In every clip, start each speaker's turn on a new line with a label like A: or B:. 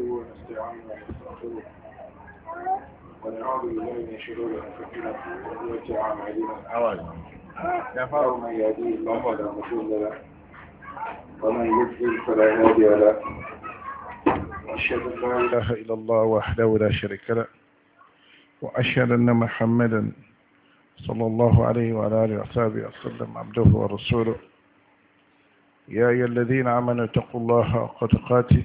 A: نحمده ونستعينه ونستغفره ونعوذ بالله من شرور انفسنا وسيئات اعمالنا من يهديه الله فلا مضل له ومن يضلل فلا هادي
B: له واشهد ان لا اله الا الله وحده لا شريك له واشهد ان محمدا صلى الله عليه وعلى اله وصحبه وسلم عبده ورسوله يا أيها الذين آمنوا اتقوا الله حق تقاته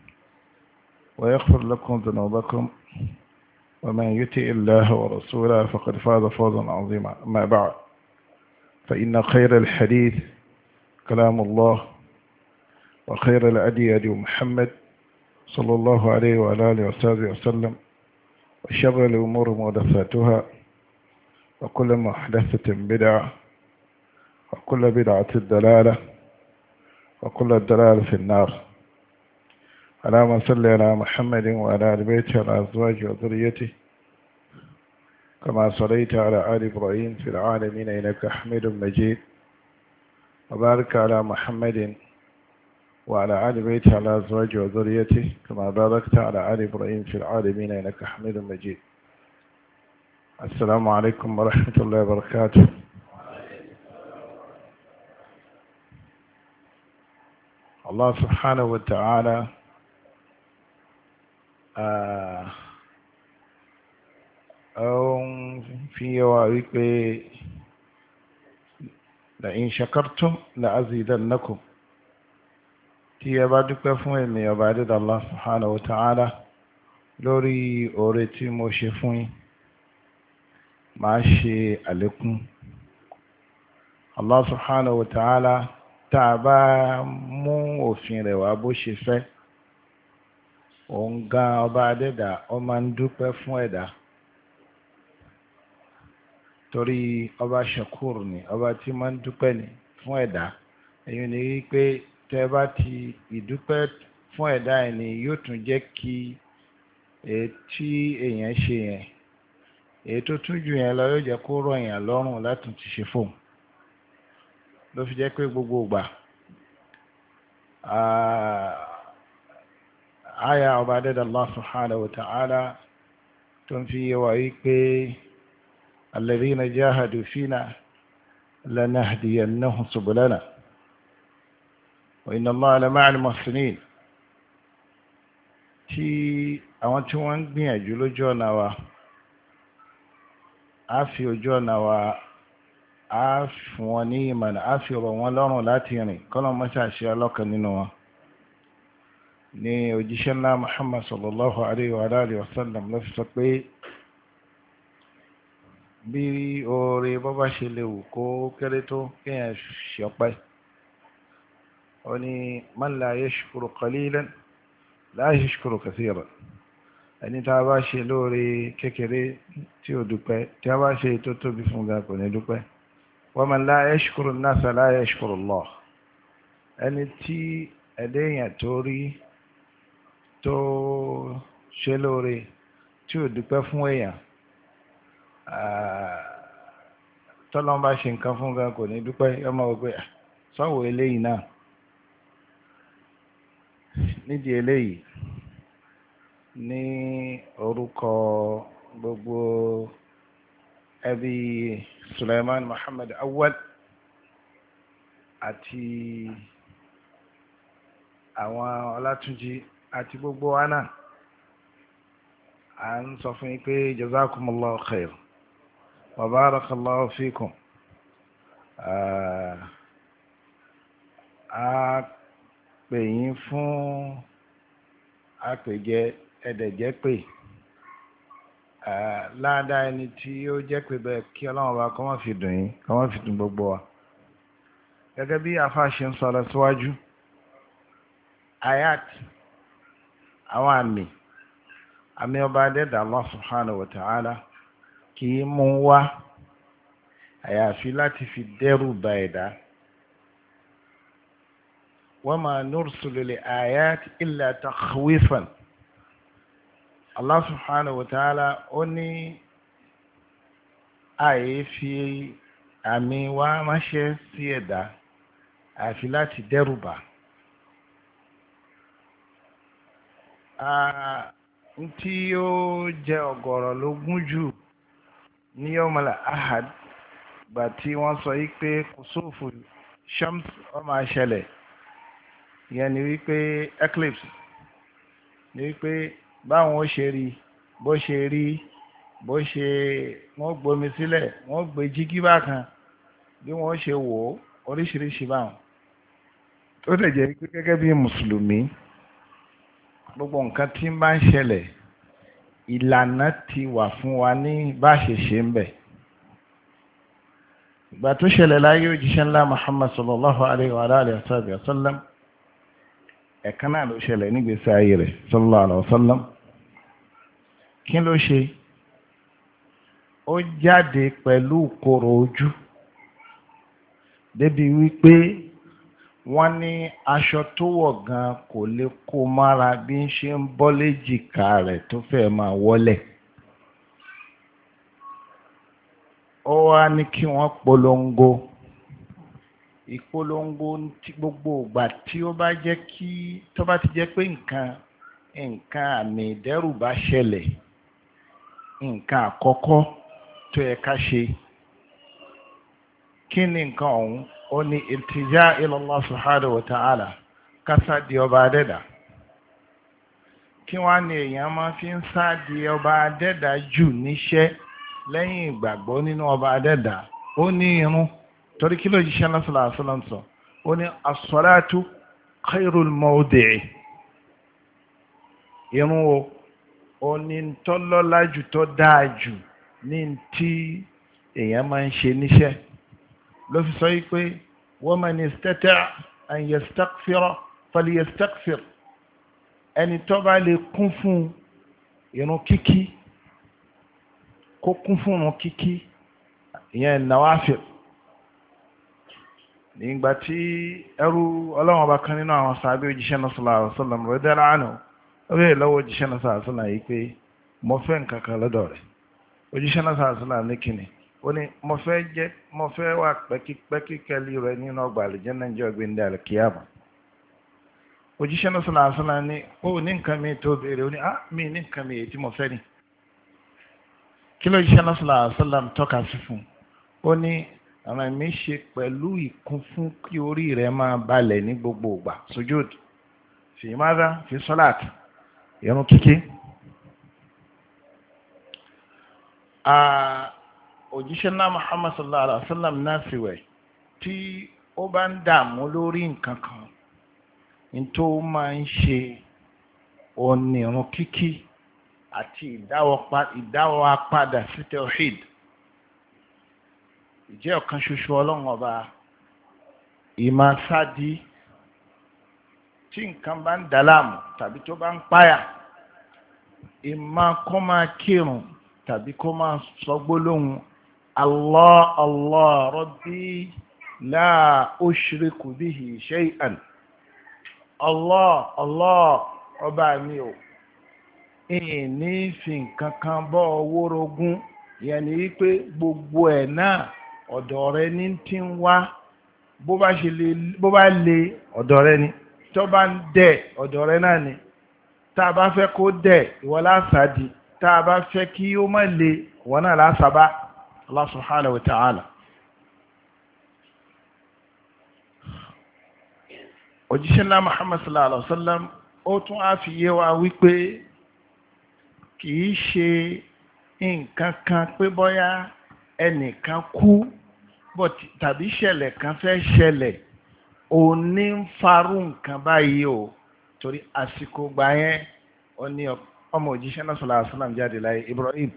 B: ويغفر لكم ذنوبكم ومن يطع الله ورسوله فقد فاز فوزا عظيما ما بعد فإن خير الحديث كلام الله وخير الأدي أدي محمد صلى الله عليه وعلى آله وصحبه وسلم وشر الأمور محدثاتها وكل محدثة بدعة وكل بدعة الدلالة وكل الدلالة في النار من صلى على محمد وعلى آل بيته وعلى أزواجه وذريته كما صليت على آل إبراهيم في العالمين إنك حميد مجيد وبارك على محمد وعلى آل بيته على أزواجه وذريته كما باركت على آل إبراهيم في العالمين إنك حميد مجيد السلام عليكم ورحمة الله وبركاته الله سبحانه وتعالى Ah, ó ń fi yẹwà wípé la'in shakartum la'azidannakum tí ẹ bá dúpẹ́ fún èmi ọba adédà Allah subhanahu wa ta'ala lórí oore tí mo ṣe fún yín máa ṣe àlékún Allah subhanahu wa ta'ala tá bá mú òfin rẹ̀ wá bó ṣe fẹ́ òun gan ọba adẹ́dà ọ máa ń dúpẹ́ fún ẹ̀dá torí ọba shakur ni ọba tí máa ń dúpẹ́ ni fún ẹ̀dá èyí ni wípé tẹ́ bá ti ìdúpẹ́ fún ẹ̀dá ẹ̀ ni yóò tún jẹ́ kí tí èèyàn ṣe yẹn èyí tó tún jù yẹn lọ yóò jẹ́ kó rọ̀ èèyàn lọ́rùn láti ti ṣe fóun ló fi jẹ́ pé gbogbo ìgbà àyà ọba dẹ́dà Allah subhanahu wa ta'ala tó ń fi yé wa yí pé alladhina jahadu fina lanahdiyannahum subulana wa inna Allaha lama'al muhsinin tí àwọn tí wọ́n ń gbìyànjú lójú ọ̀nà wa a fi ojú fún wọn ní ìmọ̀nà a fi ọ̀rọ̀ wọn lọ́rùn láti rìn kọ́lọ́ mọ́ṣáṣe ọlọ́kan nínú wọn ní òjíṣẹ́ ńlá muhammad sallallahu alayhi wa alayhi wa sallam ló fi sọ pé bí oore bọ́bá ṣe lè wù kó kéré tó kéèyàn ṣọpẹ́ ó ní man la yashkuru qalilan la yashkuru kathiran ẹni tá a bá ṣe lóore kékeré tí ó dúpẹ́ tí a bá ṣe tó tóbi fún ga kò ní dúpẹ́ wa man la yashkuru nasa la yashkuru Allah ẹni tí ẹ̀dẹ́yìn àtórí tó ṣe lóore tí ò dúpẹ́ fún èèyàn tọ́lọ́n bá ṣe nǹkan fún gan kò ní dúpẹ́ ọmọ ọgbẹ́ sọ́wọ́ eléyìí náà nídìí eléyìí ní orúkọ gbogbo ẹbí Suleiman Muhammad Awad àti àwọn Ọlátúnjí àti gbogbo wa náà à ń sọ fún yín pé jazakumullahu khair wa barakallahu fikum a pè yín fún apèjẹ ẹ̀dẹ̀jẹ́ pè láàdá ẹni tí ó jẹ́ pé bẹ́ẹ̀ kí ọlọ́run bá kọ́ mọ́ fi dùn yín kọ́ mọ́ fi dùn gbogbo wa gẹ́gẹ́ bí afa ṣe ń sọ lọ síwájú ayat àwọn àmì àmì ọba adẹ́dà Allah subhanahu wa ta'ala kì í mú wá àyàfi láti fi dẹ́rù ba ẹ̀dá wa ma nursilu l-ayati illa takhwifan Allah subhanahu wa ó ní àyè àmì wá ránṣẹ́ sí ẹ̀dá àyàfi láti dẹ́rù bà Ah, tí ó jẹ ọ̀gọ̀rọ̀ lógún jù ní yọmọlá ahad gbà tí wọ́n sọ yí pé kùsùfù shams ó máa ṣẹlẹ̀ ni wípé eclipse ni wípé báwọn ó ṣe rí bó ṣe rí bó ṣe wọ́n gbomi sílẹ̀ wọ́n gbé jígí bákan bí wọ́n ṣe wò ó oríṣiríṣi báwọn tó dẹ̀ jẹ́ pé gẹ́gẹ́ bí mùsùlùmí gbogbo nǹkan tí ń bá ń ṣẹlẹ̀ ìlànà ti wà fún wa ní bá ṣe ṣe ń bẹ̀ ìgbà tó ṣẹlẹ̀ láyé òjíṣẹ́ ńlá Muhammad sallallahu alayhi wa alayhi wa sallam ẹ̀kan náà ló ṣẹlẹ̀ nígbèsí ayé rẹ̀ sallallahu alayhi wa sallam kí ló ṣe ó jáde pẹ̀lú kòrò ojú débi wípé wọ́n ní aṣọ tó wọ̀ gan kò lè kó mára bí ń ṣe ń bọ́ léjìká rẹ̀ tó fẹ́ máa wọlẹ̀ ó wá ní kí wọ́n polongo ìpolongo ti gbogbo ìgbà tí ó bá jẹ́ kí tó bá ti jẹ́ pé nǹkan nǹkan àmì ìdẹ́rù bá ṣẹlẹ̀ nǹkan àkọ́kọ́ tó yẹ ká ṣe kí ni nǹkan ọ̀hún ó ní ìtìjá ilallah subhanahu wa ta'ala kásá di ọba adẹ́dà kí wá ni èèyàn máa fi ń sá di ọba adẹ́dà jù níṣẹ́ lẹ́yìn ìgbàgbọ́ nínú ọba adẹ́dà ó ní irun torí kí ló jíṣẹ́ lọ́sọ̀lá àṣọlọ́sọ ó ní as-salatu khairul irun o ó ní tọ́lọ́lá jù tó dáa jù ní tí èèyàn máa ń ṣe níṣẹ́ ló fi sọ yí pé waman istata'a an yastaghfira falyastaghfir ẹni tó bá lè kún fún irun kíkí kó kún fún irun kíkí ìyẹn nawafil nígbà tí ẹrú ọlọ́wọ́n bá kan nínú àwọn sàábé òjíṣẹ́ náà sallallahu alaihi wasallam rẹ̀ dára àná ọbẹ̀ lọ́wọ́ òjíṣẹ́ náà sallallahu alaihi pé mo lọ́dọ̀ rẹ̀ òjíṣẹ́ náà sallallahu ní kíni ó ní mo fẹ́ jẹ́ mo fẹ́ wà pẹ́kípẹ́kí kẹ́lí rẹ nínú ọgbà àlùjẹ́ náà jẹ́ ọgbìn dàlù kíyàmù òjíṣẹ́ náà sọ̀rọ̀ ni ó ní nǹkan mi tó béèrè ó ní ah mi ní nǹkan mi èyí tí mo fẹ́ ni kí ló jíṣẹ́ náà sọ̀rọ̀ tọ́ka sí fún ó ní àwọn ẹ̀mí ṣe pẹ̀lú fún kí orí máa balẹ̀ ní gbogbo ìgbà sujud fi mada fi òjíṣẹ́ náà Muhammad sallallahu alaihi wa sallam náà sì wẹ̀ tí ó bá ń dààmú lórí nǹkan kan ní tó máa ń ṣe onírun kíkí àti ìdáwọ́ apádà sí tawhid ìjẹ́ ọ̀kan ṣoṣo ọlọ́run ọba ìmọ̀sáàdì tí nǹkan bá ń dàlámù tàbí tó bá ń páyà ìmọ̀ kó máa kírun tàbí kó máa sọ gbólóhùn Allah Allah Rabbi la ushriku bihi shay'an Allah Allah ọba mi o ìní fi bọ́ owó rogún yẹn ni gbogbo ẹ̀ náà ọ̀dọ̀ rẹ ní ti ń wá bó bá ṣe ni tó bá ń dẹ̀ ọ̀dọ̀ rẹ náà ni tá a bá fẹ́ kó dẹ̀ tá a bá fẹ́ kí ó le náà Allah subhanahu wa ta'ala òjíṣẹ́ ńlá Muhammad sallallahu alaihi wasallam ó tún á fi yé wa wípé kìí ṣe nǹkan kan pé bọ́yá ẹnìkan kú tàbí ṣẹlẹ̀ kan fẹ́ ṣẹlẹ̀ ò ní ń farú nǹkan báyìí o torí àsìkò gbà ó ní ọmọ òjíṣẹ́ náà sallallahu alaihi wasallam jáde láyé Ibrahim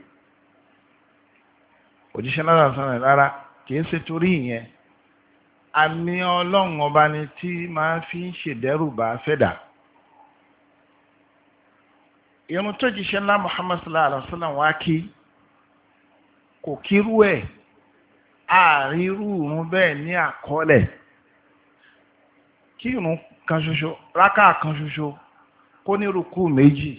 B: òjíṣẹ́ náà sọ̀rọ̀ rárá kì í ṣe torí ìyẹn àmì ọlọ́run ọba ni tí máa fi ń ṣèdẹ́rùbà fẹ́dà irun tó jíṣẹ́ ńlá Muhammad sallallahu alaihi wa sallam wá kí kò kírú ẹ̀ àrírú irun bẹ́ẹ̀ ní àkọọ́lẹ̀ kí irun kan ṣoṣo rákà kan ṣoṣo kó ní rúkú méjì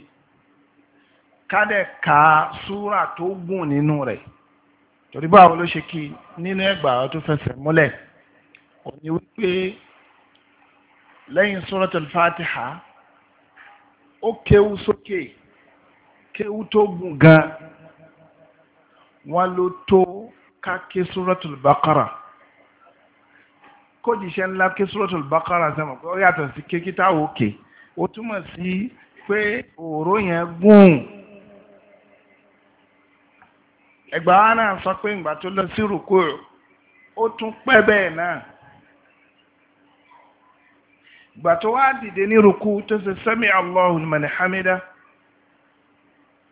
B: kádẹ̀ ka súrà tó gùn nínú rẹ̀ torí báwo ló ṣe kí nínú ẹgbàá tó fẹsẹ̀ múlẹ̀ òní wípé lẹ́yìn suratul fatiha ó kéwú sókè kéwú tó gùn gan wọ́n ló tó ká ké suratul baqara kódìṣẹ́ ńlá ké suratul baqara sẹ́mọ̀ pé ó yàtọ̀ sí ké kí táwọn òkè ó túmọ̀ sí pé òòró yẹn gùn. ẹgbà wa náà sọ pé ìgbà tó lọ sí rúkú ó tún pẹ́ bẹ́ẹ̀ náà ìgbà tó wá dìde ní rúkú tó ṣe sẹ́mi Allahu liman hamida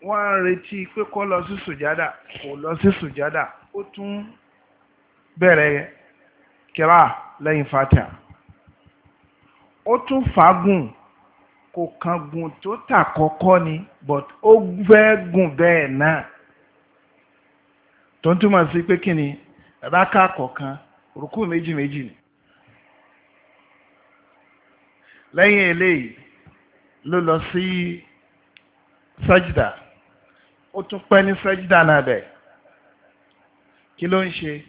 B: wọ́n ń retí pé kó lọ sí sùjádà kò lọ sí sùjádà ó tún bẹ̀rẹ̀ kíra lẹ́yìn fatiha ó tún fagùn kò tó kọ́kọ́ ni but ó fẹ́ gùn bẹ́ẹ̀ náà. tó ń túmọ̀ sí pé kí ni rákà kọ̀ọ̀kan rùkú méjì méjì ni lẹ́yìn eléyìí ló lọ sí sájídà ó tún ṣe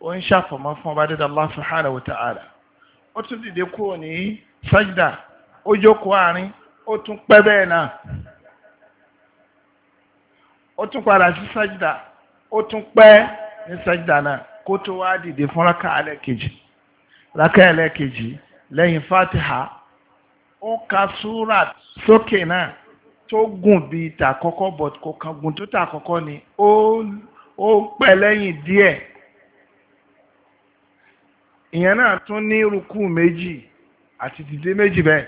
B: ó ń ṣàfọ̀mọ́ ọba Allah subhanahu wa ta'ala ó tún dìde kúrò ní sájídà ó jókòó àárín ó tún na? si ó tún pẹ́ ní sẹ́jìdà náà kó tó wá dìde fún rákà ẹlẹ́kejì rákà ẹlẹ́kejì lẹ́yìn fatiha ó ka súrà sókè náà tó gùn bí tàkọ́kọ́ bọ̀t kò kan gùn tó tàkọ́kọ́ ni ó ó pẹ́ lẹ́yìn díẹ̀ ìyẹn náà tún ní rukú méjì àti dìde méjì bẹ́ẹ̀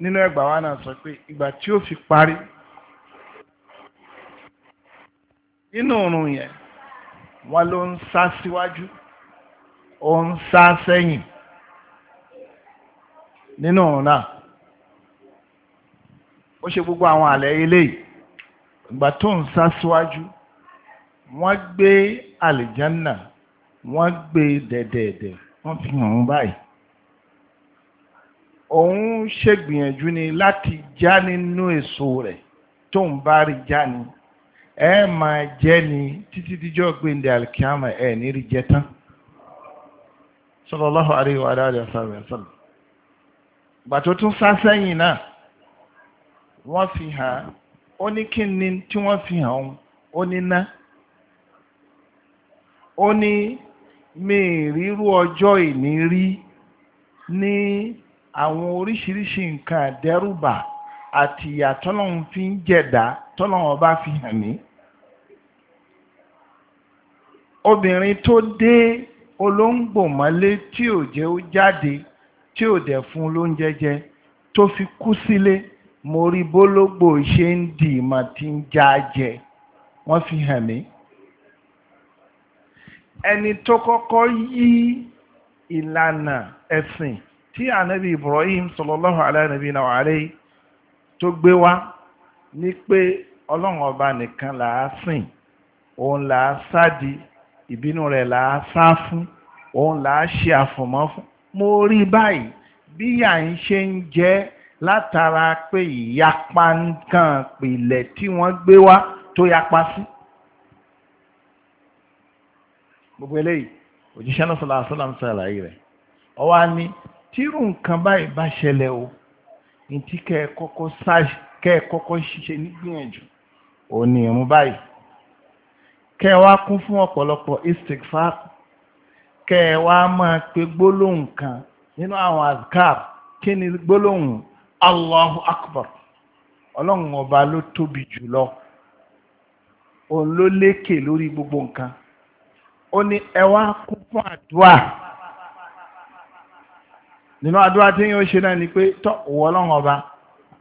B: nínú ẹgbàá wa náà sọ pé ìgbà tí ó fi parí nínú òrùn yẹn wọ́n ló ń sá síwájú ó ń sá sẹ́yìn nínú òrùn náà ó ṣe gbogbo àwọn àlẹ́ eléyìí ìgbà tó ń sá síwájú wọ́n gbé àlìjánà wọ́n gbé dẹ̀dẹ̀dẹ̀ wọ́n fi hàn án báyìí òun ṣègbìyànjú ni láti já nínú èso rẹ̀ tó ń bá rí já ni. ẹ máa jẹ́ ni títí díjọ́ gbéǹdé alikiyama ẹ n'iri jẹ tán sallallahu alaihi wa alihi wasallam gbàtó tún sá náà wọ́n fi hàn ó ní kí ni tí wọ́n fi hàn òun ó ní ná ó ní n'i ọjọ́ ìní rí ní àwọn oríṣiríṣi nǹkan àdẹ́rùbà àti ati náà fi ń jẹ̀dá tọ́lọ́wọ́n bá fi hàn mí obìnrin tó dé olóńgbò mọ́lé tí ò jẹ́ ó jáde tí ò dẹ̀ fún lóúnjẹ jẹ tó fi kú sílé mo rí bólógbò ṣe ń dì ìmọ̀ tí ń já jẹ wọ́n fi hàn mí ẹni tó kọ́kọ́ yí ìlànà ẹ̀sìn tí ànábì Ibrahim sallallahu alaihi wa alihi tó gbé wá Ni pé ọlọ́run ọba nìkan là á sìn òun là á sádi ìbínú rẹ̀ là á sá fún òun là á ṣe àfọ̀mọ́ fún mo rí báyìí bí yà ń ṣe ń jẹ́ látara pé ìyapa nǹkan pìlẹ̀ tí wọ́n gbé wá tó yapa sí. gbogbo eléyìí òjíṣẹ́ náà sọ̀rọ̀ àṣọ làǹṣà àlàyé rẹ̀ ọwọ́ á ní tírú nǹkan báyìí bá ṣẹlẹ̀ o ní tí kẹ́ ẹ kọ́kọ́ ṣáàṣì kẹ́ ẹ kọ́kọ́ ṣiṣẹ́ nígbìyànjú òun ni ìrún báyìí kẹ́ ẹ wá kún fún ọ̀pọ̀lọpọ̀ istikfar kẹ́ ẹ wá máa pe gbólóhùn kan nínú àwọn azkar kí ni gbólóhùn allahu akbar ọlọ́run ọba ló tóbi jùlọ òun ló lékè lórí gbogbo nǹkan ó ní ẹ wá kún fún àdúrà nínú àdúrà tí yóò ṣe náà ni pé tọ́ òwò ọlọ́run ọba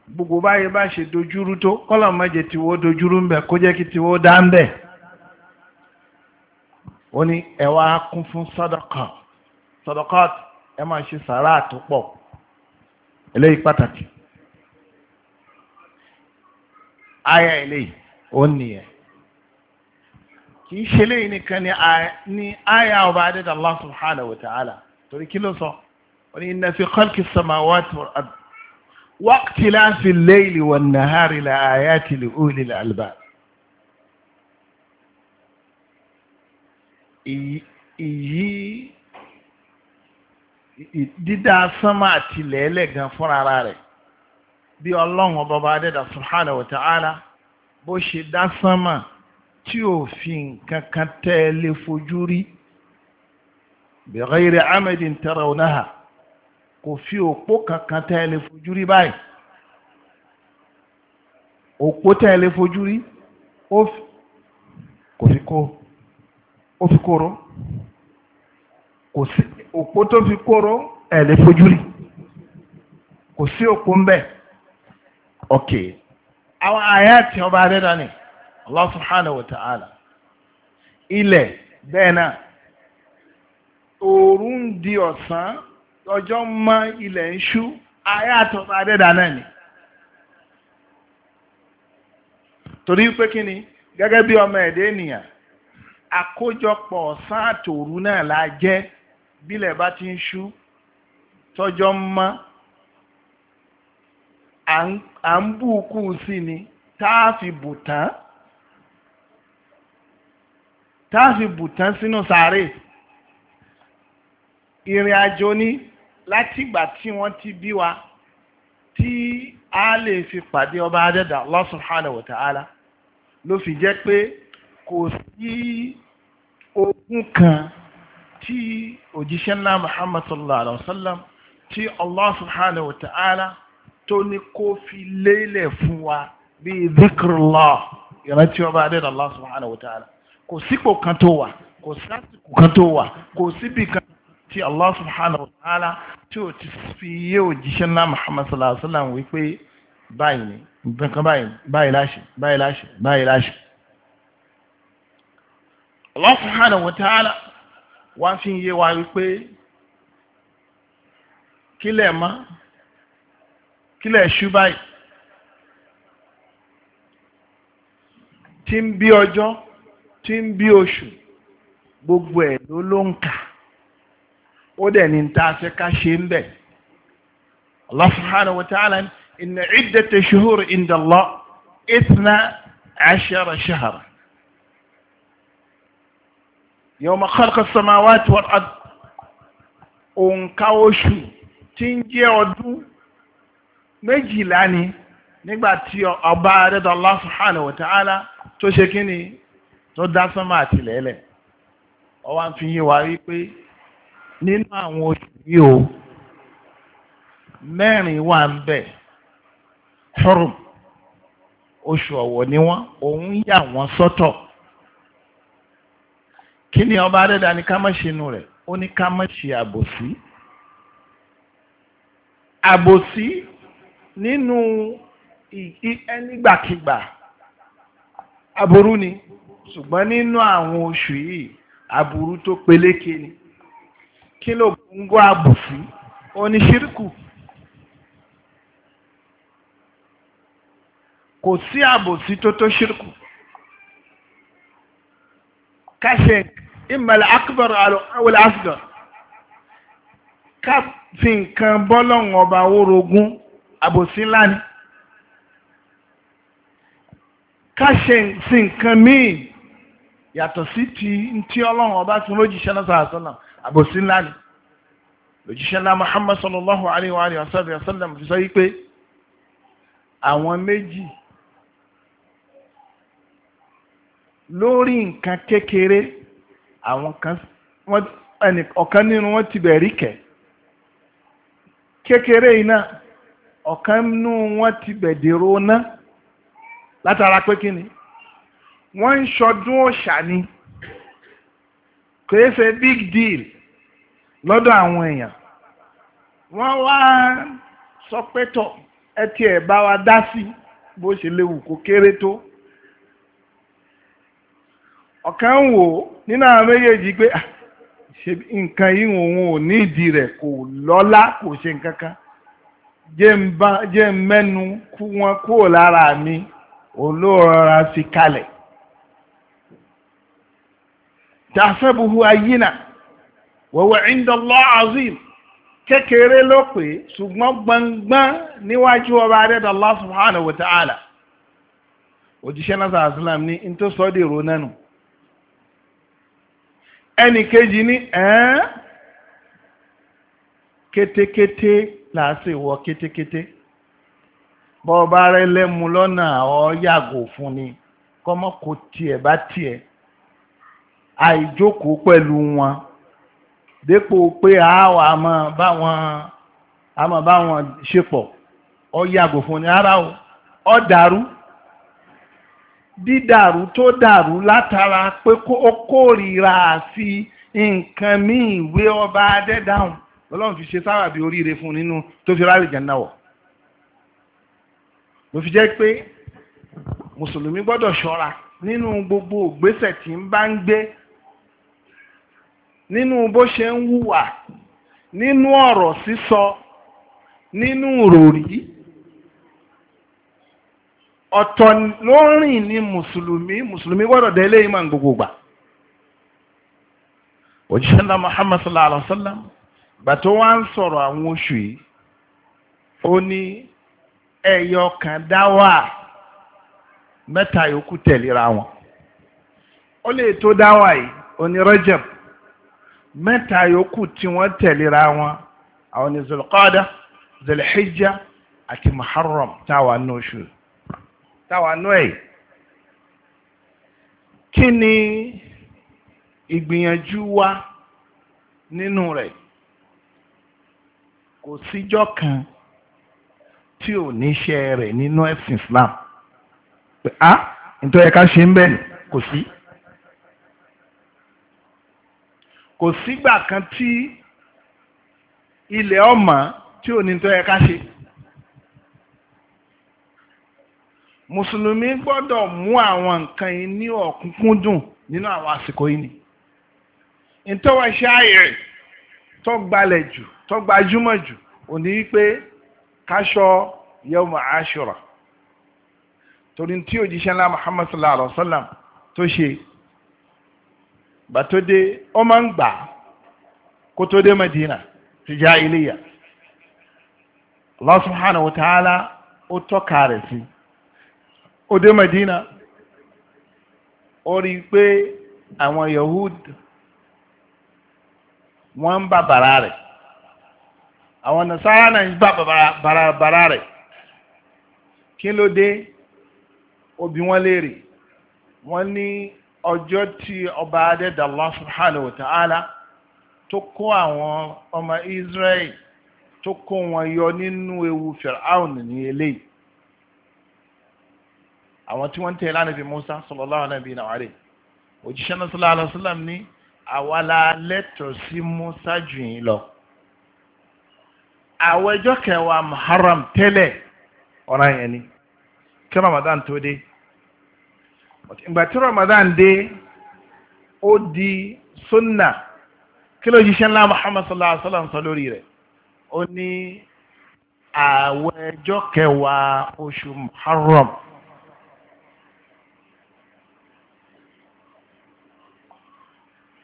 B: gbogbo báyìí bá ṣe dojúrú tó kọ́lọ̀ mọ́jẹ tí wọ́n dojúrú ń bẹ̀ kó jẹ́ kí tí wọ́n dá ń bẹ̀ ó ní ẹ kún fún sàdákà sàdákà ẹ máa ṣe sàárà tó pọ̀
C: eléyìí pàtàkì
B: aya eléyìí ó nìyẹn kì í ṣe léyìí nìkan ni aya ọba adédàlá subhanahu wa ta'ala torí kí ló sọ ó ní inna fi khalqi samawati wal واختلاف الليل والنهار لآيات لأولي الألباب ìyí dídá sánmà àti lẹ́ẹ̀lẹ̀ gan fúnra ara rẹ̀ bí ọlọ́run ọba bá dẹ́dà subhanahu wa ta'ala bó ṣe dá sánmà tí ò fi tẹ́ ẹ fojú rí bi ghayri amadin tarawnaha kò fi òpó kankan tẹ́ ẹ lè fojú rí báyìí òpó tẹ́ ẹ lè fojú rí kò fi kó ó fi kóró kò sí
D: òpó tó fi kóró
B: ẹ lè fojú rí kò sí òpó ń bẹ ok àwọn àyà tí ọba adẹ́dá ni Allah subhanahu wa ta'ala ilẹ̀ bẹ́ẹ̀ náà òòrùn di ọ̀sán ọjọ́ mọ́ ilẹ̀ ń ṣú ayé àtọ́ta ni torí pé kí ni gẹ́gẹ́ bí ọmọ ẹ̀dẹ́ ènìyàn àkójọpọ̀ ọ̀sán àtòru náà la jẹ́ bílẹ̀ bá ti ń ṣú tọ́jọ́ mọ́ à ń bù kù sí ni táàfì bù táàfì bù sínú sàárè ìrìn àjò ni látìgbà tí wọ́n ti bí wa tí a lè fi pàdé ọba adẹ́dà Allah subhanahu wa ta'ala ló fi jẹ́ pé kò sí ogún kan tí òjíṣẹ́ ńlá Muhammad sallallahu alaihi wa sallam tí Allah subhanahu wa ta'ala tó ní kó fi lélẹ̀ fún wa bí zikrullah ìrántí ọba adẹ́dà Allah tí Allah subhanahu wa ta'ala tí ó ti fi yé òjíṣẹ́ ńlá Muhammad sallallahu alaihi wa sallam wípé báyìí ni nǹkan báyìí báyìí láṣẹ báyìí láṣẹ báyìí láṣẹ. Allah subhanahu wa ta'ala wá fi yé wa wípé kílẹ̀ mọ́ kílẹ̀ ṣú báyìí tí ń bí ọjọ́ tí ń bí oṣù gbogbo ẹ̀ ló ló ń kà ó dẹ̀ ní ta ṣe ká ṣe ń bẹ̀ Allah subhanahu wa ta'ala inna iddata shuhuri inda Allah ithna ashara shahara yawma khalaqa samawati wal ard òǹkà oṣù tí ń jẹ́ ọdún méjìlá ni nígbà tí ọba adẹ́dọ̀ Allah subhanahu wa tó ṣe kí ni tó dá sánmà àtìlẹ́lẹ̀ ọwá ń fi yé wa wípé nínú àwọn oṣù yìí o mẹ́rin wà ń bẹ̀ hurum oṣù ọ̀wọ̀ ni wọ́n òun yà wọ́n sọ́tọ̀ kí ni ọba adẹ́dà ní ká má ṣe inú rẹ̀ ó ní ká má ṣe àbòsí àbòsí nínú ẹnigbàkigbà aburú ni ṣùgbọ́n nínú àwọn oṣù yìí aburú tó peléke ni kilo ló gbóngbó àbùsí oníṣírìkù kò sí àbùsí tó tó ṣírìkù kẹsẹ̀ ìmọ̀lẹ̀ akbar àwọn asgar ká fi nǹkan bọ́lọ́hún ọba orogún àbùsí ńlá ni ká ṣe sí nǹkan míì yàtọ̀ sí ti ntí ọlọ́run ọba tí lójì àbòsí ńlá ni lòjíṣẹ́ ńlá Muhammad sallallahu alayhi wa alihi wa fi sọ yí àwọn méjì lórí nǹkan kékeré àwọn kan ọ̀kan nínú wọn ti kẹ̀ kékeré iná wọn ti kìí big deal lọ́dọ̀ àwọn èèyàn wọ́n wá sọ pé tọ̀ ẹ tiẹ̀ bá wa dá sí bó ṣe léwu kó kéré tó ọ̀kan ń wò nínú àwọn méjèèjì pé ah, nǹkan yìí òun ò ní ìdí rẹ̀ kò lọ́lá kò ṣe nǹkan kan jẹ́ ń mẹ́nu kú wọn kúrò lára mi òun ló rọra fi kalẹ̀ tàṣẹ́bùhù ayínà wọ̀wọ̀ ìndọ̀lọ́ azim kékeré ló pè ṣùgbọ́n gbọ̀ngbọ́n níwájú ọba subhanahu wa ta'ala òjíṣẹ́ náà sàásìlám ní in tó sọ dèrò nánu ẹnì kejì ní ẹ́ẹ́ kétékété làásì wọ kétékété bọ́ọ̀bá rẹ lẹ́mu lọ́nà ọ̀ yàgò fún ni kọ́mọ́ kò tiẹ̀ bá àìjókòó pẹ̀lú wọn dépò pé àáwà àmọ́ báwọn àmọ́ báwọn ṣe pọ̀ ọ yàgò fún ni ara o ọ dàrú dídàrú tó dàrú látara pé ó kórìíra àfi nǹkan míì ìwé ọba adẹ́dáhùn ọlọ́run fi ṣe sábàbí oríire fún nínú tó fi ráàlì jẹ́ náwọ̀ ló fi jẹ́ pé mùsùlùmí gbọ́dọ̀ ṣọ́ra nínú gbogbo ìgbésẹ̀ tí ń bá ń gbé nínú bó ṣe ń hùwà nínú ọ̀rọ̀ sísọ nínú ròrí ọ̀tọ̀ ló ń mùsùlùmí mùsùlùmí gbọ́dọ̀ dé ilé ìmọ̀ gbogbo gbà òjíṣẹ́ ńlá Muhammad sallallahu alaihi wa sallam gbà tó wá ń sọ̀rọ̀ àwọn oṣù yìí ó ní ẹ̀yọ kan dá wà mẹ́ta yòókù tẹ̀léra wọn ó lè tó dá wà yìí ó ní Rajab mẹ́ta yòókù tí wọ́n tẹ̀lera wọn àwọn ni zulqada zulhijja àti muharram táwa nù oṣù táwa nù ẹ̀ kí ni ìgbìyànjú wa nínú rẹ̀ kò síjọ́ kan tí ò níṣẹ́ rẹ̀ nínú ẹ̀sìn islam pé a ah, nítorí ẹ̀ka ṣe ń bẹ̀ kò sí. kò sígbà kan tí ilẹ̀ ọmọ tí ò ní tó yẹ ká ṣe mùsùlùmí gbọ́dọ̀ mú àwọn nǹkan yìí ní ọ̀kúnkúndùn nínú àwọn àsìkò yìí ni ìtọ́wọ́ iṣẹ́ ààyè tó gbalẹ̀ jù tó gbajúmọ̀ jù ò ní wípé káṣọ yawm Ashura torí tí òjíṣẹ́ ńlá Muhammad sallallahu alaihi wa sallam tó ṣe ba tó dé ó máa ń gbà kó tó dé Madina ti jahiliya Allah subhanahu wa ta'ala ó tọ́ka rẹ̀ sí ó dé Madina ó rí i pé àwọn Yahud wọ́n ń bá rẹ̀ àwọn Nasara náà ń bá bàrà bàrà rẹ̀ kí ló dé léèrè ní ọjọ́ tí ọba adẹ́dà Allah subhanahu wa ta'ala tó kó àwọn ọmọ Israel tó kó wọn yọ nínú ewu Fir'aun ní eléyìí àwọn tí wọ́n tẹ̀lé ànábì Musa sallallahu alaihi wa sallam òjíṣẹ́ náà sallallahu alaihi wa sallam ní àwa la sí Musa jù yín lọ àwọn ẹjọ́ kẹwàá Muharram tẹ́lẹ̀ ọ̀ràn yẹn ni kí Ramadan tó dé ìgbà tí Ramadan dé ó di sunna kí ló jíṣẹ́ ńlá Muhammad sallallahu alaihi wa sallam sọ lórí rẹ̀ ó ní ààwẹ̀ ọjọ́ kẹwàá oṣù Muharram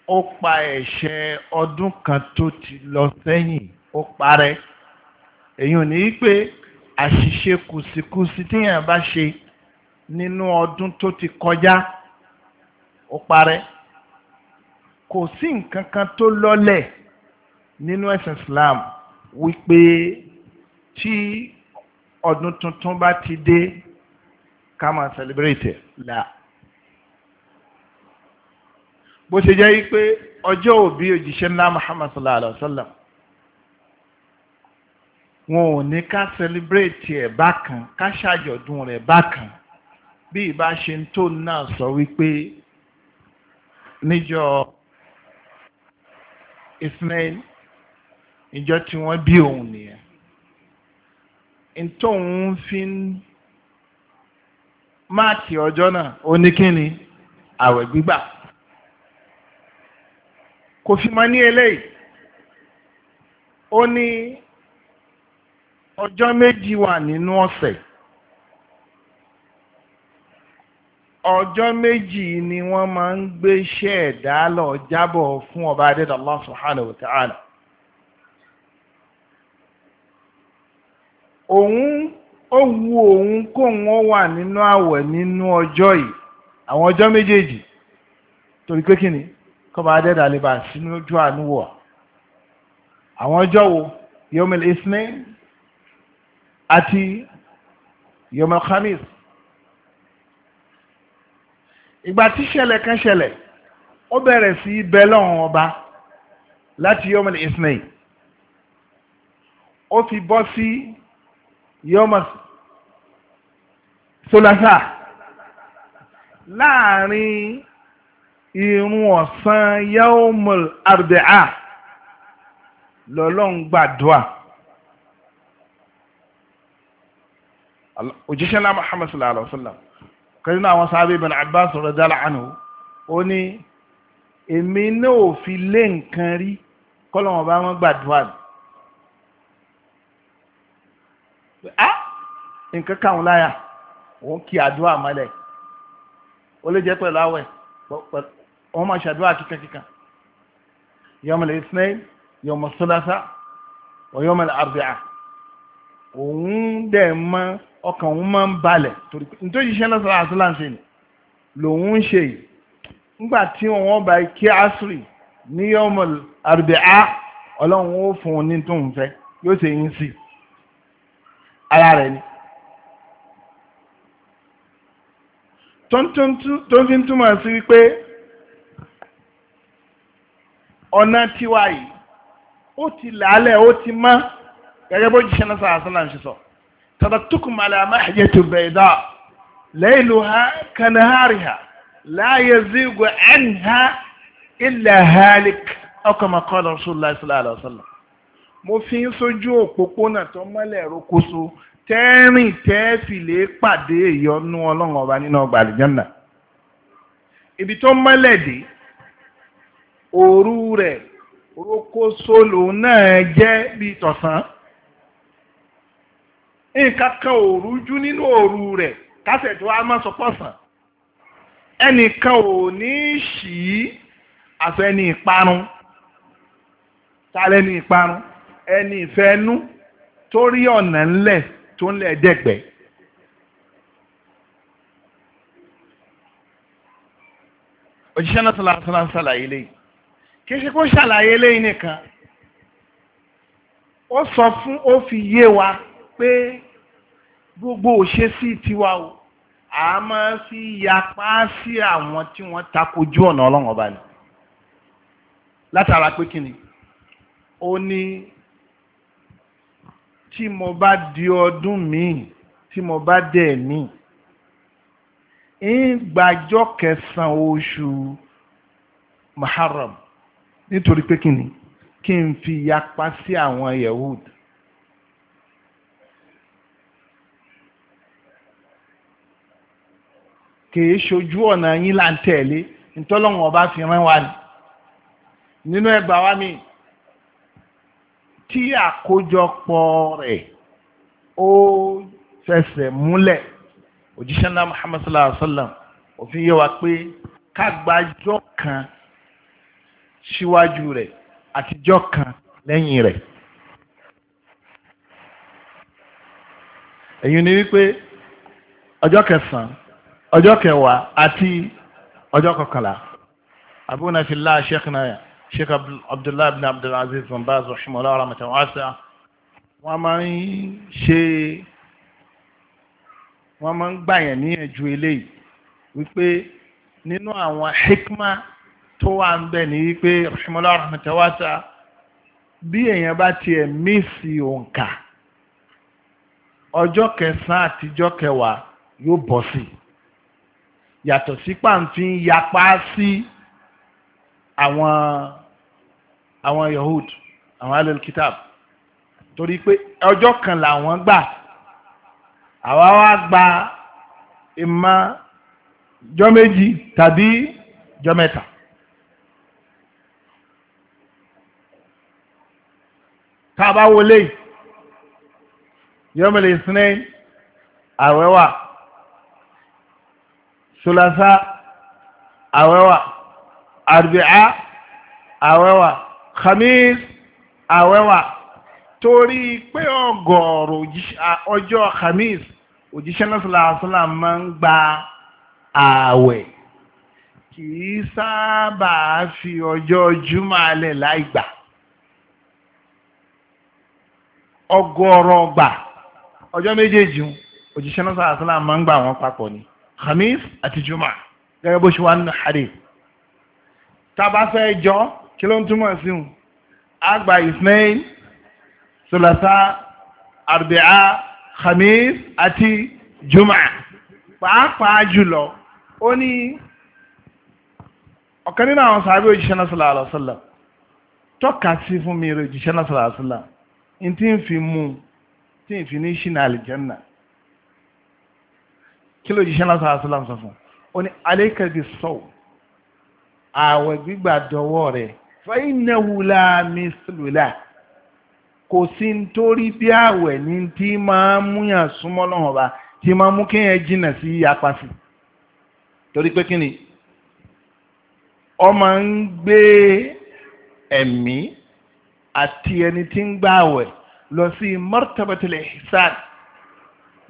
B: ó pa ẹ̀ṣẹ̀ ọdún kan tó ti lọ sẹ́yìn ó parẹ́ èyí ò ní í pé àṣìṣe kùsìkùsì tíyàn bá ṣe nínú ọdún tó ti kọjá ó parẹ́ kò sí nǹkan kan tó lọ́lẹ̀ nínú ẹ̀sìn Islam wípé tí ọdún tuntun bá ti dé ká máa celebrate la bó ṣe jẹ́ wípé ọjọ́ òbí òjíṣẹ́ ńlá Muhammad sallallahu alaihi wa sallam wọn ò ní ká celebrate ẹ̀ bákan ká ṣàjọ̀dún rẹ̀ bákan bí ìbá ṣe ń tó náà sọ wípé níjọ́ Ismail ìjọ tí wọ́n bí òun nìyẹn ntóhun fi ń máàkì ọjọ́ náà ó ní kíni àwẹ̀ gbígbà kò fi mọ ní eléyìí ó ní ọjọ́ méjì wà nínú ọ̀sẹ̀ ọjọ́ méjì ni wọ́n máa ń gbé ṣẹ̀dá lọ jábọ̀ fún ọba adẹ́dà Allah subhanahu wa ta'ala òun ó wu òun kóun ó wà nínú àwẹ̀ nínú ọjọ́ yìí àwọn ọjọ́ méjèèjì torí pé kí ni kọba adẹ́dà lè sínú ojú àánú wọ̀ àwọn ọjọ́ wo yomil isnin àti yomil khamis ìgbà tí ṣẹlẹ̀ kan ṣẹlẹ̀ ó bẹ̀rẹ̀ sí í bẹ lọ́hùn ọba láti yọmọ ìsìnẹ̀yì ó fi bọ́ sí yọmọ sólásà láàrin irun ọ̀sán yọmọ àrùbẹ̀à lọ́lọ́run gbàdúrà. òjíṣẹ́ ńlá Muhammad sallallahu alaihi wa kan nínú àwọn sábẹ́ ibn Abbas radiyallahu anhu ó ní èmi náà ò fi lé nǹkan rí kọ́lọ́wọ́n bá wọn gbàdúrà nǹkan káwọn láyà òun kí àdúrà mọ́lẹ̀ ó lè jẹ́ pẹ̀lú àwẹ̀ wọ́n máa ṣàdúrà kíkankíkan yọmọlẹ̀ ismail yọmọ sọlásá ọyọmọlẹ̀ àbíà òun dẹ̀ mọ́ ọkàn òun máa ń balẹ̀ torí pé nítorí iṣẹ́ náà sọ́ra àtúlà ń ṣe ni lòun ń ṣe yìí nígbà tí wọ́n bá kí asiri ní yọmọ àrùbẹ̀á ọlọ́run ó fún un ní tó
D: ń fẹ́ yóò ṣe yín sí ara rẹ̀ ni. tó ń fi túmọ̀ sí wípé
B: ọ̀nà tiwa yìí ó ti làálẹ̀ ó ti mọ́ gẹ́gẹ́ bó jíṣẹ́ náà sọ́ra àtúlà ń ṣe sọ. So. تركتكم على محجة بيضاء ليلها كنهارها لا يزيغ عنها إلا هالك أو كما قال رسول الله صلى الله عليه وسلم mo fi ń sójú òpópónà tó mọ́lẹ̀ rokoṣo tẹ́rìn tẹ́fìlé pàdé ìyọnú ọlọ́run ọba nínú ọgbà àlìjánà ibi tó mọ́lẹ̀ dé òru rẹ̀ rokoṣo lòun náà jẹ́ bíi tọ̀sán nǹkan kan ò rújú nínú òru rẹ̀ kásẹ̀ tó a máa sọpọ̀ sàn ẹnìkan ò ní ṣì í àfẹ ẹni ìparun tálẹ́ ní ìparun ẹni ìfẹ́nú tó rí ọ̀nà ńlẹ̀ tó ńlẹ̀ dẹ́gbẹ̀ẹ́. òjíṣẹ́ náà sọ̀rọ̀ àṣọ náà ṣàlàyé léyìí kì ṣe kó ṣàlàyé léyìí nìkan ó sọ fún ó fi yé wa pé gbogbo òṣèṣì tiwa o a máa fi yapa sí àwọn tí wọ́n takojú ọ̀nà ọlọ́run ọba ni látara pé kí ni ó ní tí mo bá di ọdún míì tí mo bá dẹ̀ mí ń kẹsàn-án oṣù Muharram nítorí pé kí kí n fi yapa sí àwọn Yahud kìí ṣojú ọ̀nà yín là ń tẹ̀lé ntọ́lọ́wọ̀n ọba fi rán wa ni nínú ẹgbà wa mi tí àkójọpọ̀ rẹ̀ ó fẹsẹ̀ múlẹ̀ òjíṣẹ́ náà Muhammad sallallahu alaihi wa sallam òfin yé wa pé kágbájọ́ kan síwájú rẹ̀ àtijọ́ kan lẹ́yìn rẹ̀. èyí ni wípé ọjọ́ kẹsàn-án ọjọ́ kẹwàá àti ọjọ́ kọkànlá abúna fi láà ṣẹ́kìnà sheikh abdullahi bin abdulaziz bin baz rahimahullah rahmatan wasa wọ́n máa ń ṣe wọ́n máa ń gbàyàn níyànjú eléyìí wípé nínú àwọn hikma tó wà ń bẹ ní wípé rahimahullah rahmatan wasa bí èèyàn bá tiẹ̀ mísì òǹkà ọjọ́ kẹsàn-án àtijọ́ kẹwàá yóò bọ̀ sí i yàtọ̀ sí pàǹfin yapa sí àwọn àwọn Yahud àwọn alel kitab torí pé ọjọ́ kan làwọn gbà àwa wá gba ìmọ̀ jọ́ méjì tàbí jọ́ mẹ́ta. tá a bá wọlé yọmọlẹ sinẹ àwẹ ṣùlásá àwẹ́wà àrùbíà àwẹ́wà khamis àwẹ́wà torí pé ọgọ́rùn ọjọ́ khamis òjíṣẹ́ lọ́sọ̀lọ́sọ̀lá máa ń gba ààwẹ̀ kì í sábà fi ọjọ́ jùmọ̀ alẹ̀ láì gbà ọgọ́rọ̀ ọgbà ọjọ́ méjèèjì òjíṣẹ́ lọ́sọ̀lọ́sọ̀lá máa ń gbà wọ́n papọ̀ ni khamis àti juma gẹ́gẹ́ bó ṣe wà nínú hadith tàbá fẹ́ jọ kí ló ń túmọ̀ sí un àgbà ismail sulasa arbi'a khamis àti juma pàápàá jùlọ ó ní ọ̀kan nínú àwọn sàábé òjíṣẹ́ náà sallallahu alaihi wasallam tọ́ka sí fún mi rẹ̀ náà sallallahu alaihi wasallam tí ń fi mú tí ń fi ní ṣìnà àlìjẹ́nà kí ló jíṣẹ́ lásán àṣìlám sọ fún ó ní alékèdè sọ́ọ̀ ààwẹ̀ gbígbà dọwọ́ rẹ̀ fẹ́ìnẹ̀wùlà mísìlùlà kò sí nítorí bí ààwẹ̀ ní tí máa mú yàn súnmọ́ lọ́hàn bá tí máa mú kéèyàn jìnnà sí apàṣì torí pé kí ni ọmọ ń gbé ẹ̀mí àti ẹni tí ń gbààwẹ̀ lọ sí martabatul ihsan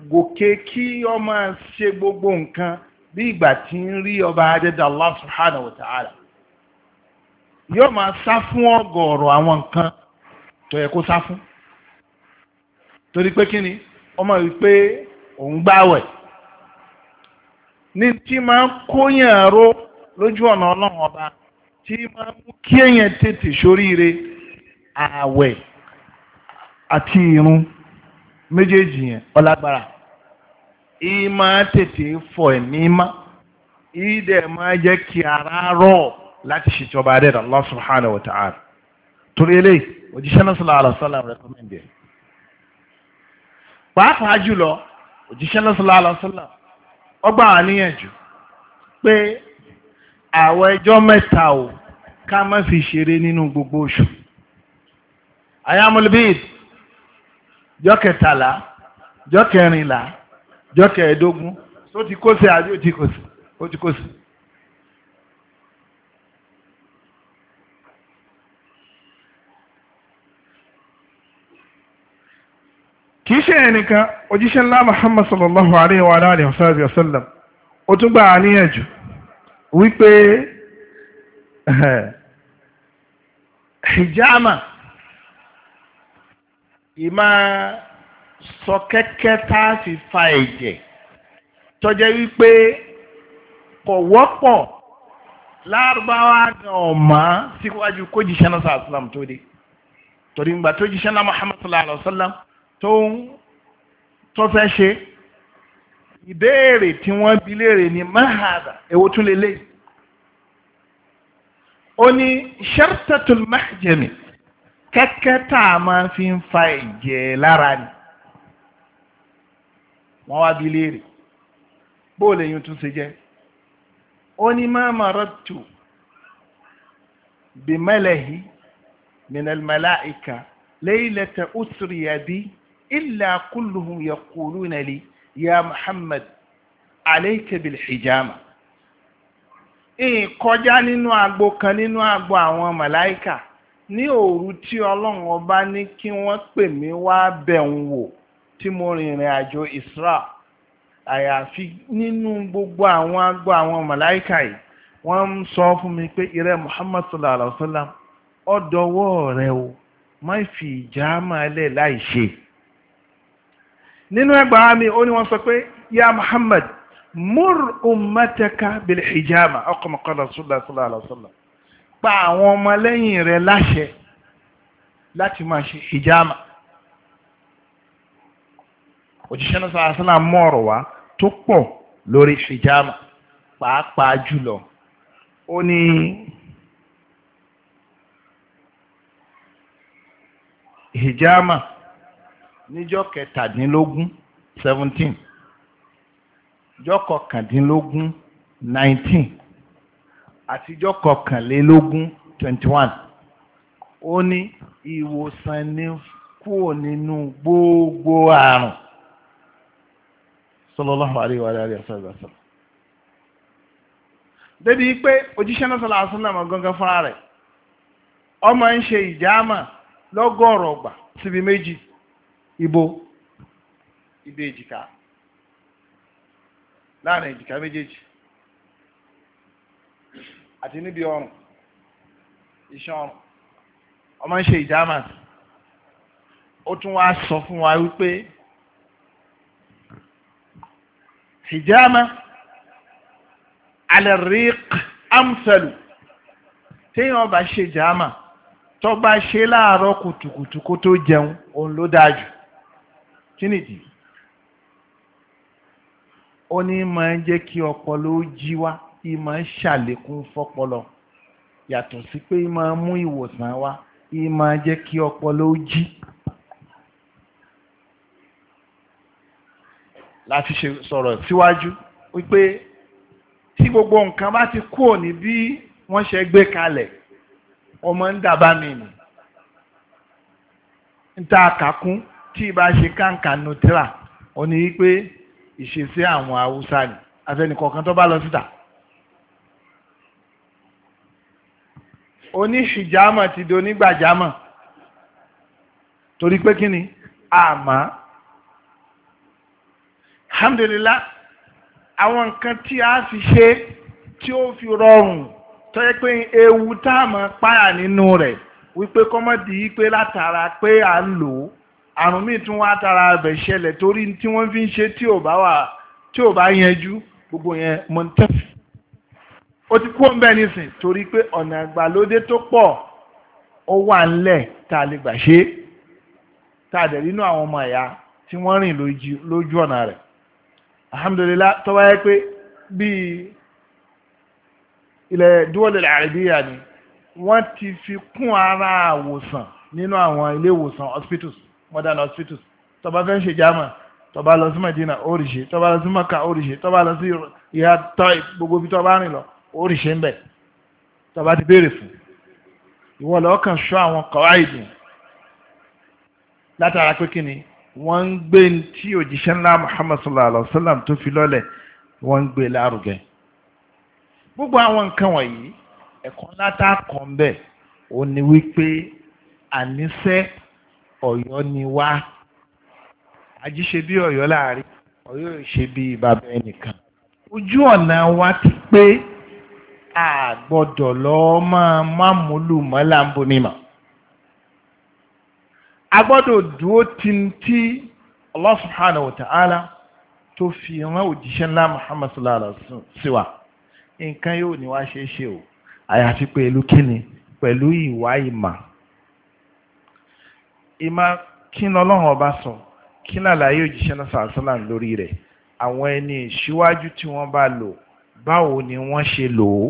B: gòkè kí ọmọ ṣe gbogbo nǹkan bí ìgbà tí ń rí ọba adẹ́dà Allah subhanahu wa ta'ala yóò máa sá fún ọgọ̀ọ̀rọ̀ àwọn nǹkan tó yẹ kó sá fún torí pé kí ni ọmọ yìí pé òun gbáwẹ̀ ní tí máa ń kóyàn ró lójú ọ̀nà ọlọ́run ọba tí máa ń mú kí èèyàn tètè sóríire ààwẹ̀ àti ìrun. méjèèjì yẹn ọlágbára ìyí máa tètè fọ ẹ̀mí má ìyí dẹ̀ máa jẹ́ kí ara rọ̀ láti ṣèjọba adé rẹ̀ Allah subhanahu wa ta'ala torí eléyìí òjíṣẹ́ náà sallallahu alaihi wasallam recommend ẹ̀ pàápàá jùlọ òjíṣẹ́ náà sallallahu alaihi wasallam ọgbà wà pé àwọn ẹjọ́ mẹ́ta o ká má fi ṣeré nínú gbogbo oṣù ayámúlẹ́bíyìí jọ́ kẹtàlá jọ́ kẹrìnlá jọ́ kẹẹ̀ẹ́dógún tó ti kó sí àbí ó ti kó sí ó ti kó sí.
D: kìí ṣe ẹnìkan òjíṣẹ́ ńlá Muhammad sallallahu alayhi wa alayhi wa sallam ó tún gbà á níyànjú wípé
B: hijama ìmá sọ kẹ́kẹ́ tá a fi fa ẹ̀jẹ̀ tọ́jẹ́ wípé
C: kò wọ́pọ̀
B: lárúbáwá gan ọ̀mọ́ síwájú kó jíṣẹ́ náà sàlám tó dé torí ìgbà tó jíṣẹ́ náà Muhammad sallallahu alayhi wa sallam tó ń tó fẹ́ ṣe ìbéèrè tí wọ́n bi léèrè ni mahada èwo tún lélẹ́yìí ó ní shartatul mahjami kẹ́kẹ́ tá a máa fi ń fa ẹ̀jẹ̀ lára ni wọ́n wá bi léèrè bó lèyìn tún ṣe jẹ́ ó ní máa máa rọ́tù bí mẹ́lẹ̀hí minal malaika laylata usriya bi illa kulluhum yaquluna li ya Muhammad alayka hijama ìkọjá nínú agbo kan nínú agbo àwọn màláìka ní òru tí ọlọ́run ọba ní kí wọ́n pè mí wá bẹ̀ ń wò tí mo rìnrìn àjò isra àyàfi nínú gbogbo àwọn agbó àwọn màláìkà yìí wọ́n ń sọ fún mi pé ìrẹ́ muhammad sallallahu alaihi wa sallam ọ̀dọ̀wọ́ rẹ o má fi ìjà máa lẹ̀ láì ṣe. nínú ẹgbàá mi ó ní wọ́n ya muhammad mur ummataka bil hijama ọkọ̀ mọ̀kànlá sallallahu wa sallam. pa àwọn ọmọ lẹ́yìn rẹ̀ láṣẹ láti máa ṣe ìjàmà òjíṣẹ́ náà sọ̀rọ̀ sọ́nà mọ́ ọ̀rọ̀ wá tó pọ̀ lórí ìjàmà pàápàá jùlọ ó ní ìjàmà níjọ́ kẹtàdínlógún seventeen jọ́ kọkàndínlógún nineteen. àtijọ́ kọkànlélógún twenty one ó ní ìwòsàn ní kúrò nínú gbogbo àrùn sallallahu alaihi wa
E: alihi wasallam
B: débi pé òjíṣẹ́ náà sallallahu alaihi wasallam fúnra rẹ̀ ọmọ ń ṣe ìjàmà lọ́gọ́rọ̀ ọgbà síbi méjì ibo ibi èjìká láàrin èjìká méjèèjì àti níbi ọrùn iṣan ọrùn ọmọ ń ṣe ìjàmà ó tún wá sọ fún wa wípé ìjàmà alẹ́rìík amsalu téèyàn bá ṣe ìjàmà tó ṣe láàárọ̀ kùtùkùtù kó tó jẹun òun ló dáa jù kí nìdí ó ní máa ń jẹ́ kí ọpọlọ jí wá máa ń ṣàlékún fọ́pọlọ yàtọ̀ sí pé máa mú ìwòsàn wá máa jẹ́ kí ọpọlọ ó jí. láti ṣe sọ̀rọ̀ síwájú wípé tí gbogbo nǹkan bá ti kúrò ní bí wọ́n ṣe gbé kalẹ̀ ọmọ ń dàbá mi nì ń ta àkàkún tí ìbá ṣe káǹkà nùtírà ó wípé ìṣesí àwọn haúsá ni àfẹnìkọ̀ọ̀kan tó bá lọ síta oníṣìjámọ̀ ti do nígbàjámọ̀ torí pé kí ni àmọ́ alhamdulillah àwọn nǹkan tí a fi ṣe tí ó fi rọrùn tó yẹ pé ewu tá a mọ̀ páyà nínú rẹ̀ wípé kọ́mọ́dì pé látara pé à ń lò ó àrùn míì tún wá tara abẹ̀ ṣẹlẹ̀ torí tí wọ́n fi ń ṣe tí ò bá yanjú gbogbo yẹn mọ̀ntẹ́fì ó ti kú ọ̀nbẹ nísìn torí pé ọ̀nà àgbàlódé tó pọ̀ ó wà ńlẹ̀ tá a lè gbà ṣe tá a dẹ̀ nínú àwọn ọmọ ẹ̀yà tí wọ́n rìn lójú ọ̀nà rẹ̀ alhamdulilah tó bá yẹ pé bíi ilẹ̀ dúwọ́lẹ̀ àrẹ̀bíyà ni wọ́n ti fi kún ara àwòsàn nínú àwọn ilé ìwòsàn hospitals modern hospitals tó bá fẹ́ ṣe german tó bá lọ sí Medina oríṣi tó bá lọ sí Maka oríṣi tó bá lọ sí ìhà tọ́ gbogbo ibi tó bá rìn lọ ó rí ṣe ń bẹ̀ tọba ti béèrè fún ìwọ lọ́kàn ṣọ́ àwọn kọ́wáìdì látara pé kí ni wọ́n ń gbé tí òjíṣẹ́ ńlá Muhammad sallallahu alaihi wa sallam tó fi lọ́lẹ̀ wọ́n ń gbé e lárugẹ gbogbo àwọn nǹkan wọ̀nyí ẹ̀kọ́ látà kan bẹ́ẹ̀ ó ní wípé àníṣe ọ̀yọ́ ni wá ají ṣe bí ọ̀yọ́ láàrin ọ̀yọ́ ṣe bí bàbá ẹnìkan ojú ọ̀nà wa ti pé àgbọ́dọ̀ lọ́ọ́ máa má múlù mọ́ láǹbó mímọ́ agbọ́dọ̀ dúró tìǹtì Allah subhanahu ta'ala tó fi rán òjíṣẹ́ ńlá Muhammad sallallahu alaihi wa sallam síwá nǹkan yóò ní wá ṣe é ṣe o àyàfi pẹ̀lú kíni pẹ̀lú ìwà ìmà ìmà kí ni ọlọ́run ọba sọ kí ni àlàyé òjíṣẹ́ náà sàásọ́là lórí rẹ̀ àwọn ẹni ìṣíwájú tí wọ́n bá lò báwo ni wọ́n ṣe lò ó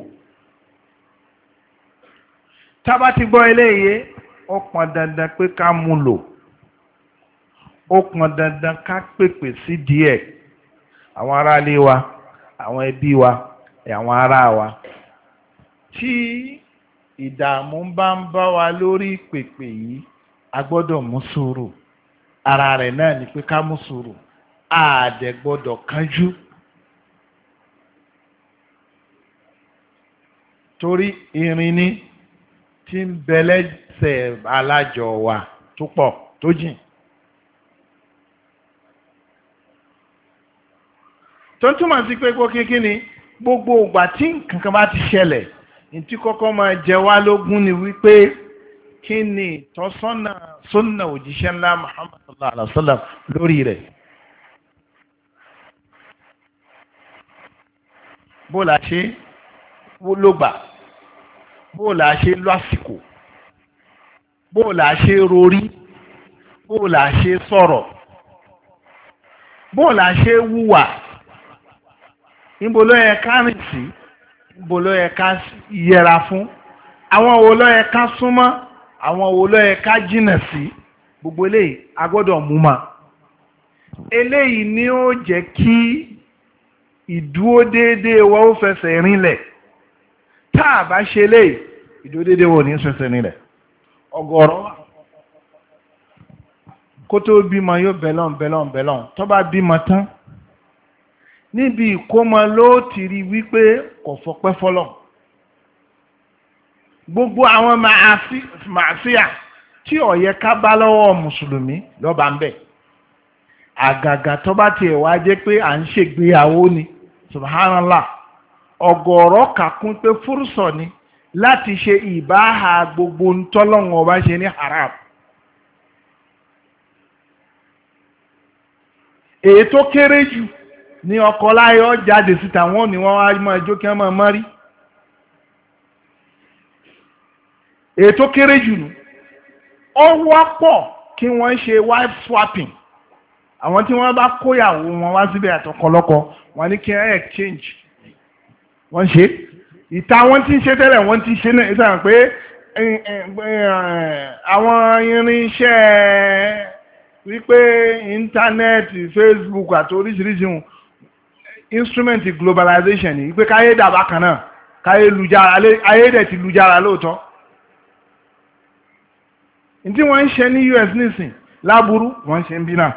B: tába ti gbọ́ eléyìí ó pọn dandan pé ká mú lò ó pọn dandan ká pèpè sí díẹ̀ àwọn aráalé wa àwọn ẹbí wa àwọn ará wa tí ìdààmú bá ń bá wa lórí pèpè yìí a gbọ́dọ̀ mú sùúrù ara rẹ̀ náà ni pé ká mú sùúrù àdẹ̀ gbọ́dọ̀ kánjú. torí irin ni tí ń bẹ lẹ́sẹ̀ alájọ wa tó pọ̀ tó jìn. tó ń túmọ̀ sí pé kó kínkín ni gbogbo ìgbà tí nǹkan kan bá ti ṣẹlẹ̀ ntí kọ́kọ́ máa jẹ wá lógún ni wípé kí ni ìtọ́sọ́nà sunna òjíṣẹ́ ńlá Muhammad sallallahu alaihi wa sallam lórí rẹ̀. bó la ṣe ló gbà bó la ṣe lásìkò bó la ṣe rorí bó la ṣe sọ̀rọ̀ bó la ṣe wùwà níbo ló yẹ ká rìn sí níbo ló yẹ ká yẹra fún àwọn wo ló yẹ ká súnmọ́ àwọn wo ló ká jìnà sí gbogbo eléyìí a gbọ́dọ̀ mú ma eléyìí ni ó jẹ́ kí ìdúró déédéé wa fẹsẹ̀ rinlẹ̀ tá a bá ṣe léyìí ìdódédé wò ní sẹsẹ nílẹ̀ ọgọ́rọ̀ wà kó tó bímọ yóò bẹ̀lọ́n bẹ̀lọ́n bẹ̀lọ́n tó bá bímọ tán níbi ìkómọ ló ti rí wípé kò fọpẹ́ fọlọ́ gbogbo àwọn màáfíà tí ọ̀yẹ́ ká bá lọ́wọ́ mùsùlùmí lọ́ba ń bẹ̀ àgàgà tó bá tiẹ̀ wá jẹ́ pé à ń ṣègbéyàwó ni subhanallah ọ̀gọ̀ọ̀rọ̀ kàkún pé fúrúsọ̀ ni láti ṣe ìbáhà gbogbo ntọ́lọ́wọ̀n ọba ṣe ní haram. èyí tó kéré jù ní ọkọ láyọ jáde síta wọn ni wọn wá máa jó kí wọn máa mọrí èyí tó kéré jù nù ó wọ́pọ̀ kí wọ́n ṣe wife swapping àwọn tí wọ́n bá kóyàwó wọn wá síbẹ̀ àtọkọlọ́kọ wọn ní kí wọ́n exchange wọ́n ṣe ìta wọ́n ti ń ṣe tẹ́lẹ̀ wọ́n ti ṣe náà
D: ìsàn pé àwọn irinṣẹ́ wípé íńtánẹ́ẹ̀tì Facebook àti oríṣiríṣi wọn
B: instrument globalization ni wípé káyé dàbá kan náà káyé lujára ayédè ti lujára lóòótọ́ ntí wọ́n ń ṣe ní US nísìn láburú wọ́n ń ṣe ń bí náà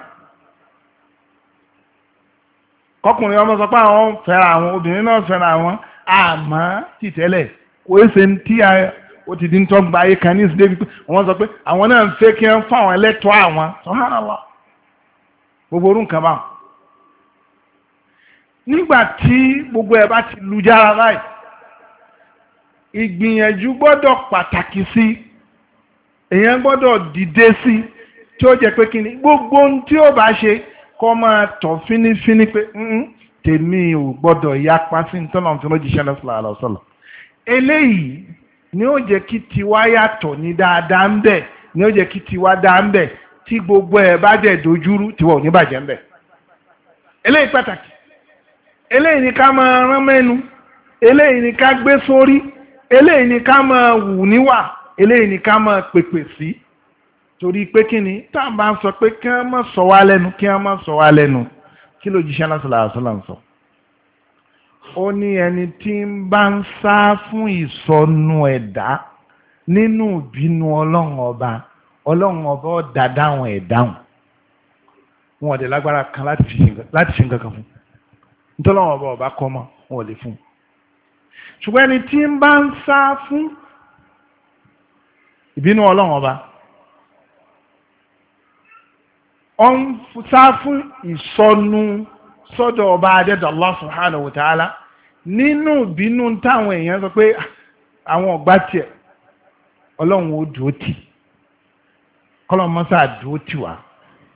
B: kọkùnrin ọmọ sọ pé àwọn fẹ́ra àwọn obìnrin náà fẹ́ra àwọn àmọ́ tìtẹ́lẹ̀ kò é ṣe tí ó ti di ń tọ́gba ayé kan ní ìsìndé wípé wọ́n sọ pé àwọn náà ń fẹ́ kí wọ́n fáwọn ẹlẹ́tọ́ àwọn subhanallah gbogbo orú nǹkan báwọn. nígbà tí gbogbo ẹ̀ bá ti lu jára báyìí ìgbìyànjú gbọ́dọ̀ pàtàkì sí èèyàn gbọ́dọ̀ dìde sí tí ó jẹ́ pé kí ni gbogbo ohun tí ó bá ṣe kó máa tọ̀ fínífíní pé tèmi ò gbọ́dọ̀ yapa sí ntọ́nà tí wọ́n jíṣẹ́ lọ́sọ̀lá eléyìí ni ó jẹ́ kí tiwa yàtọ̀ ní dáadáa ń ni ó jẹ́ kí tiwa dáa ń tí gbogbo ẹ̀ bá jẹ́ dojúrú tiwa ò ní bàjẹ́ ń bẹ̀ eléyìí pàtàkì eléyìí ni ká máa rán mẹ́nu eléyìí ni ká gbé sórí eléyìí ni ká torí pé ni sọ pé kí wọ́n sọ wá lẹ́nu kí wọ́n sọ kí ló jíṣẹ́ lásìlá àṣọlá ń sọ ó ní ẹni tí ń bá ń sá fún ìsọnù ẹ̀dá nínú ìbínú ọlọ́run ọba ọlọ́run ọba ọ̀dà dáhùn ẹ̀dáhùn wọn ò dé lágbára kan láti fi nǹkan kan fún nítọ́lọ́run ọba ọba kọ́ mọ́ wọn ò lè fún un ṣùgbọ́n ẹni tí ń bá ń sá fún ìbínú ọlọ́run ọba ọ ń sá fún ìsọnu sọ́dọ̀ ọba adẹ́dọ̀ Allah subhanahu wa ta'ala nínú ìbínú táwọn èèyàn sọ pé ah, àwọn ọ̀gbá tiẹ̀ ọlọ́run ó dúró tì kọ́lọ́run mọ́sá dúró tì wá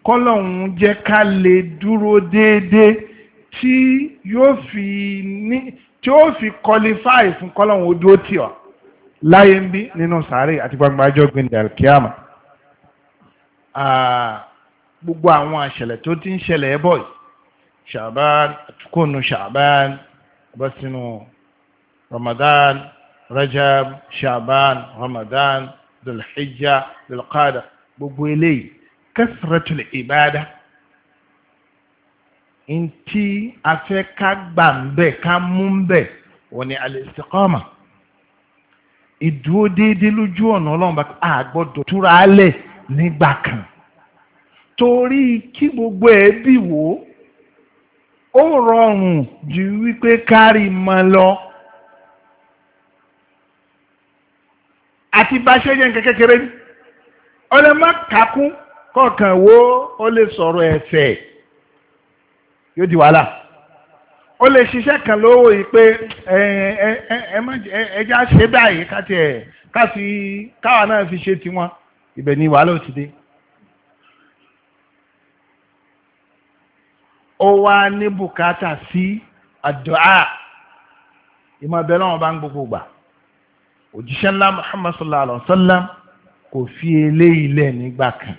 B: kọ́lọ́run jẹ́ ká lè dúró déédéé tí yóò fi ní tí ó fi kọlifáì fún kọ́lọ́run ó dúró tì wá láyé ń bí nínú sàárè àti gbangba ajọ́ gbẹ̀ndẹ̀ alkiyama. Uh, ah, gbogbo àwọn àṣẹlẹ̀ tó ti ń ṣẹlẹ̀ ẹ bọ̀ yìí ṣàbán àtúkòónú ṣàbán bọ́ sínú ramadan rajab ṣàbán ramadan dulhijja dulqada gbogbo eléyìí kẹsìrẹ́tùl ìbáadá ntí afẹ́ ká gbà ń bẹ̀ ká mú ń bẹ̀ wọ́n ni al-istiqama ìdúró déédéé lójú ọ̀nà ọlọ́run bá a gbọ́dọ̀ túra lẹ̀ nígbà kan torí kí gbogbo ẹbí wò ó rọrùn ju wípé kárí mọ́ lọ. àti bá ṣe jẹ́ nǹkan kékeré ni ó lè má kakún kọ̀ọ̀kan wo ó lè sọ̀rọ̀ ẹ̀fẹ̀ yóò di wàhálà ó lè ṣiṣẹ́ kan lówó yìí pé ẹja ṣe báyìí ká tiẹ̀ káwa náà fi ṣe tiwọn ibẹ̀ ni wàhálà ò ti dé. ó wá ní bùkátà sí àdúà ìmọ̀ ẹ̀bẹ̀ lọ́wọ́ bá ń gbogbo gbà òjíṣẹ́ ńlá Muhammad sallallahu alaihi wa sallam kò fi eléyìí lẹ̀ nígbà kan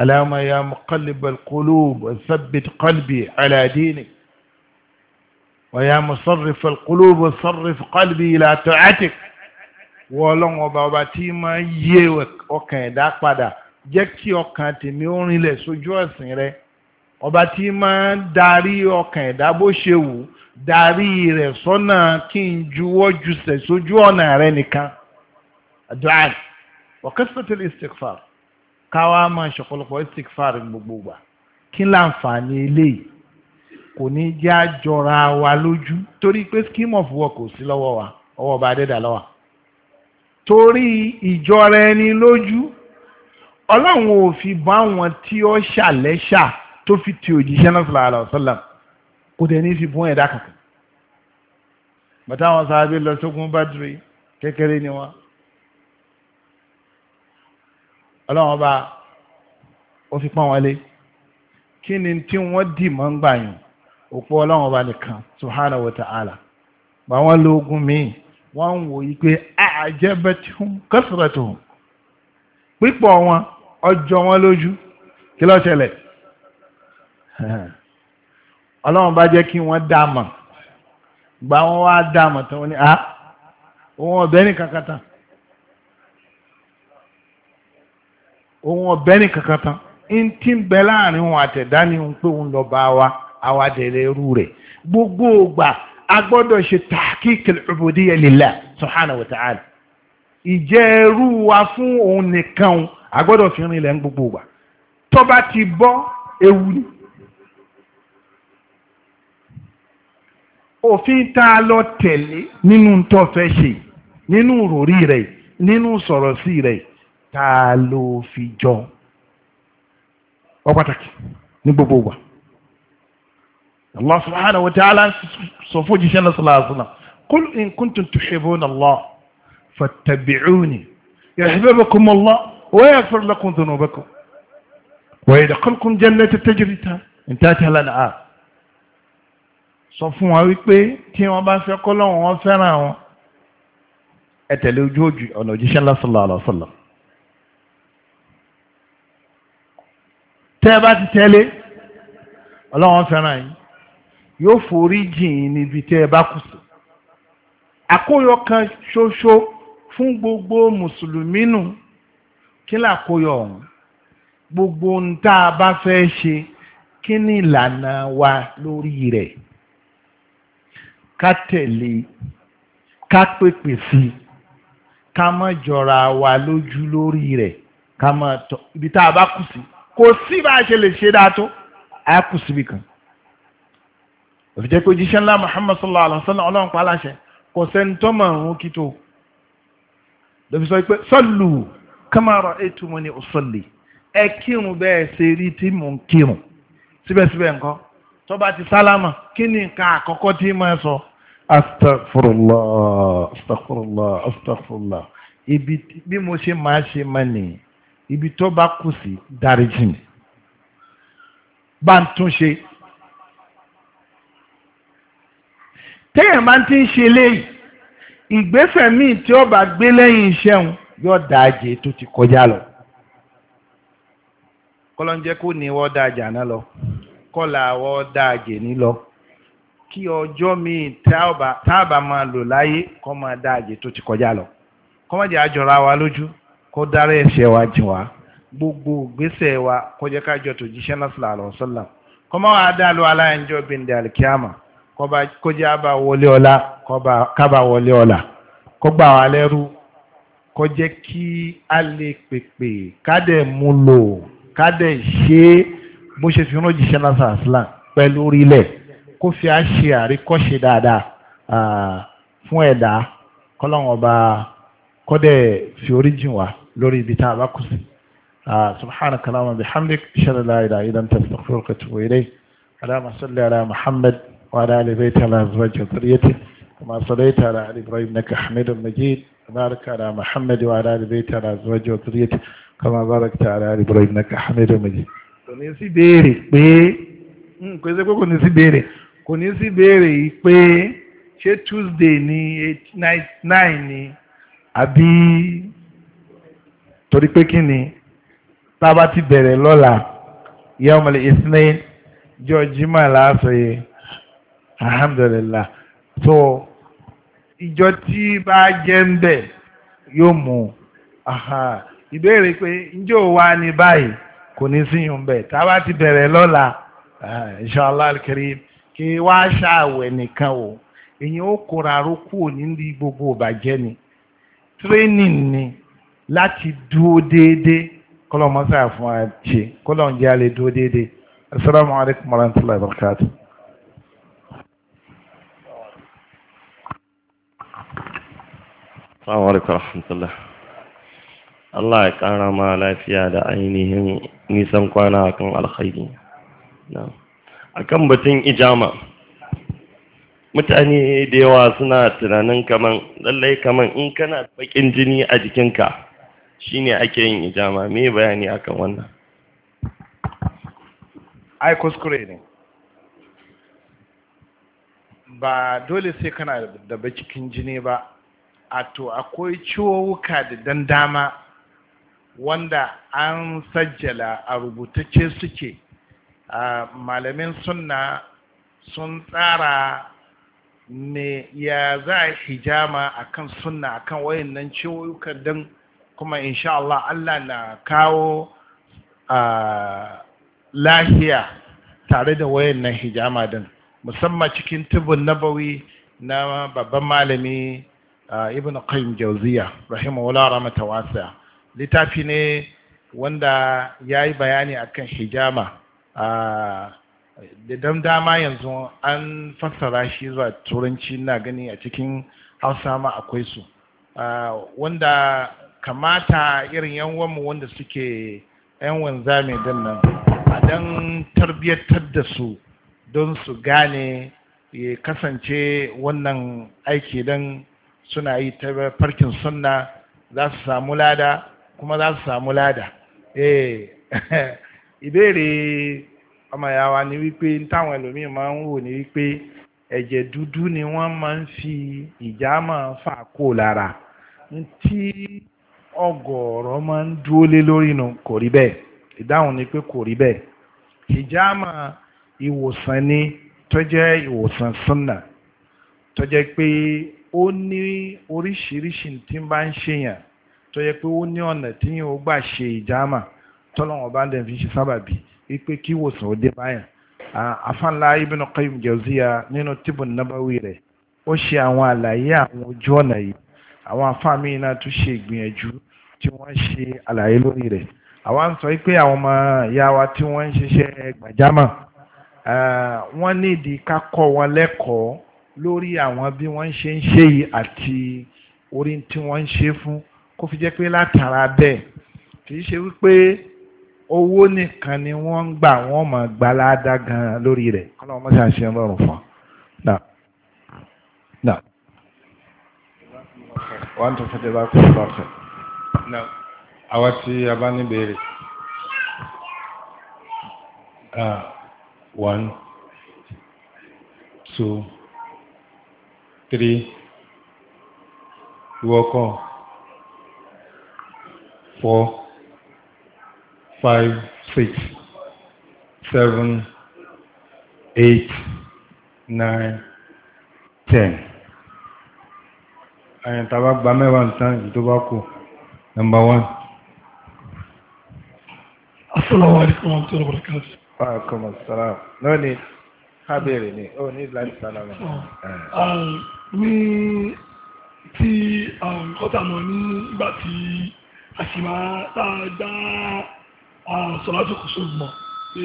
B: Allahumma ya muqallibal qulub thabbit qalbi ala dinik wa ya musarrifal qulub sarrif qalbi ila ta'atik wọ́ọ́lọ́wọ́ ọba ọba tí ma yé ọkàn ẹ̀dá padà jẹ́ kí ọkàn tèmi ó rinlẹ̀ sójú ọ̀sìn rẹ̀ ọba tí máa ń darí ọkàn ẹ̀dá bó ṣe wù darí rẹ̀ sọ́nà kí n juwọ́ jùsẹ̀ sójú ọ̀nà rẹ̀ nìkan àdúrà ọ̀kẹ́sítẹ́tẹ́lẹ̀ istikfar káwa máa ṣọ̀pọ̀lọpọ̀ istikfar gbogbo gbà kí láǹfààní eléyìí kò ní jẹ́ àjọra wa lójú torí pé scheme of work kò sí lọ́wọ́ wa ọwọ́ ọba adẹ́dà lọ́wọ́ torí ìjọra ẹni lójú ọlọ́run ò fi bá wọn tí ó ṣàlẹ́ṣà tó fi ti òjíṣẹ́ náà sallallahu alaihi wasallam kò dẹ̀ ní fi bún ẹ̀dá kankan bàtà àwọn sàábé lọ sógun Badri kékeré ni wọn ọlọ́run ọba ó fi pọ́n wọlé kí ni tí wọ́n dì mọ́ ń gbàyàn òpó ọlọ́run ọba nìkan subhanahu wa ta'ala bá wọ́n lo ogun míì wọ́n ń wòye pé a'jabatuhum kasratuhum pípọ̀ wọn ọjọ́ wọn lójú kí ló ṣẹlẹ̀ ọlọ́run bá jẹ́ kí wọ́n dáàmà gba wọn wá dáàmà tán wọ́n ní à ah, òun ọ̀bẹ ní kankan tán
C: òun ọ̀bẹ ní kankan tán
B: ń tí ń bẹ láàrin òun àtẹ̀dá ni òun pé òun lọ bá wa àwa dẹ̀rẹ̀ rẹ̀ gbogbo ògbà a gbọ́dọ̀ ṣe tahqiq al-ubudiyya lillah ìjẹ́ ẹrú wa fún òun nìkan a gbọ́dọ̀ fi rinlẹ̀ ń gbogbo ògbà tó ti bọ́ ewu ni. òfin tá a lọ tẹ̀lé nínú tó fẹ́ ṣe nínú ròrí rẹ̀ nínú sọ̀rọ̀ sí rẹ̀ tá a lọ fi jọ ọ pàtàkì ní gbogbo wa Allah subhanahu wa ta'ala sọ fún jíṣẹ́ náà sallallahu alaihi wasallam qul in kuntum tuhibbuna Allah fattabi'uni yuhibbukum Allah wa yaghfir lakum dhunubakum wa yadkhulukum jannatin tajri min tahtiha al-anhar sọ fún wọn wípé tí wọ́n bá fẹ́ kọ́lọ́hún wọn fẹ́ràn wọn ẹ tẹ̀lé ojú ojú ọ̀nà
E: òjíṣẹ́ ńlá sallallahu alaihi wasallam
B: tẹ́ ẹ bá ti tẹ́lé ọlọ́wọ́n fẹ́ràn yín yóò forí jìn níbi tẹ́ ẹ bá kù sí àkóyọ kan ṣoṣo fún gbogbo mùsùlùmí nù kí làkóyọ ọ̀hún gbogbo ń tá a bá fẹ́ ṣe kí ni ìlànà wa lórí rẹ̀ ká tẹ̀lé ká pèpè sí ká má jọra wa lójú lórí rẹ̀ ká má tọ́ ibi tá a bá kù sí kò sí bá a ṣe lè ṣe dáa tó a kù síbi kan òfìjẹ́ pé jíṣẹ́ ńlá Muhammad sallallahu alaihi ọlọ́run pa aláṣẹ kò sẹ́ni mọ̀ ọ̀run kí tó lọ́fi sọ pé sallu kama ra'aytumuni usalli ẹ kírun bẹ́ẹ̀ ṣe rí tí mò ń kírun síbẹ̀síbẹ̀ nǹkan tó bá ti sálámà kí ni nǹkan àkọ́kọ́ tí mo sọ astagfirullah astagfirullah astagfirullah ibi bí mo ṣe máa ṣe máa nìyí ibi tó bá kù sí dáríjì mi bá ń tún ṣe téèyàn bá ti ń ṣe léyìí ìgbésẹ̀ míì tí ó bá gbé lẹ́yìn iṣẹ́
F: òun yóò dáàjẹ́ tó ti kọjá lọ
B: kọ́lọ́njẹ́ kó ní wọ́n dáàjà náà lọ kọ́là wọ́n dáàjẹ́ ní lọ kí ọjọ́ míì táàbà máa lò láyé kọ́ máa dá àjẹ tó ti kọjá lọ kọ́mọ̀dé àjọra wa lójú kó dára ẹ̀ṣẹ̀ wa jìn wá gbogbo gbèsè wa kọjá kájọ tó jíṣẹ́ náà sílá àlọ́ sọ́là kọ́mọ̀ wa dá lọ aláìjọ bíndẹ̀ alikiyama kọjá bá wọlé ọlá kábà wọlé ọlá kọgbà wa lẹ́rú kọjá kí a lè pèpè kádẹ̀ mú lò kádẹ̀ ṣe bó ṣe fi rán jíṣẹ́ náà sílá pẹ̀lú orílẹ̀ kó fi á ṣe àríkọ́ṣe dáadáa fún ẹ̀dá kọ́lọ́wọ́n ọba kọ́dẹ̀ fi orí jìn wá lórí ibi tá a bá kù sí. سبحانك اللهم وبحمدك اشهد ان لا اله الا انت استغفرك واتوب اليك اللهم صل على محمد وعلى ال بيته على ازواجه وذريته كما صليت على ال ابراهيم انك حميد مجيد وبارك على محمد وعلى ال بيته على ازواجه وذريته كما باركت على ال ابراهيم انك حميد مجيد. kò ní sí béèrè pé kò ní sí béèrè kò ní sí béèrè yìí pé ṣé Tuesday ní nine ni àbí torí pé kí ni tá a bá ti bẹ̀rẹ̀ lọ́la yawmal ithnain jọ jimá láàfẹ́ alhamdulillah so ìjọ tí bá jẹ́ ń bẹ̀ yóò mú ìbéèrè pé ǹjẹ́ wà ní báyìí kò ní síyùn bẹ̀ tá a bá ti bẹ̀rẹ̀ lọ́la ah, inshallah al-karim kì í wá ṣàwẹ̀ nìkan o èyí ó kóra aró kúrò níbi gbogbo ìbàjẹ́ ni training ni láti dúró déédéé kọ́lọ́mọ́sá fún wa ṣe kọ́lọ́mọ́jẹ́ alẹ́ dúró déédéé assalamu alaikum warahmatullahi wabarakatuh.
E: Assalamu alaikum rahmatullah. Allah ya ƙara ma lafiya da ainihin nisan kwana kan alkhairi. akan batun ijama mutane da yawa suna tunanin kaman lallai kaman in kana bakin jini a jikinka shine ake yin ijama me bayani akan wannan
B: ai kuskure ne ba dole sai kana da bakin jini ba a to akwai ciwowuka da dandama wanda an sajjala a rubutace suke malamin sunna sun tsara ne ya za a hijama a kan sunna a kan wayannan ciwoyukan don kuma insha Allah Allah na kawo lahiya tare da wayannan hijama din musamman cikin tubun nabawi na babban malami ibn qayyim jauziya rahimahullah rahmata littafi ne wanda ya yi bayani akan hijama da dam dama yanzu an fassara shi zuwa turanci na gani a cikin hausa ma akwai su wanda kamata irin yan wanmu wanda suke yan wanza mai din nan a dan tarbiyyatar da su don su gane ya kasance wannan aiki don suna yi ta farkin sunna za su samu lada kuma za su samu lada eh ìbéèrè ọmọ ìyá wa ni wípé táwọn ẹlòmíín máa ń wò ni wípé ẹ̀jẹ̀ dúdú ni wọ́n máa ń fi ìjà máa fà kó lára tí ọgọ̀ọ̀rọ̀ máa ń dúró lé lórí nu kò rí bẹ́ẹ̀ ìdáhùn ni pé kò rí bẹ́ẹ̀ hijama ìwòsàn ni tó jẹ́ ìwòsàn súnà tó jẹ́ pé ó ní oríṣiríṣi tí ń bá ń ṣèyàn tó jẹ́ pé ó ní ọ̀nà tí yóò gbà ṣe hijama. tọ́lọ́wọ́n bá dẹ̀ fi ṣe sábàbí wípé kí wòsàn ó dé báyà afánlá Ibn Qayyim Jawziya nínú Tibbun Nabawi rẹ̀ ó ṣe àwọn àlàyé àwọn ojú ọ̀nà yìí àwọn afáàmì iná tún ṣe ìgbìyànjú tí wọ́n ṣe àlàyé lórí rẹ̀ àwa ń sọ pé àwọn ọmọ ìyá wa tí wọ́n ń ṣiṣẹ́ gbàjámọ̀ wọ́n nídìí ká kọ́ wọn lẹ́kọ̀ọ́ lórí àwọn bí wọ́n ṣe ń ṣe yìí àti orí tí wọ́n ń ṣe fún kó fi jẹ́ pé látara bẹ́ẹ̀ kì í ṣe wípé owó nìkan ni wọ́n ń gbà wọ́n máa gbà ládá gan lórí rẹ̀ kọ́nà ọmọ sí àṣẹ ọlọ́run fún wọ́n tó fẹ́ bá kú lọ́fẹ̀ àwọn tí a bá ní béèrè one two three ìwọ́kọ̀ four five six seven eight nine ten àyàn tàbá gba mẹ́wàá nǹkan tó bá kù number one.
A: asalaamualeykum wa rahmatulahi wa
B: barakatu. wa aleykum asalaam náà ni ká béèrè ni ó ní láti sálámà.
C: ní tí kọ́tà mọ̀ ní ìgbà tí àṣìmá tá a dá. Ah, sọ̀láṣù kò sóògbọ̀ pé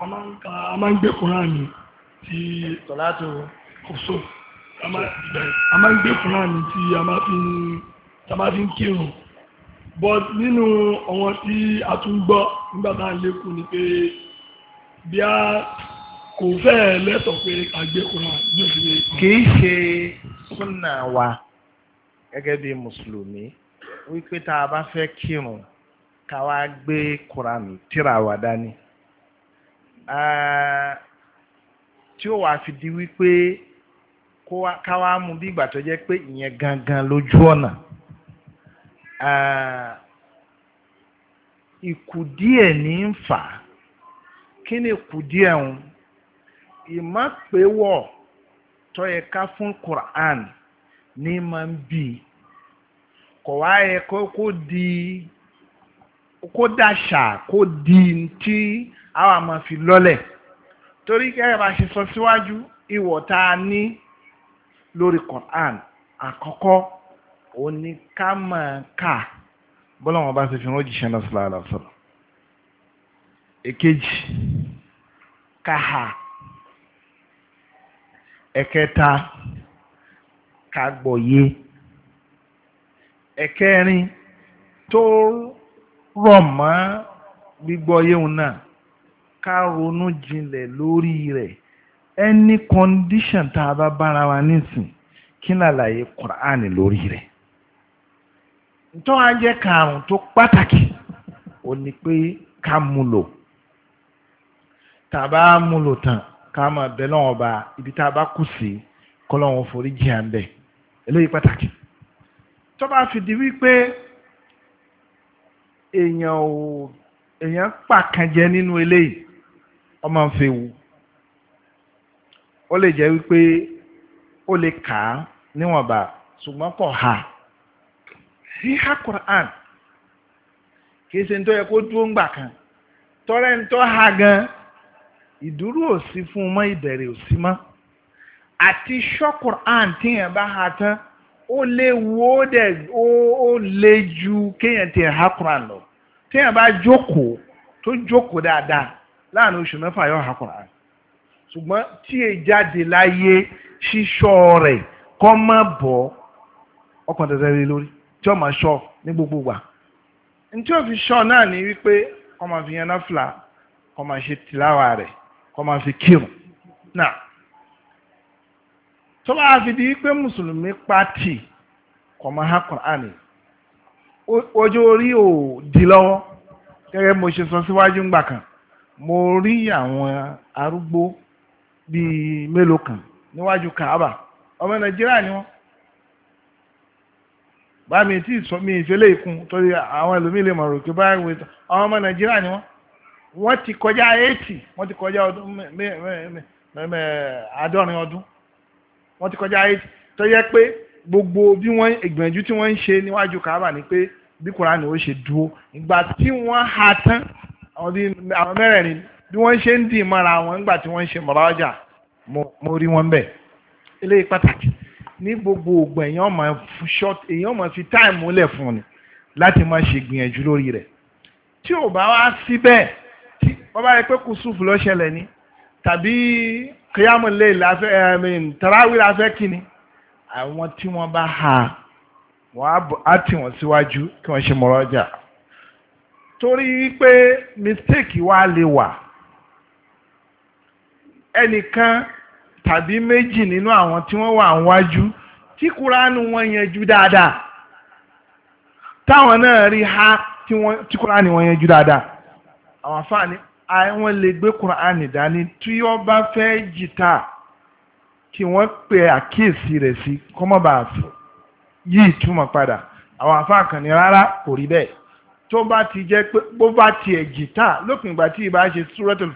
C: a máa ń gbé kùránì tí sọ̀láṣù kò só a máa ń gbé kùránì tí a máa fi ń kírun but nínú ọ̀wọ́n tí a tún gbọ́ nígbà tá à ń lékún ni pé bí a kò fẹ́ lẹ́tọ̀ pé àgbékùnrin àjò fi
B: lè. kìí ṣe súnà wa gẹ́gẹ́ bí mùsùlùmí wípé tá a bá fẹ́ kírun ka wá gbé kùránì tíra wa dání tí ó wàá fi di wípé ká bi mú bí ìgbà tó jẹ́ pé ìyẹn gangan lójú ọ̀nà ìkùdíẹ̀ ní ń fà á kí ni ìkùdíẹ̀ ń ìmọ̀péwọ̀ tó yẹ ká fún Quran ní máa ń bì kò wá yẹ kó di. kó dàṣà kó
C: di tí
B: àwọn àmọ́ fi lọ́lẹ̀ torí gẹ́gẹ́ bá ṣe sọ síwájú ìwọ̀ tá a ní lórí Quran àkọ́kọ́ oníkàmọ̀ọ́kà bọ́lá wọn bá ṣe fi hàn jíṣẹ́ náà sallallahu alaihi èkejì kàhà ẹ̀kẹta
F: kàgbọ̀yé
B: ẹ̀kẹrin tó rọ̀ mọ́ gbígbọ́ yéhun náà ká ronú jinlẹ̀ lórí rẹ̀ any condition tá a bá bára wa nísìn kí ni àlàyé Kùránì lórí rẹ̀ tó wá jẹ́ karùn tó pàtàkì ó ní pé ká múlò tàbá múlò tán ká máa bẹ lọ́wọ́ ba ibi tá a bá kù sí kọ́lọ́wọ́ forí jìyà ń bẹ̀ eléyìí pàtàkì
C: tó bá wípé
B: èèyàn ò èèyàn pàkànjẹ nínú eléyìí ọmọ ń fi wù ó lè jẹ́ wípé ó lè kà á níwọ̀nba ṣùgbọ́n kò ha híhá Quran kìí ṣe ń tó yẹ kó dúró ńgbà kan tọ́rẹ́ ń tọ́ ha gan ìdúró ò sí fún un mọ́ ìbẹ̀rẹ̀ ò sí mọ́ àti ṣọ́ Quran tíyẹn bá ha tán ó léwu ó dẹ̀ ó le ju kéèyàn ti ha Quran lọ téèyàn bá jókòó tó jókòó dáadáa láàrin oṣù mẹ́fà yóò ha Quran ṣùgbọ́n tí e jáde láyé ṣíṣọ́ rẹ̀ kọ́ má bọ̀ ọkàn dandan lé lórí tí ó máa ṣọ́ ní gbogbo wa ní tí fi ṣọ́ náà ni wípé kọ́ máa fi yẹn náà fìlà kọ́ máa ṣe tìláwà rẹ̀ kọ́ máa fi kírun náà. tó bá ikpe di pati mùsùlùmí pàtì ha ojú orí ò di lọ́wọ́ gẹ́gẹ́ mo ṣe sọ síwájú kan mo rí àwọn arúgbó bíi mélòó kan níwájú kaaba ọmọ nàìjíríà ni wọn bá mi tí sọ mi ìkun torí àwọn ẹlòmíì lè báyìí àwọn ọmọ nàìjíríà kọjá eighty kọjá ọdún ọdún wọ́n ti kọjá ayé tó yẹ pé gbogbo bí wọ́n ìgbìyànjú tí wọ́n ń ṣe níwájú Kaaba ni pé bí Kùránì ó ṣe dúró ìgbà tí wọ́n ha tán àwọn mẹ́rẹ̀ẹ̀rin bí wọ́n ṣe ń dì mọ́ra wọn nígbà tí wọ́n ń ṣe mọ̀rọ̀ ọjà mo rí wọn bẹ̀ eléyìí pàtàkì ní gbogbo ògbà èèyàn máa fi short èèyàn máa fi táìmù lẹ̀ fún ni láti máa ṣe gbìyànjú lórí rẹ̀ tí ò bá wá síbẹ̀ tí wọ́n bá rí pé kùsùfù ló ni tàbí kíyàmù lè láfẹ́ ẹ̀mìn tàràwí láfẹ́ kíni àwọn tí wọ́n bá ha wọ́n á tì wọ́n síwájú kí wọ́n ṣe mọ̀rọ̀ ọjà torí pé mistake wa lè wà ẹnìkan tàbí méjì nínú àwọn tí wọ́n wà níwájú tí kúránù wọn yanjú dáadáa táwọn náà rí ha tí kúránù wọn yanjú dáadáa àwọn afáàní àwọn lè gbé Kùránì dání tí wọ́n bá fẹ́ jìtá kí wọ́n pe àkíyèsí rẹ̀ sí kọ́mọ́bà yí ìtumọ̀ padà àwọn àfáà kan ní rárá kò rí bẹ́ẹ̀ tó bá ti jẹ́ pé bó bá tiẹ̀ jìtá lópin ìgbà tí ìbá ṣe Suratul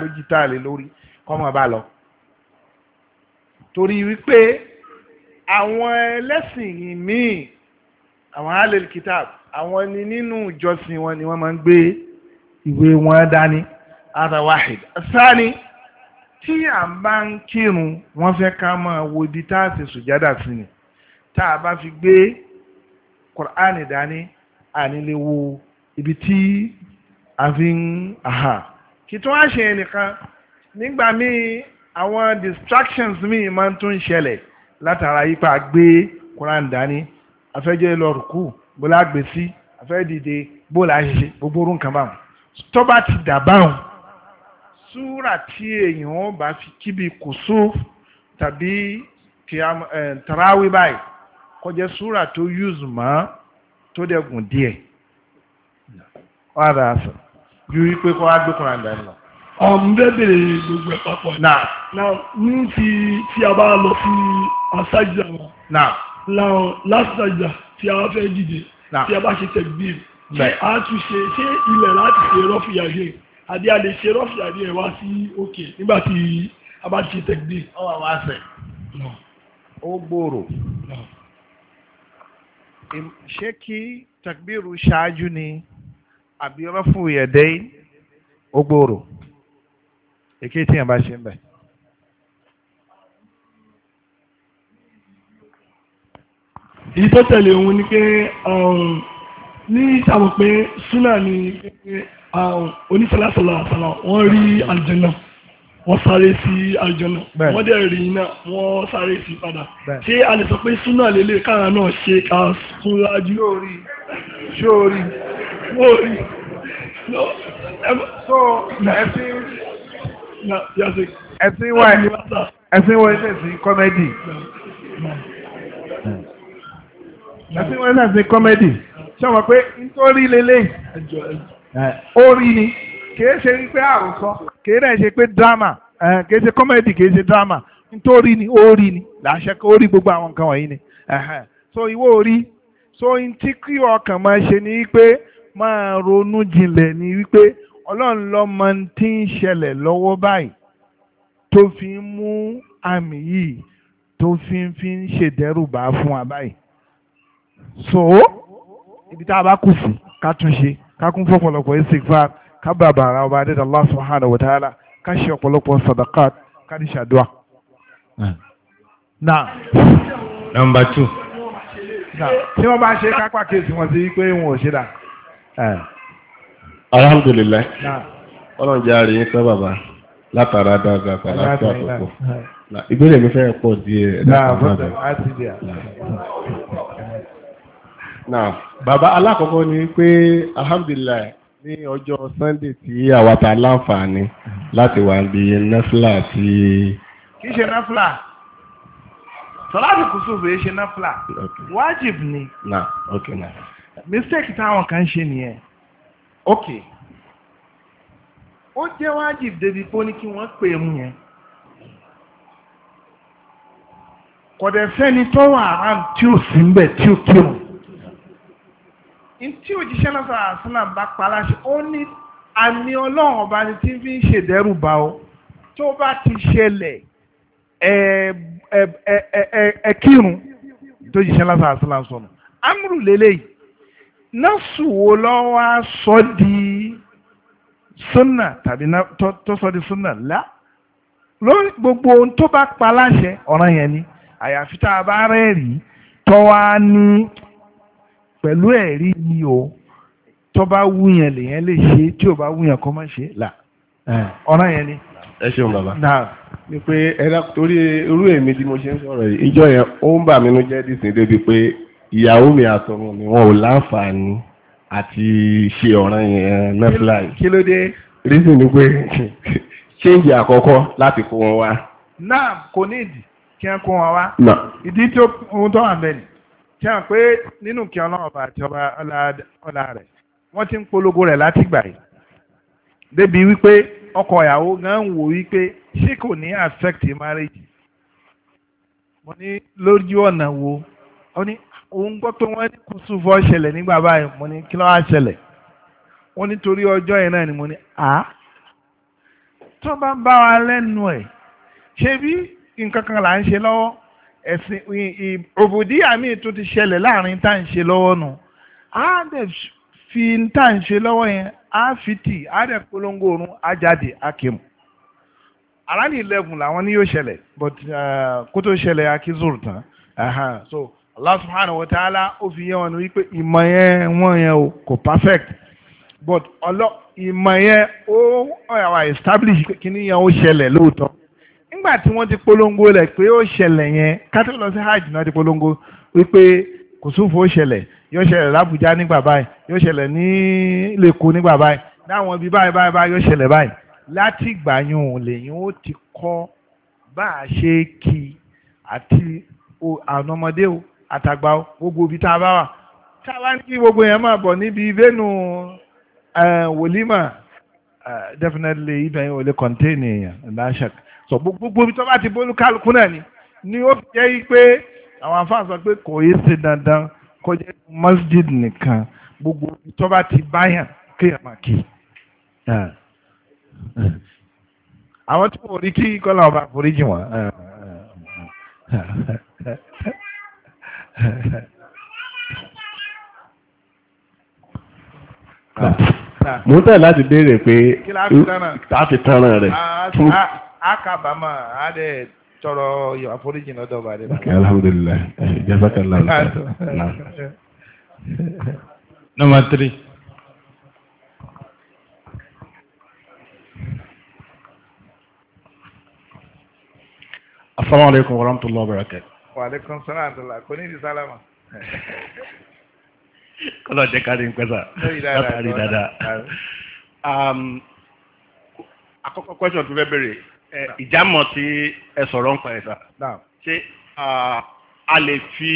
B: ló jìtá lé lórí kọ́mọ́bà lọ torí wípé àwọn ẹlẹ́sìn míì àwọn alel kitab àwọn ni nínú ìjọsìn wọn ni wọ́n máa ń gbé ìwé wọn dání هذا واحد الثاني tí à ń bá ń kírun wọ́n fẹ́ ká máa wo ibi tá a ṣe sùjádà sí ni tá a bá fi gbé Qur'an dání ànílé wo ibi tí a fi ń àhà distractions mi máa ń tún ṣẹlẹ̀ látara yípa gbé Qur'an dání afẹ́jẹ́ lọ rùkú bó lágbèsí afẹ́ dìde bó láṣẹṣe gbogbo orú nǹkan báwọn tó bá ti dà báwọn súrà tí èèyàn ó bá fi kíbi kùsù tàbí tàràwí báyìí kó jẹ́ súrà tó yúzù mọ́ tó dẹ̀gùn díẹ̀ wọ́n á dà sọ ju wípé kó wá gbẹ́kùn
C: lọ. ọ̀n bẹ́ẹ̀ gbogbo ẹ̀ papọ̀. na na ní ti tí a bá lọ sí asájà wọn. na na lásàjà tí a fẹ́ dìde. na tí a bá ṣe tẹ̀gbìn. ṣé a tún ṣe ṣé ilẹ̀ láti ṣe rọ́fìyà yẹn àbí a lè ṣe rọ́ọ̀ṣì àbí ẹ̀ wá sí òkè nígbà tí a bá ṣe tẹ̀gbé. ọwọ́ àwọn àṣẹ ó gbòòrò ṣé kí
B: takbiru ṣáájú ni àbí rọ́fù yẹ̀dẹ́ ó gbòòrò èké tí yẹn bá ṣe ń bẹ̀.
C: èyí tó tẹ̀lé òun ni pé um, ní ìtàwọn pé súnà ni Ah, onísàlásàlá àsàlá wọ́n rí àlùjànnà wọ́n sáré sí àlùjànnà wọ́n dẹ̀ rí iná wọ́n sáré sí padà ṣé a lè sọ pé súnà lélẹ̀ kára náà ṣe ká sún lájú. sóòrì sóòrì sóòrì so ẹsìn ẹsìn wa ẹsìn wa ẹsìn sí kọ́mẹ́dì
B: ẹsìn wa ẹsìn sí kọ́mẹ́dì ṣé wọ́n pé nítorí lélẹ̀. Eh, orí ni kìí ṣe wípé àròsọ kìí náà ṣe pé drama eh, kìí ṣe comedy kìí ṣe drama nítorí ni orí ni làṣẹ orí gbogbo àwọn nǹkan wọ̀nyí ni so ìwọ orí so n tí kí ọkàn máa ṣe ni wípé máa ronú jinlẹ̀ ni wípé ọlọ́run ló tí ń ṣẹlẹ̀ fi ń mú àmì yìí tó fi ń fi ń ṣèdẹ́rùbà fún wa báyìí so ibi tá a bá kù sí ṣe. ká kún fún ọ̀pọ̀lọpọ̀ istighfar ká bàbàrà ọba adéda Allah subhanahu wa ta'ala ka ṣe ọ̀pọ̀lọpọ̀ sadaqat ka ní na nọmba tu. na tí wọ́n bá ṣe kápá kéésì wọn sí pé wọn ṣe eh. alhamdulilayi ọlọ́run jẹ́ àárín pẹ́ bàbá látara dáadáa pẹ̀lú àti àkókò ìbéèrè mi náà bàbá alákọ̀ọ́kọ́ ni pé alhamdulillah ní ọjọ́ sunday
C: tí
E: àwàtà láǹfààní láti wà ń bi nafla tí.
B: kì í ṣe nafla sọláàtì kùsùfù yìí ṣe nafla wájib ni. na ok na. mistake táwọn kan ṣe nìyẹn. ok ó jẹ́ wájib débi pé ó ní kí wọ́n pè é mu yẹn. kọ̀dẹ̀ sẹ́ni tó tí ò sí ń bẹ̀ tí ò kírun tí òjíṣẹ́ náà sọ̀rọ̀ àṣìlá bá paláṣẹ ó ní àmì ọlọ́run ọba ni tí fi ń ṣèdẹ́rù bá ọ tó bá ti ṣẹlẹ̀ ẹ kírun tó jíṣẹ́ náà sọ̀rọ̀ àṣìlá sọ̀rọ̀ amúrù lélẹ́yìí náà sùwò lọ́wọ́ sọ di súnà tàbí tó sọ di súnà lá lórí gbogbo ohun tó bá paláṣẹ ọ̀ràn yẹn ni àyàfi tá a bá rẹ́ẹ̀rí tọ́wá ní pẹ̀lú ẹ̀rí ni o tó bá wúyàn lèyàn lè ṣe tí ò bá wúyàn kọ́ máa ṣe là ọ̀ràn yẹn ni. ẹ ṣeun bàbá ni pé ẹ̀dá torí
E: irú èmi tí mo ṣe ń
B: sọ̀rọ̀ yìí ìjọ yẹn ó ń bà mí nú jẹ́ dìsín débi pé ìyàwó mi àtọmọ mi wọn ò láǹfààní
E: àti ṣe ọ̀ràn yẹn mẹ́fìlá kí ló dé. reason ni pé ṣéǹjì àkọ́kọ́ láti kó wọn wá.
B: náà kò ní ìdí kí wọ́n kó wọn wá. ìdí tó ń tọ́ àbẹ̀lẹ̀ tí a pé nínú kí ọlọ́run ọba àti ọba ọlá rẹ̀ wọ́n ti ń polongo rẹ̀ látìgbà yìí débi wípé ọkọ ìyàwó gan ń wò wípé ṣé kò ní affect marriage mo ní lójú ọ̀nà wo ó ní òun gbọ́ pé wọ́n ní kùsùfọ́ ṣẹlẹ̀ nígbà báyìí mo ní kí ló wá ṣẹlẹ̀ wọ́n nítorí ọjọ́ yẹn náà ni mo ní à tó bá ń bá wa lẹ́nu ẹ̀ ṣé bí nǹkan kan là ń ṣe lọ́wọ́ ẹ̀sìn òbòdíyà míì tó ti ṣẹlẹ̀ láàrin tá à ń ṣe lọ́wọ́ nù á dẹ̀ fi tá à ń ṣe lọ́wọ́ yẹn á fi tì á dẹ̀ polongo oorun á jáde á kéwù aláàlì ilẹ̀kùn làwọn ní yóò ṣẹlẹ̀ but kó tó ṣẹlẹ̀ akínzòrò tán so Allah subhanahu wa ta'ala ó fi yẹ wọn ni wípé ìmọ̀ yẹn wọ́n yẹn o kò perfect but ọlọ́ ìmọ̀ yẹn ó ọ̀yàwó establish kí ni yẹn ó ṣẹlẹ̀ lóòótọ́ ńgbà tí wọ́n ti polongo rẹ̀ pé ó ṣẹlẹ̀ yẹn kátó lọ sí hajj náà ti polongo wípé kùsùfù ó ṣẹlẹ̀ yóò ṣẹlẹ̀ lábújá nígbà báyìí yóò ṣẹlẹ̀ ní lẹ́kọ̀ọ́ nígbà báyìí láwọn ibi báyìí báyìí báyìí yóò ṣẹlẹ̀ báyìí láti gbàyàn lèyìn ó ti kọ́ bá a ṣe kí àti àwọn ọmọdé o àtàgbà o gbogbo ibi tá a bá wà tá a bá ní kí gbogbo yẹn máa bọ̀ níbi venu eh, wòlímà eh, definitely ibẹ̀ yẹn ò lè contain èèyàn láṣà sọ gbogbo ibi tó bá ti bólú kálukú náà ni ni ó fi jẹ́ pé àwọn afáà sọ pé kò yé ṣe dandan kó jẹ́ masjid nìkan gbogbo ibi tó bá ti báyàn kéèyàn máa kí ah. àwọn tí mo rí kí kọ́lá ọba àforíjì wọn. Ah,
C: ah, mo ń tẹ̀ láti béèrè pé tá a fi tán rẹ̀
B: àkàbàmọ̀ àdẹ tọrọ yọ àforíjì lọ́dọ̀ ọba àdẹ. alhamdulilayi eh, jazakallah. number three. Assalamu alaikum wa rahmatullahi wa barakatuh. Wa alaikum salam àtàlà, kò ní ìdí sálámà. Kọ́lọ̀
A: jẹ́ kárí pẹ́sà. Látàrí dáadáa.
B: Um, àkọ́kọ́ question tó fẹ́ bèrè,
E: ìjámọ̀ tí ẹ sọ̀rọ̀ ń pa ẹ̀sà
B: ṣé a lè fi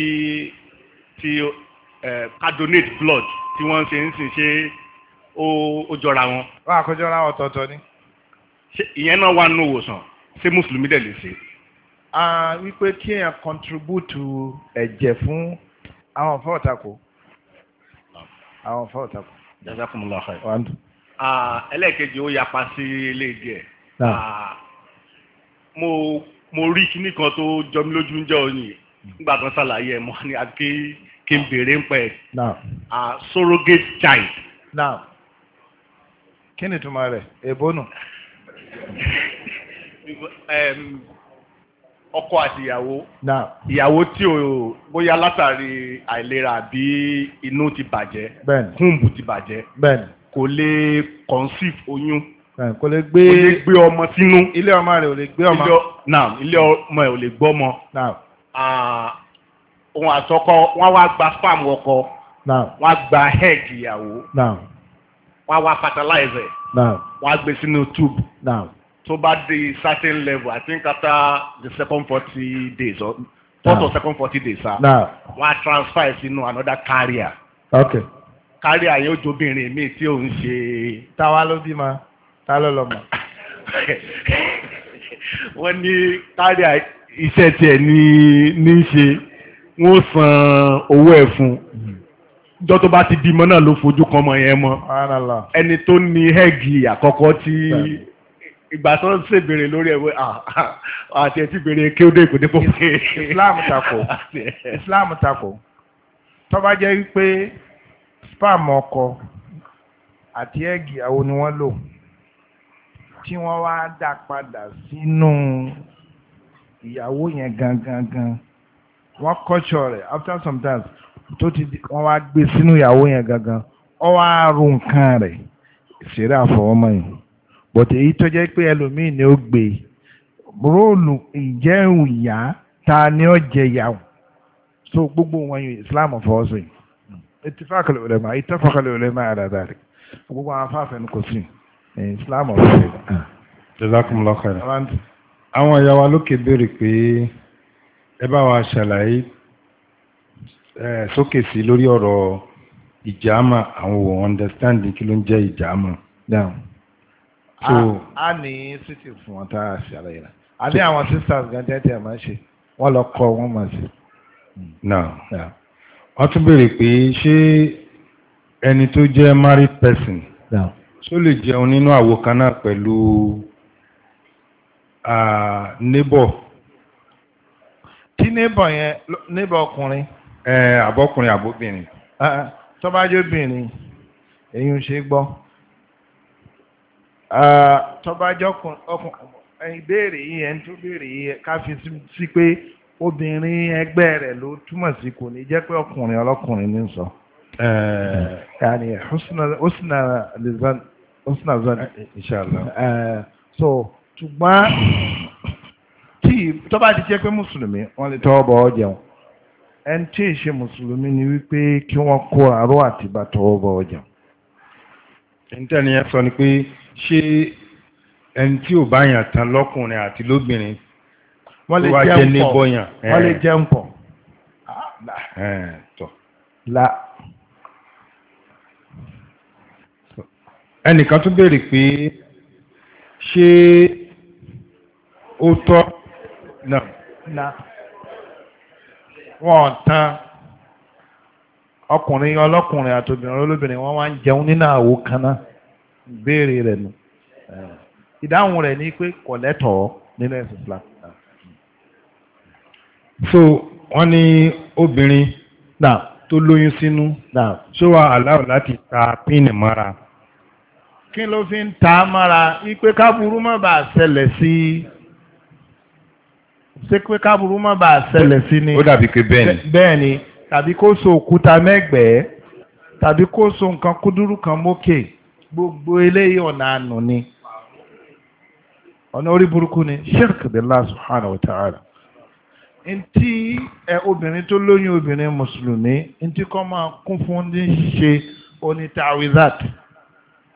B: ti ká donate blood tí wọ́n ṣe ń sìn ṣe ó jọra wọn. wọ́n àkójọra ọ̀tọ̀ọ̀tọ̀ ni. ṣé ìyẹn náà wà nù wòsàn ṣé mùsùlùmí dẹ̀ lè ṣe. wípé kí èèyàn contribute ẹ̀jẹ̀ fún àwọn ọ̀fọ́ ọ̀tàkùn àwọn ọ̀fọ́ ọ̀tàkùn. jazakumullahu khairan.
E: ẹlẹ́ẹ̀kejì ó yapa sí ilé ìdí ẹ̀ mo mo rí kíní kan tó jọ mí lójú hmm. ń jẹ́ òní nígbà kan ṣàlàyé ẹ̀ mọ́ ni àti kí n béèrè ń pẹ́ ẹ̀
B: surrogate child. now kí ni ìtumọ̀ rẹ̀ èbó nù. ọkọ àti ìyàwó
E: ìyàwó tí o bóyá látàrí àìlera àbí inú ti bàjẹ́ kúùmbù ti bàjẹ́
B: kò lè conceive oyún kò lè gbé ọmọ sínú ilé ọmọ rẹ̀ ò lè gbé ọmọ naam ilé ọmọ ẹ̀ ò lè gbọ́mọ òun àtọkọ wọn wá gba farm ọkọ wọn gba
E: egg ìyàwó wọn wá fertilizer wọn
B: gbé sínú tube
E: tó bá dé certain level i think after the second forty days or first or second forty days ah wọn á transfer sínú another carrier
D: okay.
B: carrier yẹn ó jobìnrin míì tí òun ṣe. táwa ló bí ma ta ló lọ mọ̀
C: wọ́n ní kárí iṣẹ́ tiẹ̀ ní
D: ní ṣe wọ́n san owó ẹ̀ fún jọ tó bá ti bímọ náà ló fojú kan ọmọ yẹn mọ ẹni tó ní hẹ́ẹ̀gì àkọ́kọ́ tí
B: ìgbà tó ń ṣèbèrè lórí ẹ̀wẹ̀ ah, ah, àti ẹtí bèrè kí ó dé ìpínlẹ̀ pọ̀pẹ́. Islam tako Islam tako tó bá jẹ́ pé spam ọkọ àti hẹ́ẹ̀gì àwọn ni wọ́n lò tí wọ́n wá dá padà sínú ìyàwó yẹn gangan gan wọ́n kọ́ṣọ́ rẹ̀ after some times tó ti wọ́n wá gbé sínú ìyàwó yẹn gangan ọ wá ru nǹkan rẹ̀ ṣeré àfọwọ́mọ́ yìí but èyí tó jẹ́ pé ẹlòmíì ni ó gbé róòlù ìjẹ́ ìyá ta ni ó jẹ ìyàwó so gbogbo wọn yìí Islam fọwọ́ sí i ìtìfákàlẹ̀ ulama ìtìfákàlẹ̀ ulama ala dhalik gbogbo àwọn afáfẹ́ ni kò sí i. Islam ọ̀rọ̀ rẹ̀. Ah, Jazakumullahu khairan. Àwọn ìyá wa lókè béèrè pé ẹ bá wa ṣàlàyé sókè sí lórí ọ̀rọ̀ ìjàmà àwọn ò understand kí ló ń jẹ́ ìjàmà.
A: A
B: ní sítì fún wọn tá a ṣàlàyé rẹ̀. A ní àwọn sisters gan tẹ́tẹ́ máa ṣe. Wọ́n lọ kọ́ wọ́n máa ṣe. Wọ́n tún béèrè pé ṣé ẹni tó jẹ́ married person. Yeah ṣó lè jẹun nínú àwo kan náà pẹ̀lú nébọ̀ tí nébọ̀ yẹn nébọ̀ ọkùnrin àbọ̀kùnrin àbóbìnrin tó bá jóbìnrin èyí ń ṣe gbọ́ tó bá jọkùnrin ìbéèrè yìí ẹ̀ ń tún béèrè yìí ká fi sí pé obìnrin ẹgbẹ́ rẹ̀ ló túmọ̀ sí kò ní jẹ́ pé ọkùnrin ọlọ́kùnrin ní sọ. يعني حسن حسن للظن حسن الظن ان شاء الله so ṣùgbọ́n ti jẹ́ pé mùsùlùmí wọ́n lè tọwọ́ bọ̀ jẹun ẹni tí ì ṣe mùsùlùmí ni wípé kí wọ́n kó aró àtìbá jẹun. ẹni tí sọ ni wọ́n lè jẹun pọ̀ wọ́n ah, eh, lè ẹnìkan tún béèrè pé ṣé ó tọ́ náà wọ́n tán ọkùnrin ọlọ́kùnrin àtòbìnrin olóbìnrin wọ́n wá ń jẹun nínú àwo kaná béèrè rẹ̀ nù ìdáhùn rẹ̀ ni pé kò lẹ́tọ̀ọ́ nínú ẹ̀sìn Islam. so wọ́n ní obìnrin náà tó lóyún sínú náà ta mọ́ra. kí ló fi ń ta mọ́ra ipe káburú mọ́ bá ṣẹlẹ̀ sí i ṣé pé káburú mọ́ bá ṣẹlẹ̀ sí ni ó dàbí pé bẹ́ẹ̀ ni bẹ́ẹ̀ ni tàbí kó so òkúta mẹ́gbẹ̀ẹ́ tàbí kó so nǹkan kúdúrú kan mókè gbogbo eléyìí ọ̀nà àánú ni ọ̀nà orí burúkú ni shirk billah subhanahu wa ta'ala ntí ẹ obìnrin tó lóyún obìnrin mùsùlùmí ntí kọ́ máa kún fún ní ṣe onítàwíláàtì.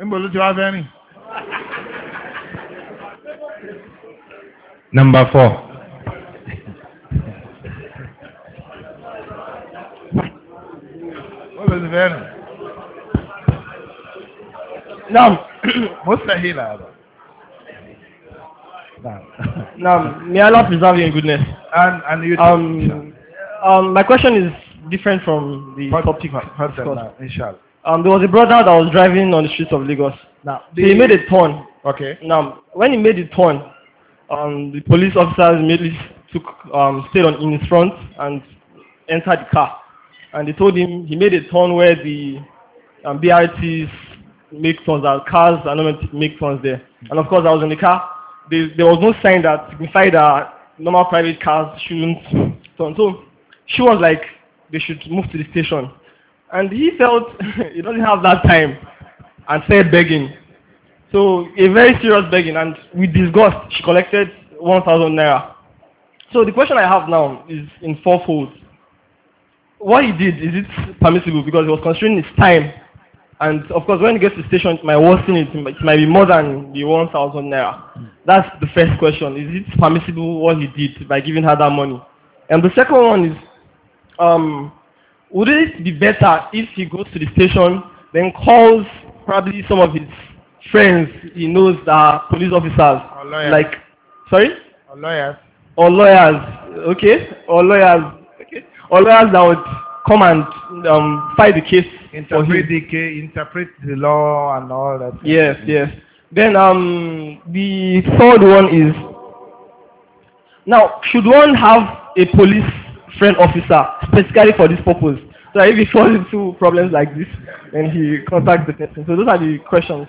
B: níbo ló ti wá fẹ́ rìn. number four.
A: wọ́n bẹ̀rẹ̀ fẹ́ rìn. naam
E: mustahil hada. Naam, may Allah preserve you in goodness. And, and you um, um, my question is different from the topic. But, but, inshallah. Um, there was a brother that was driving on the streets of Lagos.
A: Now,
B: so he made a turn.
E: Okay. Now, when he made the turn, um, the police officers immediately took um, stayed on in his front and entered the car. And they told him he made a turn where the um, BRTs make turns, that cars are not make turns there. And of course, I was in the car. There, there was no sign that signified that normal private cars shouldn't turn. So she was like, they should move to the station. And he felt he doesn't have that time and said begging. So a very serious begging and with disgust she collected 1000 naira. So the question I have now is in fourfold. What he did, is it permissible? Because he was constraining his time. And of course, when he gets to the station, it might worsen it. It might be more than the 1,000 naira. That's the first question. Is it permissible what he did by giving her that money? And the second one is, um, would it be better if he goes to the station, then calls probably some of his friends he knows are police officers? Or lawyers. Like, sorry? Or lawyers. Or lawyers, okay? Or lawyers, okay? Or lawyers that would come and um, fight the case. Interpret the
B: case, interpret the law and all that.
E: Yes, yes. Then
B: um,
E: the third one is, now, should one have a police friend officer specifically for this purpose. So if he falls into problems like this, then he contacts the person. So those are the questions.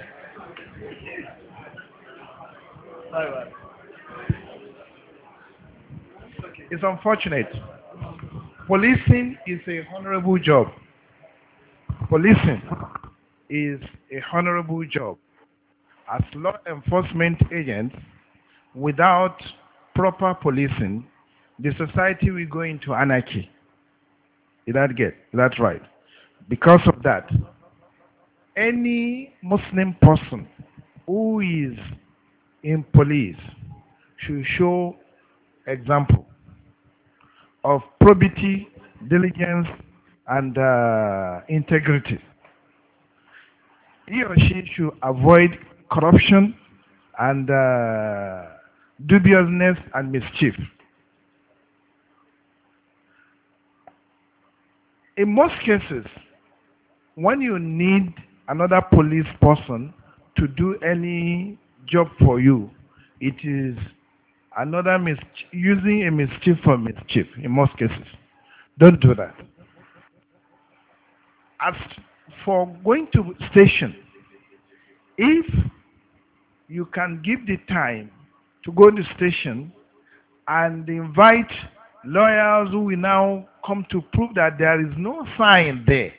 B: It's unfortunate. Policing is a honorable job. Policing is a honorable job. As law enforcement agents, without proper policing, the society will go into anarchy. Is that good? Is that right? Because of that, any Muslim person who is in police should show example of probity, diligence, and uh, integrity. He or she should avoid corruption and uh, dubiousness and mischief. in most cases, when you need another police person to do any job for you, it is another using a mischief for mischief in most cases. Don't do that. As for going to station, if you can give the time to go to station and invite lawyers who will now come to prove that there is no sign there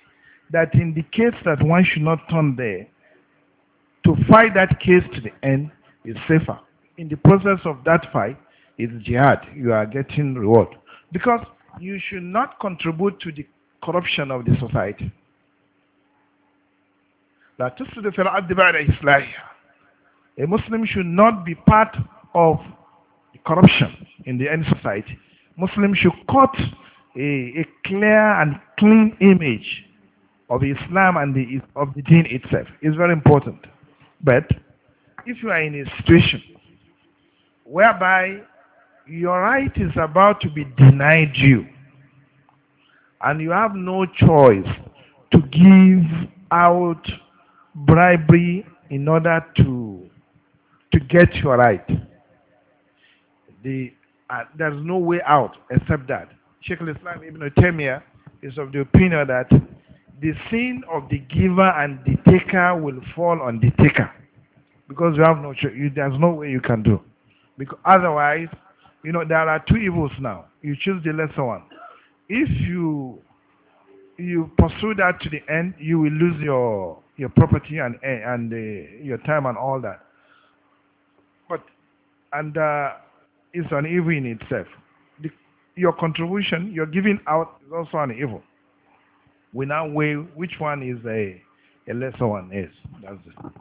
B: that indicates that one should not turn there to fight that case to the end is safer. In the process of that fight, is jihad. You are getting reward. Because you should not contribute to the corruption of the society. لا تفسد في العبد بعد إصلاحها. A Muslim should not be part of corruption in the end society. Muslims should cut a, a clear and clean image of Islam and the, of the deen itself. It's very important. But if you are in a situation whereby your right is about to be denied you and you have no choice
A: to give
B: out bribery in order to to get your right the Uh, there's no way out except that. Sheikh al-Islam Ibn Taymiyyah is of the opinion that the sin of the giver and the taker will fall on the taker because you have no choice. there's no way you can do. Because otherwise, you know there are two evils now. You choose the lesser one. If you you pursue that to the end, you will lose your your property and and uh, your time and all that. But and uh, is an evil in itself. The, your contribution, your giving out is also an evil. We now weigh which one is a, a lesser one is. That's it.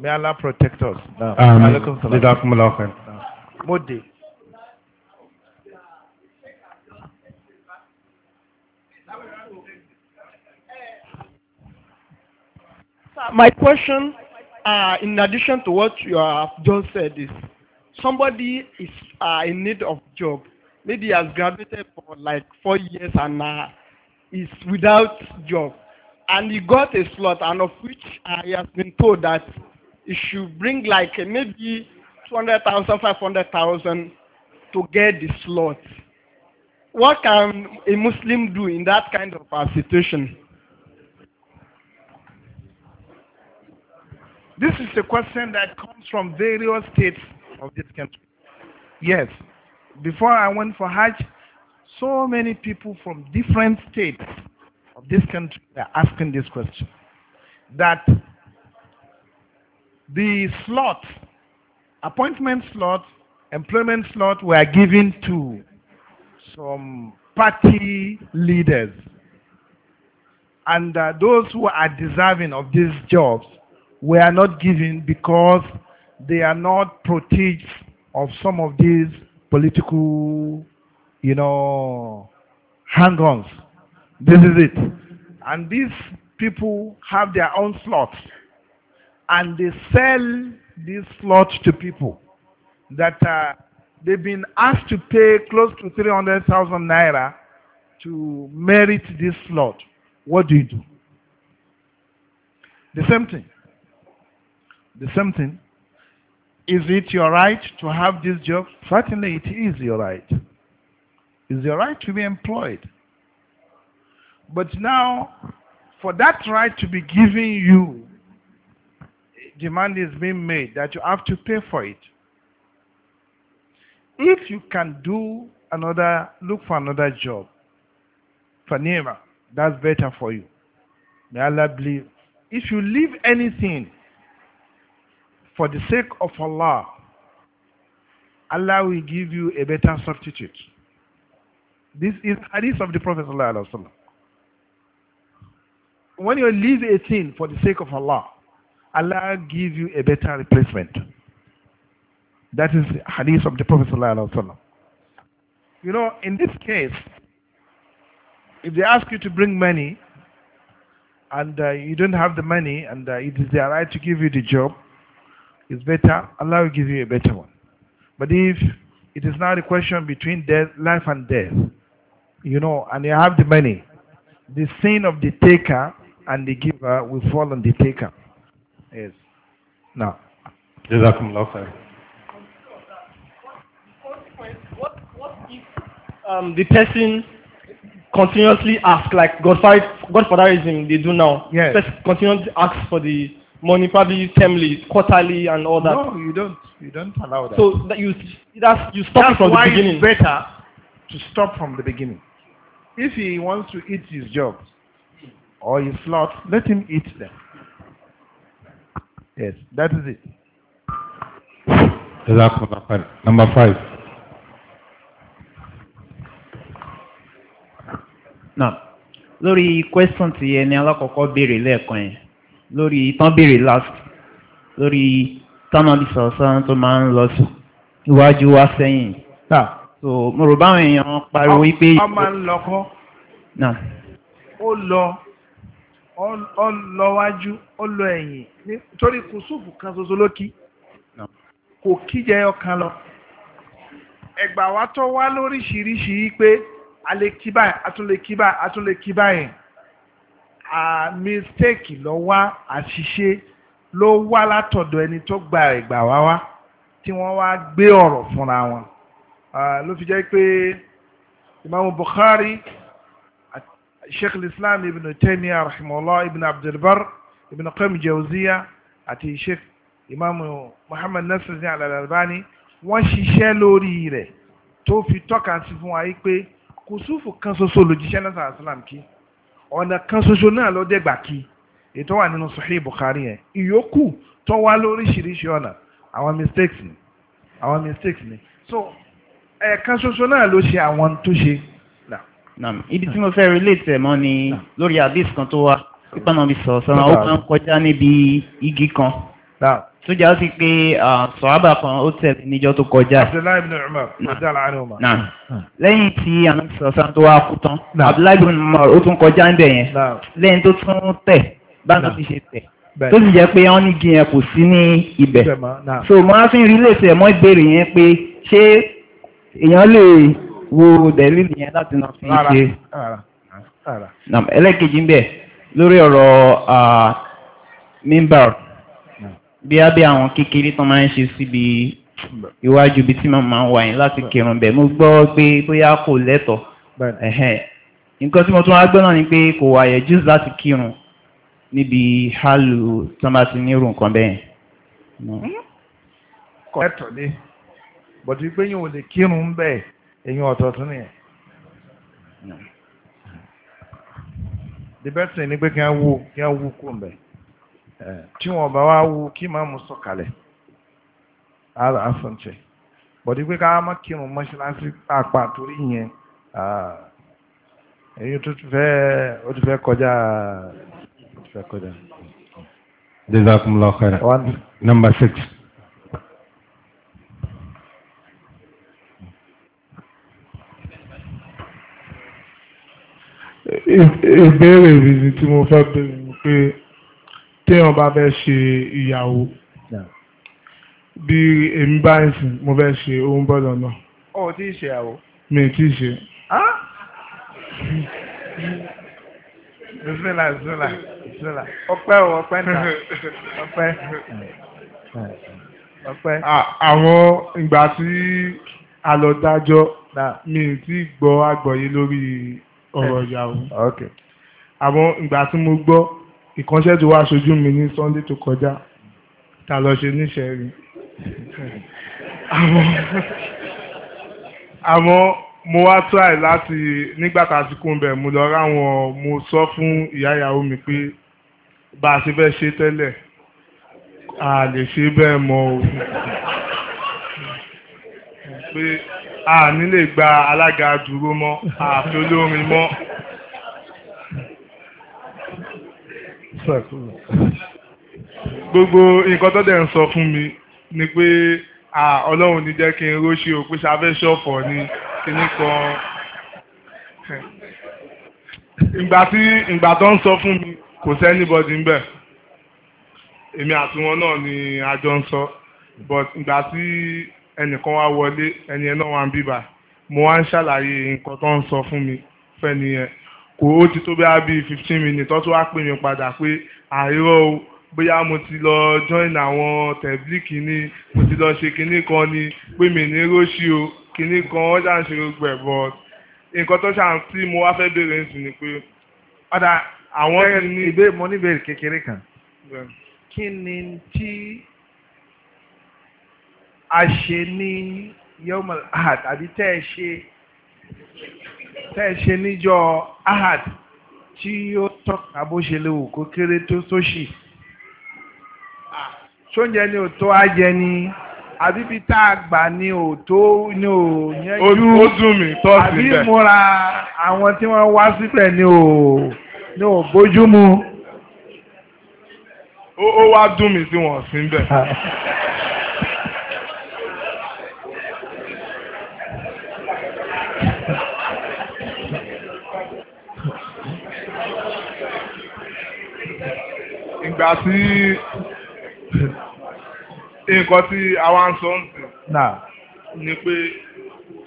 B: May Allah protect us. Modi. My question,
E: uh, in addition to what you have just said, is somebody is uh, in need of job maybe he has graduated for like four years and uh, is without job and
B: he got a slot and of which uh, he has been told that he should bring like uh, maybe 200,000, 500,000 to get the slot. What can a Muslim do in that kind of a situation? This is a question that comes from various states of this country. Yes, before I went for Hajj, so many people from different states of this country are asking this question. That the slot, appointment slot, employment slot were given to some party leaders. And uh, those who are deserving of these jobs were not given because they are not proteges of some of these political, you know, hang-ons. This is it. And these people have their own slots. And they sell these slots to people that uh, they've been asked to pay close to 300,000 naira to merit this slot. What do you do? The same thing. The same thing Is it your right to have this job? Certainly it is your right. It's your right to be employed. But now, for that right to be given you, demand is being made that you have to pay for it. If you can do another, look for another job, for nearer, that's better for you. May Allah believe. If you leave anything, for the sake of Allah, Allah will give you a better substitute. This is hadith of the Prophet ﷺ. When you leave a thing for the sake of Allah, Allah give you a better replacement. That is hadith of the Prophet ﷺ. You know, in this case, if they ask you to bring money, and uh, you don't have the money, and uh, it is their right to give you the job, it's better, Allah will give you a better one. But if it is not a question between death, life and death, you know, and you have the money, the sin of the taker and the giver will fall on the taker.
A: Yes. Now. Jazakumullah khair. What, what if
E: um, the person continuously asks, like God Godfather, Godfatherism they do now, yes. continuously asks for the money, probably temly, quarterly, and all that. No, you don't.
B: You don't allow that. So that you that's you stop that's from the beginning. That's
E: why it's better to stop
B: from the beginning. If he wants to eat his job or his lot, let him eat them. Yes, that is it.
F: Number five. Now, lórí question ti ẹni alákọ̀ọ́kọ́ béèrè lẹ́ẹ̀kan yẹn lórí tán béèrè last lórí tánàlì sọ̀sán tó máa ń lọ sí iwájú wá sẹ́yìn tà so mo rò báwọn èèyàn pariwo wípé. ọ máa ń
B: lọ kọ́ ó lọ ó lọ wájú ó lọ ẹ̀yìn nítorí kùsùfù kan ṣoṣo ló kí kò kíjẹ ọkàn lọ ẹgbà
C: wa tó wá lóríṣiríṣi
B: pé a lè kí báyìí a tún lè kí báyìí a tún lè kí báyìí mistake ló wá àṣìṣe ló wá látọ̀dọ̀ ẹni tó gba ìgbà wá wá tí wọ́n wá gbé ọ̀rọ̀ fúnra wọn ló fi jẹ́ pé Imam Bukhari Sheikh islam Ibn Taymiyyah rahimahullah Ibn Abdul Ibn Qayyim Jawziyah àti Sheikh Imam Muhammad Nasiruddin al-Albani wọ́n ṣiṣẹ́ lórí rẹ̀ tó fi tọ́ka sí fún wa yìí pé kùsùfù kan ṣoṣo lòjíṣẹ́ náà sàlám kí ọ̀nà kan ṣoṣo náà ló dé gbà kí ètò wà nínú Sahih Bukhari yẹn ìyókù tó wá lóríṣiríṣi ọ̀nà àwọn mistakes ni àwọn mistakes ni so ẹ̀ẹ̀kan ṣoṣo náà ló ṣe àwọn tó ṣe.
F: ibi tí mo fẹ́ relate ẹ̀ mọ́ ni lórí hadith kan tó wá pípọ́nà mi sọ̀rọ̀ sọ́nà ó máa kọjá níbi igi kan náà tó jà ó sì pé sọ̀hábà kan ó tẹ̀lé níjọ́ tó kọjá lẹ́yìn tí àwọn sọ̀sán tó wá kú tán Abdullahi bin Umar ó tún kọjá ń bẹ̀ yẹn lẹ́yìn tó tún tẹ̀ báńkì ti ṣe tẹ̀ tó sì jẹ́ pé wọ́n ní gí yẹn kò sí ní ibẹ̀ so mo á fi ń rí léṣe mọ́ ìbéèrè yẹn pé ṣé èèyàn lè wo dẹ̀lílì yẹn láti náà fi ṣe ẹlẹ́kejì ń bẹ̀ lórí ọ̀rọ̀ uh, mímbà bí abẹ́ àwọn kékeré tó máa ń ṣe síbi iwájú bí tí màmá wà yín láti kírun bẹ̀ mo gbọ́ pé bóyá kò lẹ́tọ̀ nǹkan tí mo tún wá gbọ́ ni pé kò wáyẹ̀ jù láti kírun níbi hálù tó bá ti nírú nǹkan bẹ́ẹ̀.
B: kọ́ ẹ̀tọ́ lé bọ̀dù pé yóò lè kírun bẹ́ẹ̀ èyàn ọ̀tọ̀ọ̀tún nìyẹn. the best thing ni pé kí wọ́n wú kí wọ́n wú kú bẹ́ẹ̀ tí wọ́n bá wá wu kí máa mú sọ̀kalẹ̀ ara afọ́nṣẹ́ bọ̀dí pé ká má kírun mọ́ṣáláṣí pàápàá torí yẹn èyí tó ti fẹ́ ó ti fẹ́ kọjá ó ti
A: fẹ́ kọjá. jazakumullahu number six.
D: ìbéèrè mi tí mo fẹ́ bẹ̀rẹ̀ pé téèyàn bá fẹ́ ṣe ìyàwó bí èmi bá ń sìn mo fẹ́ ṣe ohun bọ́dọ̀ náà.
B: o ti ṣe àwò.
D: mi ti ṣe.
B: bisimila bisimila bisimila ọpẹ́ o ọpẹ́ náà ọpẹ́ ọpẹ́.
D: àwọn ìgbà tí a lọ dájọ́ mi ti gbọ́ àgbọ́yé lórí ọ̀rọ̀ eh. ìyàwó àmọ́ ìgbà tí mo gbọ́ ìkànṣẹ́ tó wá aṣojú mi ní Sunday tó kọjá ta lọ ṣe níṣẹ́ rí àmọ́ mo wá try láti nígbà tásìkò ń bẹ̀ mo lọ ráwọn mo sọ fún ìyá ìyàwó mi pé bá a ṣe fẹ́ ṣe tẹ́lẹ̀ a lè ṣe bẹ́ẹ̀ mọ́ o pé a nílè gba alága dúró mọ́ àfi olórin mọ́. gbogbo nǹkan tó dẹ̀ ń sọ fún mi ni pé ọlọ́run ní jẹ́ kí n róṣì o pé ṣafẹ́ ṣọ̀fọ̀ ni kíní kan ìgbà tí ìgbà tó ń sọ fún mi kò sẹ́nibọ́dì ń bẹ̀ èmi àti wọn náà ni a jọ ń sọ but ìgbà tí ẹnìkan wá wọlé ẹni ẹ náà wá ń bíbà mo wá ń ṣàlàyé nǹkan tó ń sọ fún mi fẹ́ni yẹn kò ó ti tó bí a bíi fifteen minutes tó tún wá pè mí padà pé àìrọ́ o bóyá mo ti lọ join àwọn tẹ̀blíkì ni mo ti lọ ṣe kinní kan ni pé mi ní róṣì o kinní kan ó ṣàn ṣe gbogbo ẹ̀ but nǹkan tó ṣàn tí mo wá fẹ́ béèrè ń sìn ni pé padà àwọn ti ní. ìbéèrè mo ní ìbéèrè kékeré kan kí ni
B: tí a ṣe ní yọmọ àtàbí tẹ́ ẹ ṣe tẹ́ ẹ ṣe níjọ́ ahad tí ó tọ́ka bó ṣe lè wù kó kéré tó sóṣì ṣóúnjẹ ni ò tó ajẹ ni àbíbi tá a gbà ni ò tó ni ò yẹjú ó dùn mí tọ́ sí bẹ́ẹ̀ àbí múra
D: àwọn tí wọ́n wá síbẹ̀ ni ò ni ò bójú mu. ó wá dùn mí sí wọn sí bẹ́ẹ̀. gbà sí nǹkan tí àwa ń sọ ni pé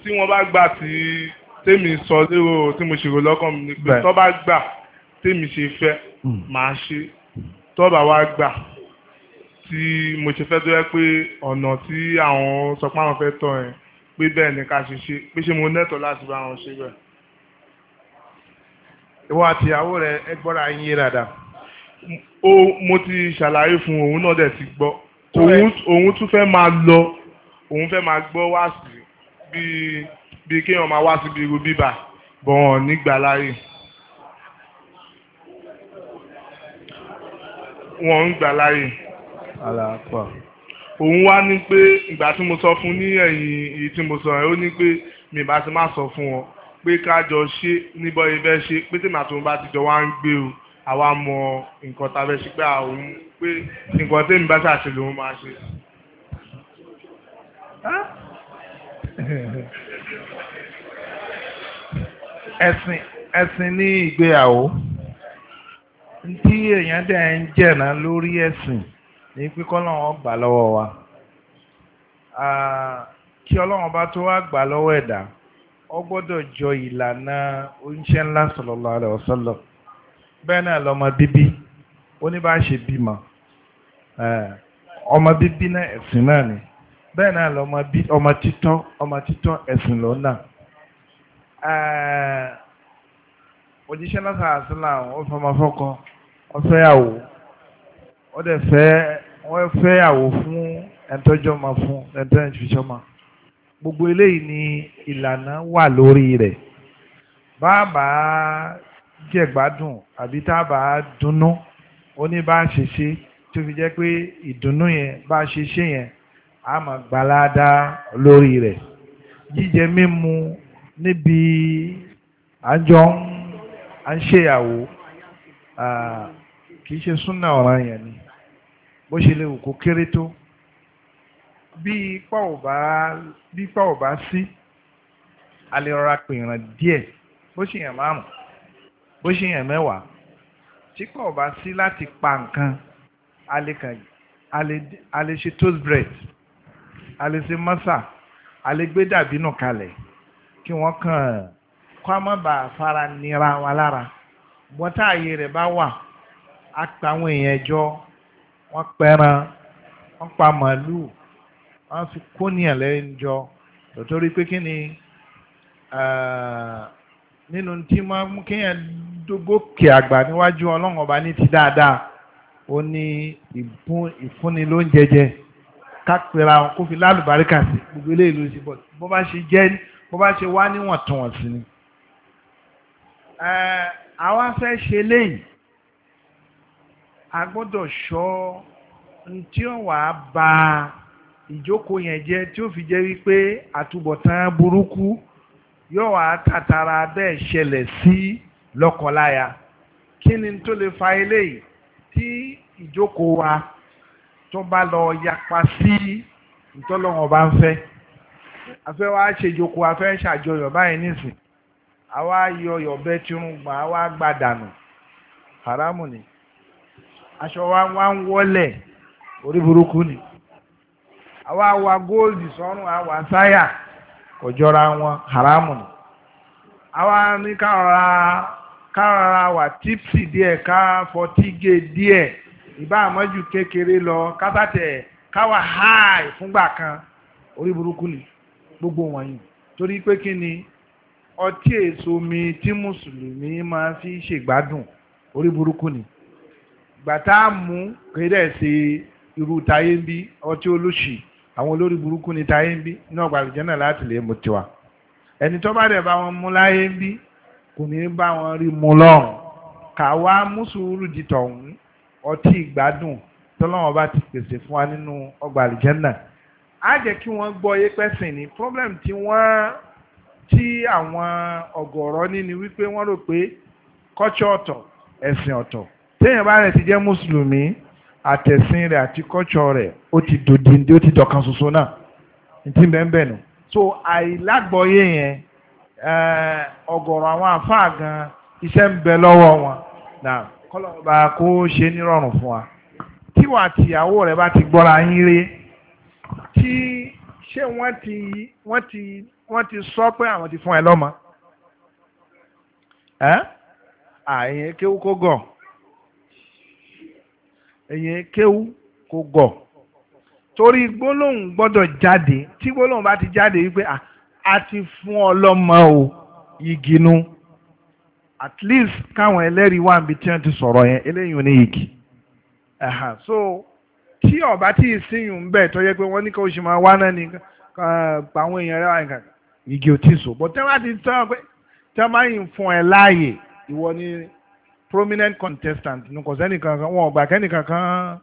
D: tí wọ́n bá gbà tí tèmi sọ lérò tí mo ṣèrò lọ́kàn mi ni pé tó bá gbà tèmi ṣe fẹ́ hmm. màá ṣe tó bá wá gbà tí mo ṣe fẹ́ tó yẹ pé ọ̀nà tí àwọn sọ pé àwọn fẹ́ tọ̀ yẹn pé bẹ́ẹ̀ ni ká ṣe ṣe pé ṣé mo nẹ́tọ̀ láti bá wọn ṣe bẹ́ẹ̀. ìwọ àtìyàwó rẹ ẹ gbọ́dọ̀ rẹ̀ dáa o mo ti ṣàlàyé fún òun náà dẹ̀ ti gbọ́ òun tún fẹ́ máa lọ òun fẹ́ máa gbọ́ wá sí bíi bíi kéèyàn máa wá síbi irú bíbà bọ̀wọ̀n nígbà láàyè. wọ́n ń gbà láàyè. òun wá ní pé ìgbà tí mo sọ fún ní ẹ̀yìn èyí tí mo sọ ẹ̀ ó ní pé mi bá ti má sọ fún wọn pé ká jọ ṣe níbọ̀ ibẹ̀ ṣe pé tèmi àtòun bá ti jọ wá ń gbé o àwa mọ nǹkan tàbí ṣe pé àwọn pé nǹkan tí nǹbá ṣàṣe lòun máa ṣe.
B: ẹ̀sìn ẹ̀sìn ní ìgbéyàwó tí èèyàn dẹ̀ ń jẹ̀nà lórí ẹ̀sìn ní pípọ́ lọ́wọ́ gbà lọ́wọ́ wa kí ọlọ́run bá tó wá gbà lọ́wọ́ ẹ̀dá ó gbọ́dọ̀ jọ ìlànà oníṣẹ́ ńlá sallallahu alaihi wasallam bẹ́ẹ̀ náà lọ́mọ bíbí oníbàṣe bímọ ọmọ bíbí náà ẹ̀sìn náà ni bẹ́ẹ̀ náà lọ́mọ bí ọmọ títọ́ ọmọ títọ́ ẹ̀sìn ló náà òjíṣẹ́ náà sàásìlà ó fọmọ fọ́kọ ó fẹ́yàwó ó dẹ̀ fẹ́ wọ́n fẹ́yàwó fún ẹ̀ńtọ́jọ́mọ fún ẹ̀ńtọ́jọ́mọ gbogbo eléyìí ni ìlànà wà lórí rẹ̀ bàbá jẹ̀gbádùn àbí tá a bá dunnú ó ní bá a ṣe ṣe tó fi jẹ́ pé ìdùnnú yẹn bá a ṣe ṣe yẹn a máa gbalada lórí rẹ̀ jíjẹ mímu níbi àjọ à ń ṣèyàwó kì í ṣe súnà ọ̀ràn yẹn ni bó ṣe lè wù kó kéré tó bí ipa ò bá sí a lè rọra pè ìràn díẹ̀ bó ṣe yàn márùn-ún bó ṣe yàn mẹ́wàá tí kò bá sí láti pa nǹkan a lè ṣe toast bread a lè ṣe mọ́sà a lè gbé dàbínù kalẹ̀ kí wọ́n kàn kó a má bàa fara nira wa lára bọ́tà ààyè rẹ̀ bá wà á pa àwọn èèyàn jọ wọ́n pẹran wọ́n pa màálù wọ́n fi kóníyàn lẹ́yìn jọ tòtórí pé kí ni nínú tí máa mú kéèyàn dógókè àgbà níwájú ọlọ́run ọba ní ti dáadáa ó ní ìfúnni ló ń jẹjẹ kápẹ́ra wọn kó fi lálùbáríkà sí gbogbo eléyìí ló ṣe bọ̀ bó bá ṣe jẹ́ bó bá ṣe wá níwọ̀ntúnwọ̀nsì ni. àwa fẹ́ ṣe léyìí a gbọ́dọ̀ ṣọ́ tí ó wàá ba ìjókòó yẹn jẹ́ tí ó fi jẹ́ wípé àtúbọ̀tán burúkú yóò wàá tàtàrà bẹ́ẹ̀ ṣẹlẹ̀ sí. Si, lọ́kọláya kí ni tó lè fa eléyìí tí ìjókòó wa tó bá lọ yapa sí ìtọ́lọ́wọ́n bá ń fẹ́ afẹ́ wa ṣèjókòó afẹ́ ṣàjọyọ̀ báyìí nísìn àwa yọ yọ̀bẹ tìrúgbà àwa gbàdànù haramu ni aṣọ wa wá ń wọlé orí burúkú ni àwa wa góòlù sọ́run àwa sáyà kò jọra wọn haramu ni àwa ní ká ra kárara wà típsì díẹ̀ ká fọtí gé díẹ̀ ìbá àmọ́jú kékeré lọ kátàtẹ̀ káwà háì fúngbà kan orí burúkú ni gbogbo wọ̀nyí torí pé kí ni ọtí èso mi tí mùsùlùmí máa fi ṣègbádùn orí burúkú ni gbàtà mú kéde ṣe irú táyé ń bí ọtí olóṣì àwọn olórí burúkú ni táyé ń bí náà gbàlùjẹ́ náà láti lè mú tiwa ẹni tó bá dẹ̀ bá wọn mú láyé ń bí kò ní bá wọn rí mu lọ́rùn kàwa mùsùlùmí di tọ̀hún ọtí ìgbádùn tọ́lọ́wọ́n bá ti pèsè fún wa nínú ọgbà àlìjẹ́nà á jẹ́ kí wọ́n gbọ́ yé pẹ́sìn ní problem tí wọ́n tí àwọn ọ̀gọ̀rọ̀ ní ni wípé wọ́n rò pé culture ọ̀tọ̀ ẹ̀sìn ọ̀tọ̀ téèyàn bá rẹ̀ ti jẹ́ mùsùlùmí àtẹ̀sìn rẹ̀ àti culture rẹ̀ ó ti dòdì ó ti dọ̀kan ṣoṣo náà ní tí bẹ́ẹ̀ bẹ́ẹ̀ nù so àìlágbọ́yé yẹn ọ̀gọ̀rọ̀ àwọn àfáà gan iṣẹ́ ń bẹ lọ́wọ́ wọn náà kọ́lọ́ba kó ṣe nírọ̀rùn fún wa tíwà tìyàwó rẹ̀ bá ti gbọ́ra yín rí tí ṣé wọ́n ti wọ́n ti wọ́n ti sọ pé àwọn ti fún ẹ lọ́mọ ẹ́ àyìn kéwú kó gọ̀ èyìn kéwú kó gọ̀ torí gbólóhùn gbọ́dọ̀ jáde tí gbólóhùn bá ti jáde wípé ah a ti fún ọlọ́mọ o igi at least káwọn ẹlẹ́rìí wà níbi tí wọ́n ti sọ̀rọ̀ yẹn eléyìí ní igi so tí ọba tí ìsìnyùn bẹ̀ tó yẹ pé wọ́n ní kó ṣe máa wá náà ní pa àwọn èèyàn rẹ̀ wá nǹkan igi ò tí so but tẹ́wọ́n àti tẹ́wọ́n pé tẹ́wọ́n fún ẹ láàyè ìwọ ni prominent contestant nǹkan sẹ́nìkan kan wọn ò gbà kẹ́nìkan kan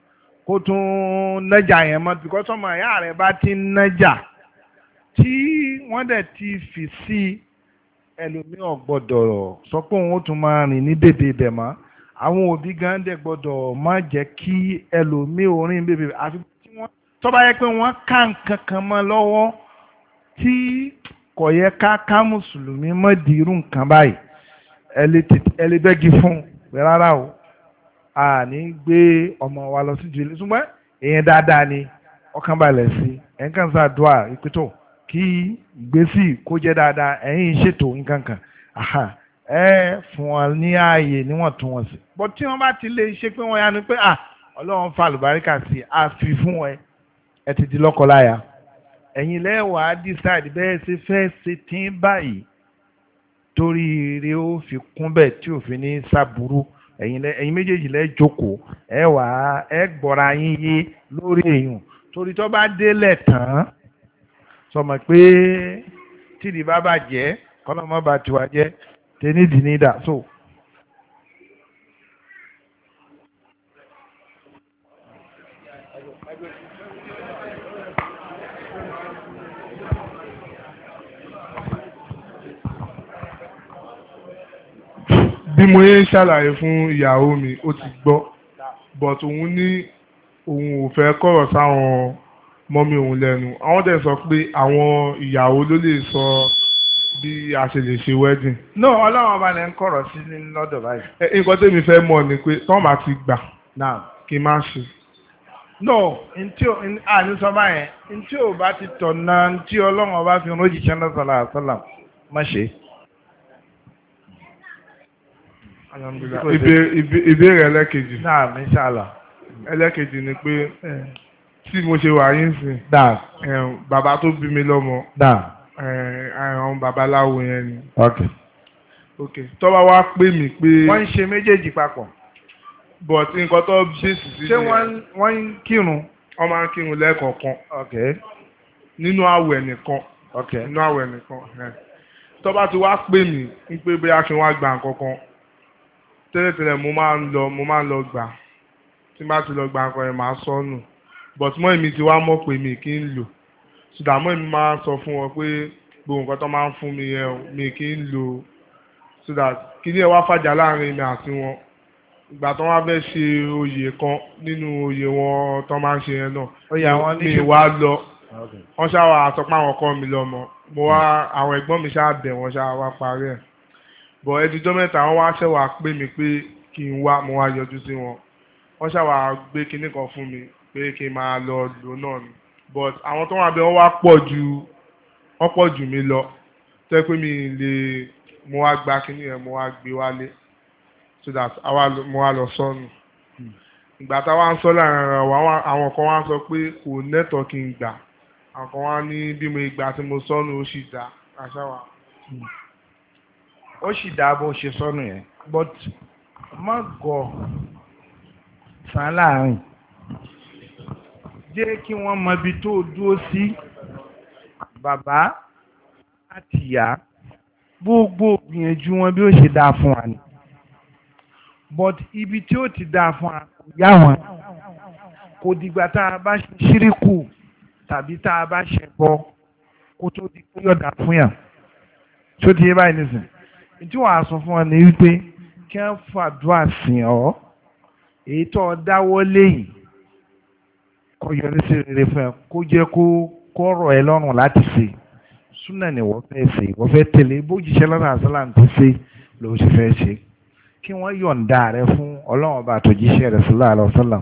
B: kó tún nájà yẹn mọ́ because ọmọ ìyá rẹ̀ bá ti nájà tí wọ́n dẹ̀ ti fi sí ẹlòmíì ò gbọ́dọ̀ sọ pé òun ó tún máa rìn ní bèbè ibẹ̀ mọ́ àwọn òbí gan dẹ̀ gbọ́dọ̀ má jẹ́ kí ẹlòmíì orin bèbè àfi tí wọ́n tó bá yẹ pé wọ́n ká nǹkan kan mọ́ lọ́wọ́ tí kò yẹ ká ká mùsùlùmí mọ́ di irú nǹkan báyìí ẹ lè bẹ́gi fún un rárá o a ní gbé ọmọ wa lọ sí ju ilé ṣùgbọ́n èèyàn dáadáa ni ọkàn balẹ̀ sí ẹ̀ ń kàn kí ìgbésí kó jẹ́ dáadáa ẹ̀yin ṣètò nǹkan kan ẹ fún wọn ní ààyè níwọ̀ntúnwọ̀nsì bọ́ tí wọ́n bá ti lè ṣe pé wọ́n yá ni pé ọlọ́run fa àlùbáríkà sí a fi fún ẹ ẹ ti di lọ́kọláya ẹ̀yin lẹ́wàá decide bẹ́ẹ̀ ṣe fẹ́ ṣe tí ń báyìí torí ire ó fi kún bẹ́ẹ̀ tí òfin ní sábúrú ẹ̀yin méjèèjì lẹ́ jókòó ẹ wàá ẹ gbọ́ra yín yé lórí èèyàn torí tó bá délẹ̀ tán sọmọ pé tìdí bá bàjẹ́ kọ́lọ́mọ́ bá tiwa jẹ́ tẹ́nídìí ní dà so.
D: bí mo yé ṣàlàyé fún ìyàwó mi ó ti gbọ́ but òun ní òun ò fẹ́ kọ̀rọ̀ sáwọn mọ́mí òun lẹ́nu àwọn dẹ̀ sọ pé àwọn ìyàwó ló lè sọ bí a ṣe lè ṣe wedding.
B: no ọlọ́run ọba lẹ ń kọ̀rọ̀ sí ní lọ́dọ̀ báyìí.
D: nǹkan tẹ́mi fẹ́ mọ̀ ni pé tọ́ bá ti gbà kí n má ṣe.
B: no ntí àní sọ báyẹn ntí ò bá ti tọ̀nà ntí ọlọ́run ọba fi rọ́jì ṣẹ́ńdọ̀ sọ̀lá àṣọlá má ṣe.
D: alhamdulilayi ìbéèrè ẹlẹ́kejì. náà mi ṣàlà. ẹlẹ́kejì ni pé. Eh tí mo ṣe wà yín sìn. dà. bàbá tó bí mi lọ́mọ. dà. àwọn babaláwo yẹn ni. ok. ok tọ́ba wa pè mí pé. wọ́n ń ṣe méjèèjì papọ̀. but nǹkan tó bí sísè. ṣé wọ́n ń kírun. wọ́n máa ń kírun lẹ́ẹ̀kọ̀ọ̀kan. ok. nínú àwẹ̀ nìkan. ok nínú àwẹ̀ nìkan. tọ́ba ti wá pè mí ń pé bóyá kí n wá gba nǹkan kan. tẹ́lẹ̀tẹ́lẹ̀ mo máa ń lọ mo máa ń lọ gbà tí n bá ti lọ gba nǹkan yẹn màá sọnù. So but mọ́ èmi ti wá mọ̀ pé mi kì í lò sùdàmọ́ èmi máa ń sọ fún wọn pé gbogbo nǹkan tó máa ń fún mi yẹn mi kì í lò so that kí ni ẹ wá fàjà láàrin mi àti wọn ìgbà tó wá fẹ́ ṣe oyè kan nínú oyè wọn tó máa ń ṣe yẹn náà oyè àwọn oníṣègùn mi wá lọ wọ́n ṣáà àtọ́pá àwọn ọkọ mi lọ́mọ mo wá àwọn ẹ̀gbọ́n mi ṣáà bẹ̀ wọ́n ṣáà wá parí ẹ̀ bọ̀ ẹdijọ́ mẹ́ta wọ́n wá ṣẹ̀wá pé mi pé kí n wá mo wá yọjú sí wọn wọ́n ṣáà gbé kinní kan fún mi pé kí n máa lọ lò náà ni but àwọn tó wà bẹ́ẹ̀ wọ́n wá pọ̀ ju wọ́n pọ̀ jù mí lọ tẹ́ pé mi lè mo wá gba kíní yẹn mo wá gbé wálé so that mo wá lọ sọnù ìgbà táwa ń sọ láàrin àwọn kan wá sọ pé kò nẹ́tọ̀ kí n gbà àwọn kan wá ní bí mo ìgbà tí mo sọnù ó sì dá àṣàwà. ó sì dá bó ṣe sọnù yẹn but má
B: sàn láàrin jẹ́ kí wọ́n mọbi tó dúró sí bàbá àti ìyá gbogbo gbìyànjú wọn bí ó ṣe dáa fún wa ni but ibi tí ó ti dáa fún wa kò yá wọn kò dìgbà tá a bá ṣe ṣíríkù tàbí tá a bá ṣe bọ kó tó di pé yọ̀dà fún yàn tó ti yé báyìí nísìnyí ìtí wàá sọ fún ọ ní wípé kí wọ́n fàdúrà sìn ọ́ èyí tó dáwọ́ léyìí kó yọrí sí rere fún ẹ kó jẹ́ kó kọ́rọ̀ ẹ lọ́rùn láti ṣe súnà ni wọ́n fẹ́ ṣe wọ́n fẹ́ tẹ̀lé bójúṣe lọ́nà àṣàlàn tó ṣe ló ṣe fẹ́ ṣe kí wọ́n yọ̀ǹda rẹ fún ọlọ́run ọba àtòjíṣẹ́ rẹ̀ sílá àlọ́sọ́là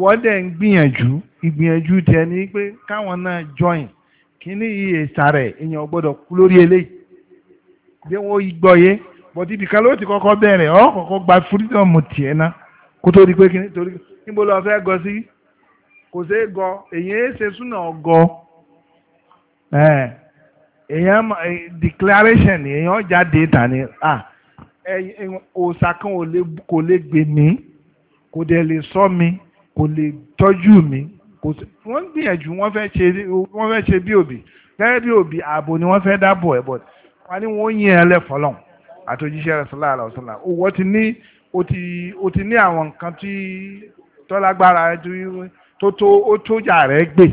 B: wọ́n dẹ̀ ń gbìyànjú ìgbìyànjú tiẹ̀ ní pé káwọn náà join kíní yìí èsà rẹ̀ èèyàn gbọ́dọ̀ kú lórí eléyìí bí wọ́n gbọ́ yé bọ̀dí ibìkan ló ti kọ́kọ́ bẹ̀rẹ̀ ọ́ kọ́kọ́ gba freedom tiẹ̀ ná kó tó di pé kíní
D: torí níbo lọ fẹ́ gọ sí kò sí gọ èyàn é ṣe súnà
B: ọgọ èyàn declaration èyàn jáde tà ní òòsà kan kò lè gbè mí kò dẹ̀ lè sọ mi kò lè tọ́jú mi kò sí wọ́n gbìyànjú wọ́n fẹ́ ṣe wọ́n fẹ́ ṣe bí òbí gẹ́gẹ́ bí òbí ààbò ni wọ́n fẹ́ dábò ẹ̀ bọ̀ wọ́n ní wọ́n yín ẹ lẹ́fọ̀ọ́lọ́n àtòjíṣẹ́ rẹ̀ sọ́lá àlọ́sọ́lá owó ti ní o ti ní àwọn nǹkan tí tọ́lágbára ju tó tó ó tó jà rẹ̀ gbè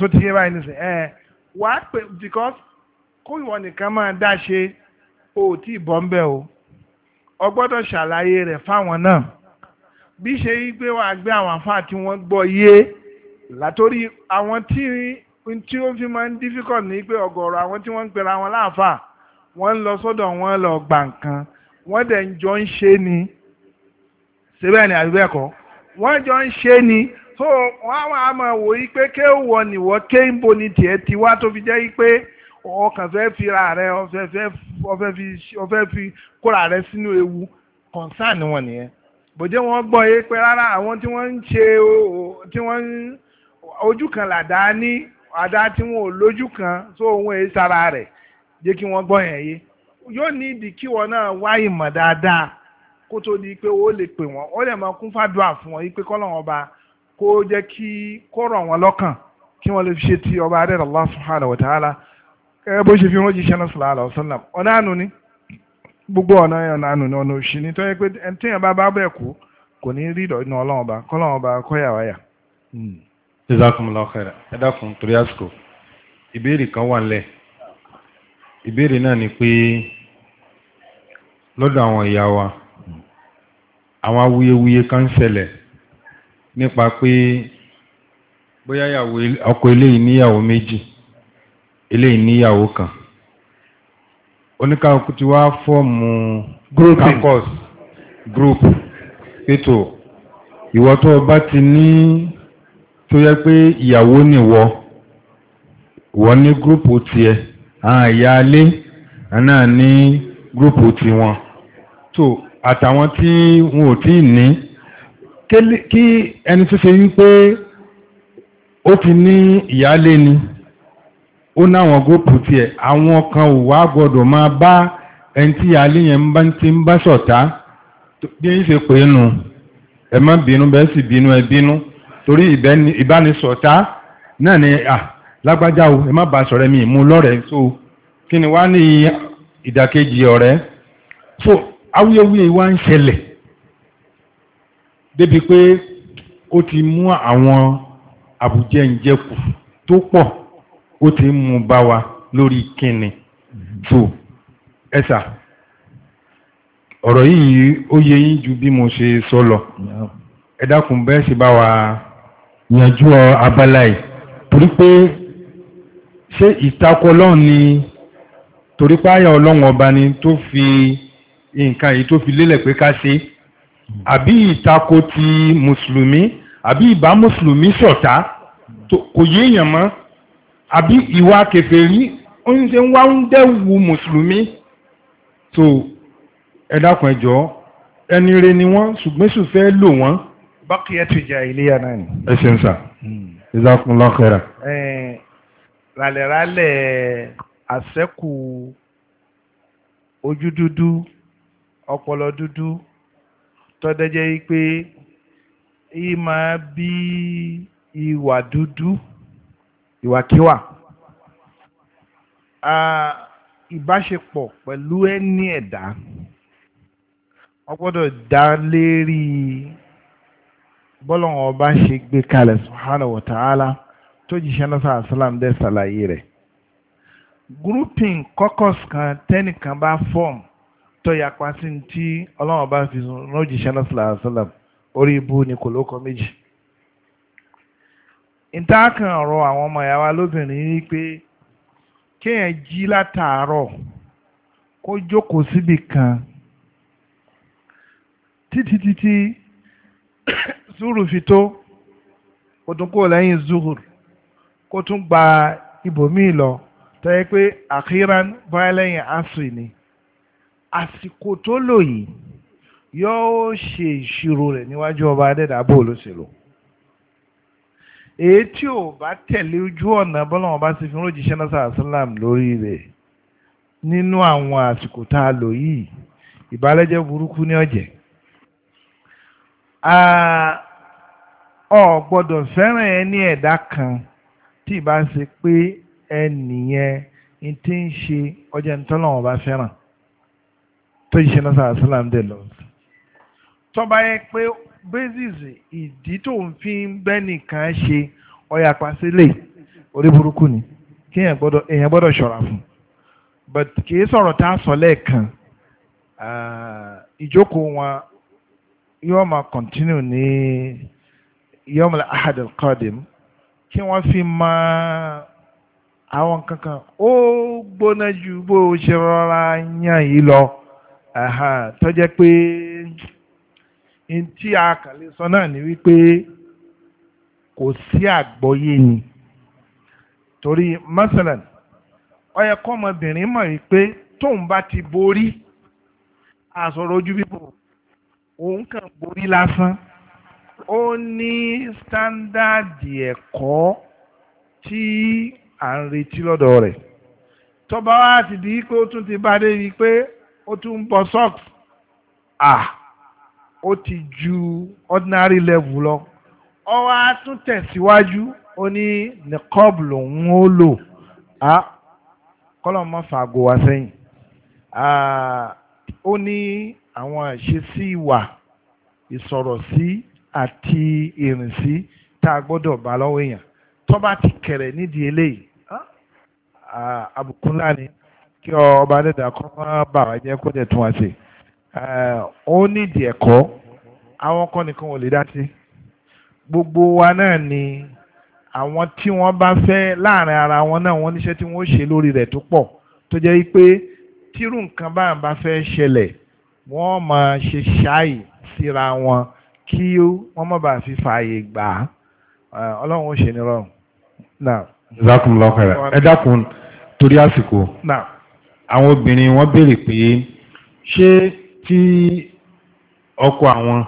B: tó ti yé báyìí nísìnyí ẹ wà á pè because kó ìwọ nìkan máa dá ṣe o ò tí ì bọ́ ń bẹ̀ o ọ gbọ́dọ̀ ṣàlàyé rẹ̀ fáwọn náà bí ṣe yí pé wàá gbé àwọn àfáà tí wọ́n gbọ́ yé látòrí àwọn tí tí ó fi máa ń difficult ní pé ọ̀gọ̀ọ̀rọ̀ àwọn tí wọ́n ń pera wọn láàfáà wọ́n ń lọ sọ́dọ̀ wọn lọ gbà nǹkan wọ́n dẹ̀ ń jọ ń ṣe ni síbẹ̀ ni àbí bẹ́ẹ̀ kọ́ wọ́n jọ ń ṣe ni so wọ́n á wọ́n á máa wò yí pé ké wọ nìwọ ké ń bo ni tiẹ̀ ti wá tó fi jẹ́ yí pé ọkàn fẹ́ fi ra rẹ ọfẹ́ fẹ́ ọfẹ́ fi ọfẹ́ fi kóra rẹ sínú ewu concern wọn nìyẹn bòjẹ́ wọ́n gbọ́ yé pé rárá àwọn tí wọ́n ń ṣe tí wọ́n ojú kan làdá ní àdá tí wọn ò lójú kan so òun èyí sára rẹ̀ jẹ́ kí wọ́n gbọ́ yẹn yé yóò ní ìdí kí wọn náà wá ìmọ̀ dáadáa kó tó di pé ó lè pè wọ́n ó lè máa kún fàdúrà fún wọn yí pé kọ́lọ́wọ́n ọba kó jẹ́ kí kó rọ̀ wọ́n lọ́kàn kí wọ́n lè ṣe ti ọba adẹ́rẹ́ Allah subhanahu wa ta'ala ẹ bó ṣe fi wọ́n jíṣẹ́ náà sallallahu alaihi wasallam ọ̀nà àánú ni gbogbo ọ̀nà ọ̀nà àánú ni ọ̀nà òṣì ni tó yẹ pé téèyàn bá bá bẹ́ẹ̀ kú kò ní rí ìdọ̀ ọlọ́run ọba kọ́lọ́run ọba kọ́yà wáyà. Hmm. lọ́dọ̀ àwọn ìyá wa àwọn awuyewuye kan ń ṣẹlẹ̀ nípa pé bóyá yàwó ọkọ eléyìí níyàwó méjì eléyìí níyàwó kan oníkàkú ti wá fọ́ọ̀mù caucus group ètò ìwọ tó bá ti ní tó yẹ pé ìyàwó nìwọ ìwọ ní gúrùpù tiẹ̀ àwọn ìyáálé náà ní gúrùpù tiwọn tó àtàwọn tí wọn ò tí ní kí ẹni tó ṣe wípé ó ti ní ìyálé ni ó náwọn góòpù tiẹ̀ àwọn kan ò wá gbọ́dọ̀ máa bá ẹni tí ìyálé yẹn bá ti ń bá ṣọ̀tá bí ń ṣe pé nù ẹ má bínú bẹ́ẹ̀ sì bínú ẹ bínú torí ìbánisọ̀tá náà ni à lágbájá o ẹ má bá sọ̀rẹ́ mi mú lọ́rẹ̀ẹ́ so kí ni wá ní ìdàkejì ọ̀rẹ́ so awuyewuye wá ń ṣẹlẹ̀ débi pé ó ti mú àwọn àbújẹ́njẹ́kù tó pọ̀ ó ti mú bá wa lórí kíni tó ẹ̀sà ọ̀rọ̀ yìí ó yẹ yín ju bí mo ṣe sọ lọ ẹ bẹ́ẹ̀ sì bá wa yanjú abala yìí torí pé ṣé ìtakò ni torí páyà ọlọ́run ọba ni tó fi nǹkan yìí tó fi lélẹ̀ pé ká ṣe é àbí ìtako ti mùsùlùmí àbí ìbá mùsùlùmí ṣọ̀tá kò yé èèyàn mọ́ àbí ìwà kèfèrí oúnjẹ wá ń dẹ́wu mùsùlùmí tó ẹ dákun ẹni re ni wọ́n ṣùgbọ́n sì fẹ́ lò wọ́n. bákìyà tó jà ilé yà náà ni. ẹ ṣe ń sà
A: ìzákun lọ́kẹ́rà.
B: ràlẹ̀ràlẹ̀ àṣẹ́kù ojú dúdú ọpọlọ dúdú tọ́dẹ́jẹ́ yí pé yí máa bí ìwà dúdú ìwàkíwà ìbáṣepọ̀ pẹ̀lú ẹni ẹ̀dá wọ́n gbọ́dọ̀ dá lérí bọ́lọ̀wọ̀n ọba ṣe gbé kalẹ̀ subhanahu wa ta'ala tó jíṣẹ́ náà sàlám dẹ́ sàlàyé rẹ̀ grouping caucus kan tẹ́nìkan bá fọ́ọ̀mù tó yapa sí tí ọlọ́run bá fi sun lójì sẹ́nà sàlàsàlàm orí ibú ni kò lóko méjì. ìtaàkàn ọ̀rọ̀ àwọn ọmọ ìyá wa lóbìnrin ni pé kéèyàn jí látàárọ̀ kó jókòó síbì kan títí títí zuru fi tó kó tún kó lẹ́yìn zuhur kó tún gba ibòmíì lọ tó pé àkíran báyìí lẹ́yìn asri ni àsìkò tó lò yìí yóò ṣe ìṣirò rẹ̀ níwájú ọba adẹ́dàbò olóṣèlú èyí tí ò bá tẹ̀lé ojú ọ̀nà bọ́lá wọn bá ti fi ń náà sàásìlám lórí rẹ̀ nínú àwọn àsìkò tá a lò yìí ìbálẹ́jẹ́ burúkú ní ọ̀jẹ̀ ọ gbọ́dọ̀ fẹ́ràn ẹ ní ẹ̀dá kan tí ìbá ṣe pé ẹnìyẹn ti ń ṣe ọjọ́ ìtọ́lọ́wọ́n bá fẹ́ràn tó ṣiṣẹ́ náà sàrà sálàm dẹ̀ lọ. tọ́ba yẹ pé basis ìdí tó ń fi bẹ́ nìkan ṣe ọ̀yà pàṣẹlẹ̀ orí burúkú ni kí èèyàn gbọ́dọ̀ ṣọ́ra fún but kì í sọ̀rọ̀ tá a sọ lẹ́ẹ̀kan ìjókòó wọn yóò máa continue ní yóò máa ahad al-qadim kí wọ́n fi máa àwọn kankan ó gbóná ju bó ṣe rọra yàn yìí lọ tó jẹ́ pé n tí a kàn lè sọ náà ni wípé kò sí àgbọ́yé ni torí masalan ó yẹ kọ́mọbìnrin mọ̀ wípé tóun bá ti borí àsọ̀rọ̀ ojú bíbò òun kàn borí lásán ó ní sítándàdì ẹ̀kọ́ tí à ń retí lọ́dọ̀ rẹ̀ tọ́ba wa ti di pé ó tún ti bá dé wípé ó tún ń bọ socks ah ó ti ju ordinary level lọ ọ wá tún tẹ̀síwájú ó ní niqab lòun ó lò ah kọ́lọ̀ mọ́ fàgò wá sẹ́yìn ó ní àwọn àṣesí ìwà ìsọ̀rọ̀ sí àti ìrìnsí tá a gbọ́dọ̀ bá lọ́wọ́ èèyàn tó ti kẹ̀rẹ̀ nídìí eléyìí àbùkù ńlá kí ọba dẹ́dà kọ́ máa bà wá jẹ́ kó dẹ̀ tún wá sí ó nídìí ẹ̀kọ́ àwọn kan nìkan ò lè dá sí gbogbo wa náà ni àwọn tí wọ́n bá fẹ́ láàrin ara wọn náà wọ́n níṣẹ́ tí wọ́n ṣe lórí rẹ̀ tó pọ̀ tó jẹ́ pé tírú nǹkan bá ń bá fẹ́ ṣẹlẹ̀ wọ́n máa ṣe ṣáì síra wọn kí wọ́n má bàa fi fààyè gbà á ọlọ́run ó ṣe ní rọrùn.
F: ẹ dákun lọ́kàn rẹ̀ ẹ dákun
B: torí àsìkò àwọn obìnrin wọ́n béèrè pé ṣé tí ọkọ àwọn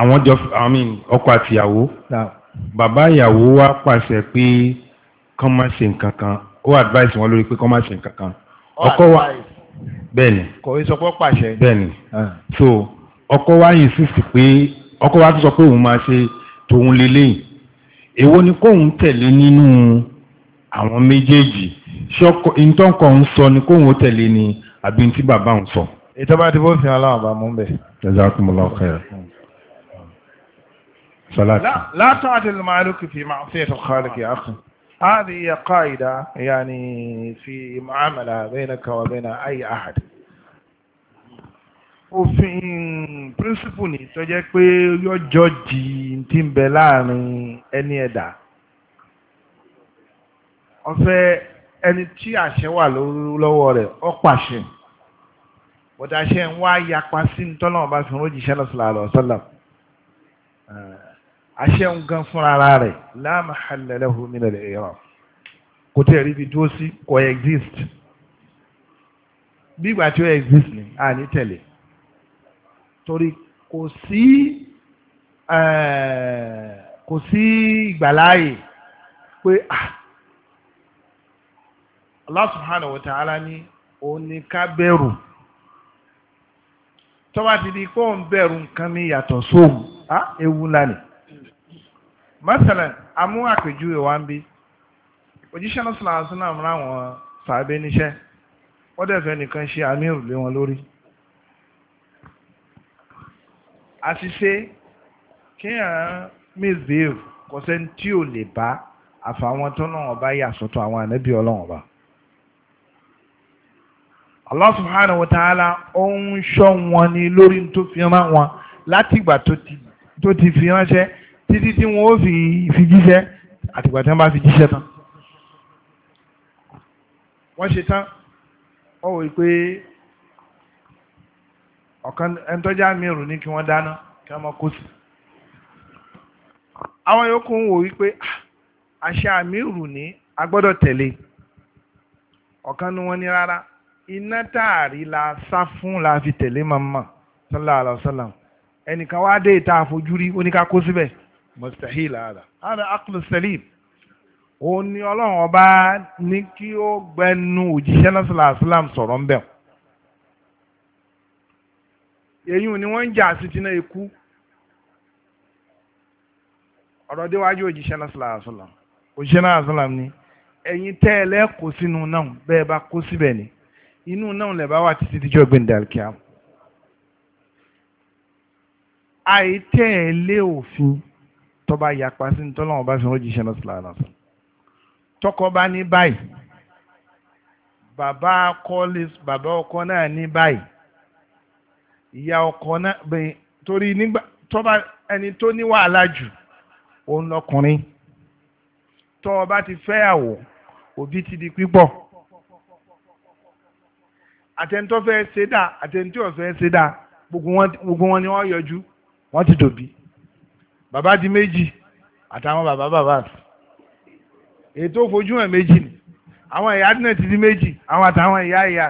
B: àwọn jọ i mean ọkọ àtìyàwó bàbá ìyàwó wá pàṣẹ pé kán má ṣe nǹkan kan ó advice wọn lórí pé kán má ṣe nǹkan kan ọkọ wa bẹ́ẹ̀ni kò sọ pé ó pàṣẹ bẹ́ẹ̀ni ah. so ọkọ wa insist pé ọkọ wa tún sọ pé òun máa ṣe tòun lélẹ́yìn èwo ni kóun tẹ̀lé nínú àwọn méjèèjì ṣọ́kọ̀ ìtọ́kọ̀ ń sọ ni kóhun ó tẹ̀lé ni àbí tí bàbá ń sọ. ìtọ́ba ti bó fi hàn láwọn bá mú bẹ̀.
A: jazakumullahu khairan. salati.
B: látàdì màálùkì fi máa fi ètò kọ́lùkì àkùn. هذه قاعدة يعني في معاملة بينك وبين أي أحد òfin píríncípù ni tó jẹ́ pé yọjọ́ di ti ń bẹ láàrin ẹni ẹ̀dá ọ̀fẹ́ ẹni tí àṣẹ wà lọ́wọ́ rẹ̀ ó pàṣẹ bọ́dà àṣẹ ń wá yapa sí ní tọ́lọ́mọ bá fi rójìṣẹ́ lọ́sọ̀lá lọ́sọ̀lá àṣẹ ń gan fúnra rẹ̀ la mahalla lahu min al-i'rab kò tẹ̀ rí ibi dúró sí kò exist bí ìgbà tí ó exist ni a ní tẹ̀lé torí kò sí eh, kò sí ìgbàláyè pé ah Allah subhanahu wa ta'ala ní òun ní ká bẹ̀rù tó bá ti di pé òun bẹ̀rù nǹkan mi yàtọ̀ sóhun á ewu lálẹ́ masalan amú àpèjúwe wa ń bí òjíṣẹ́ náà sọ̀rọ̀ àṣọ náà múra wọn sàbẹ̀ níṣẹ́ wọ́n dẹ̀ fẹ́ nìkan ṣe amírù lé wọn lórí àṣìṣe kéèyàn misbehave kò tí ò lè bá àfàwọn tó náà ọba yà sọ́tọ̀ àwọn ànábì ọlọ́wọ́n ọba. Allah subhanahu wa ta'ala ó ń ṣọ́ wọn ni lórí tó fi rán wọn látìgbà tó ti fi ránṣẹ́ títí tí wọ́n ó fi jíṣẹ́ àtìgbà tí wọ́n bá fi jíṣẹ́ tán. wọ́n ṣe tán ó wò pé ọ̀kan ẹni tó já mi kí wọ́n dáná kí wọ́n kó sí. àwọn yòókù ń wò wípé ah, àṣà mi rù a gbọ́dọ̀ tẹ̀lé ọ̀kan ni wọ́n ní rárá iná táàrí la sá fún la fi tẹ̀lé màmá sallallahu alaihi wasallam ẹnìkan wá dé ìta àfojúrí oníká kó síbẹ̀ mustahil ala ala aqlu salim ó ní ọlọ́run ọba ní kí ó gbẹnu òjíṣẹ́ náà sallallahu alaihi wasallam sọ̀rọ̀ ń bẹ̀ èyí ni wọ́n ń jà sí tiná ikú ọ̀rọ̀ déwájú òjíṣẹ́ náà sallallahu alaihi wasallam òjíṣẹ́ náà sallallahu ni ẹ̀yin tẹ́ ẹ lẹ́kọ̀ọ́ sínú náà bẹ́ẹ̀ bá kó síbẹ̀ ni inú náà lẹ̀ bá wà títí díjọ́ gbẹ̀ndàkíá àìtẹ̀lé òfin tọ́ba yapa sí ní tọ́lọ́wọ́n bá fi hàn jíṣẹ́ náà sílára náà sàn tọkọ bá ní báyìí bàbá kọ́lé bàbá ọkọ náà ní báyìí ìyá ọkọ náà bẹ́ẹ̀ torí nígbà tọ́ba ẹni tó ní wàhálà jù òun lọkùnrin tọ́ ọ bá ti fẹ́ òbí ti di pípọ̀ àtẹnitọ́ fẹ́ ṣe dà àtẹnitọ́ fẹ́ ṣe dà gbogbo wọn ni wọ́n yọjú wọ́n ti tóbi bàbá di méjì àtàwọn bàbá bàbá ètò fojú hàn méjì ni àwọn ẹ̀yà dínà ti di méjì àwọn àtàwọn ẹ̀yà ẹ̀yà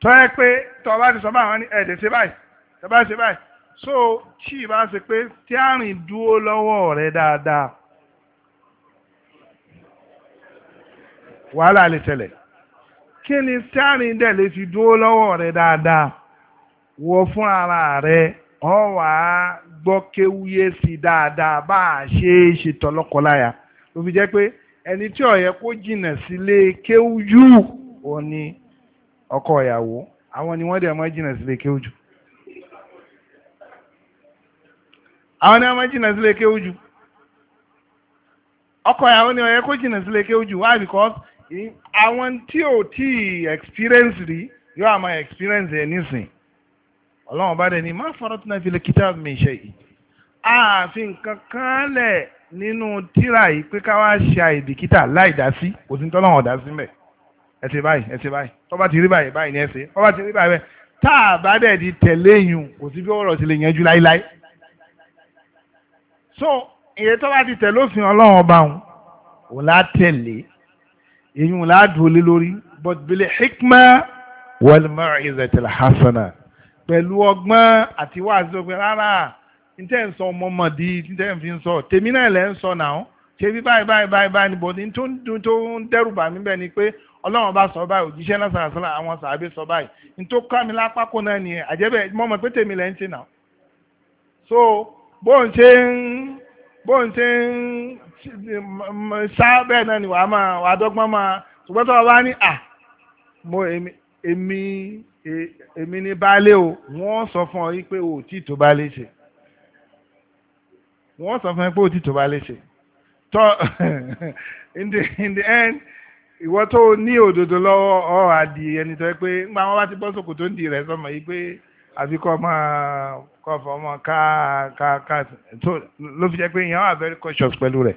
B: tọ́ ẹ pé tọ́ bá ti sọ báwọn ní ẹ̀ẹ́dẹ̀ ṣe báyìí tọ́ bá ṣe báyìí so tí ì bá ṣe pé tí àrìn dúró lọ́wọ́ rẹ dáadáa wàhálà lè tẹ̀lẹ̀. Kini ni sáàrin dẹ̀ lè dúró lọ́wọ́ rẹ dáadáa wọ fún ara rẹ ọ wà á gbọ́ kéwúyé sí dáadáa bá a ṣe é ṣe tọlọ́kọláya ló fi jẹ́ pé ẹni tí kó jìnnà sílé kéwúyú ò ní ọkọ ìyàwó ni wọ́n dẹ̀ sílé àwọn ni wọ́n sílé ọkọ ni kó sílé why because Hmm? àwọn tí ò tí ì experience rí yóò àmọ́ experience ẹ̀ nísìn ọlọ́run bá dẹ̀ ni má faratna fil kitab min shay'i ààfin kankan lẹ̀ nínú tíra yìí pé ká wá ṣe àìbìkítà láì dá sí kò sí tọ́lọ́run dá sí mbẹ̀ ẹ ṣe báyìí ẹ ṣe báyìí tó bá ti rí báyìí báyìí ni ẹ ṣe tó ti rí báyìí báyìí tá a bá dẹ̀ di tẹ̀lé yùn kò sí bí ọ̀rọ̀ ti lè yanjú láíláí so ìyẹn tó bá ti tẹ̀lé òfin ọlọ́run ọba òun òun lá tẹ̀lé èyí wọn láàdùn olé lórí but bil hikma wal maw'izatil hasana pẹ̀lú ọgbọ́n àti wáàzí ọgbẹ́ rárá níta ń sọ ọmọ ọmọdé níta ń fi ń sọ tèmi náà lẹ́ ń sọ náà ṣe bí báyìí báyìí báyìí báyìí níbo ni tó ń dun tó ń dẹ́rù bà mí bẹ́ẹ̀ ni pé ọlọ́run bá sọ báyìí òjíṣẹ́ náà sàrà sàrà àwọn sàábé sọ báyìí ní tó ká mi lápákó náà ni àjẹbẹ́ mọ́mọ́ pé tèmi lẹ́ ń ṣe náà so bó ń bó ń ṣe ń sá bẹ́ẹ̀ náà ni wàá máa wàá dọ́gbọ́n máa ṣùgbọ́n tó o bá ní à mo èmi èmi e, ní baálé o wọ́n sọ fún ọ yí pé o tí tó baálé ṣe wọ́n sọ fún ẹ pé o tí tó baálé ṣe tọ́ in the in the end ìwọ tó ní òdodo lọ́wọ́ ọ àdì ẹni tó yẹ pé nígbà wọn bá ti bọ́ sókò tó ń di rẹ̀ sọmọ yìí pé àfi kọ́ máa kọ́ fọ́ ọmọ ká ká ká tó ló fi jẹ́ pé ìyẹn wà very cautious pẹ̀lú rẹ̀.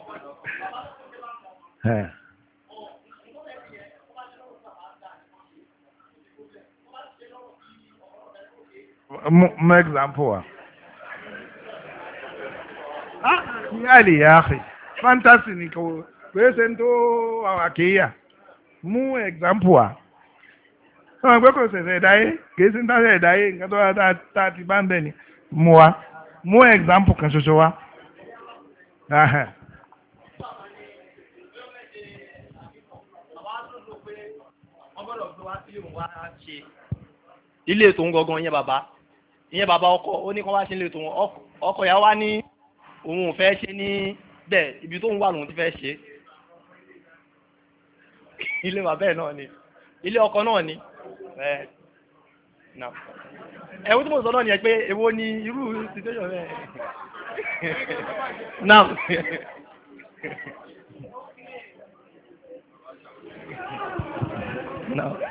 B: mọ example wa
A: ah
F: ya
B: le ya akhi fantasy ni ko pèsè ń tó àkèyà mú example wa wọn gbé kò ṣẹ̀ṣẹ̀ ìdáyé kì í sí ń tàṣẹ ìdáyé nǹkan tó wá tá a ti bá ń bẹ̀ ni mú wa mú example kan ṣoṣo wa.
E: wá ṣe ilé tòun gangan yẹn bàbá ìyẹn bàbá ọkọ ó ní kó wá ṣe ilé tòun ọkọ ìyá wa ní òun ò fẹ́ ṣe ní bẹ́ẹ̀ ibi tóun wà lòun ti fẹ́ ṣe ilé bàbá ẹ̀ náà ni ilé ọkọ náà ni
A: ẹ̀
D: náà
E: ẹ̀wọ́n tí mo sọ náà ni ẹ pé èwo ni irú situation rẹ̀ now
A: now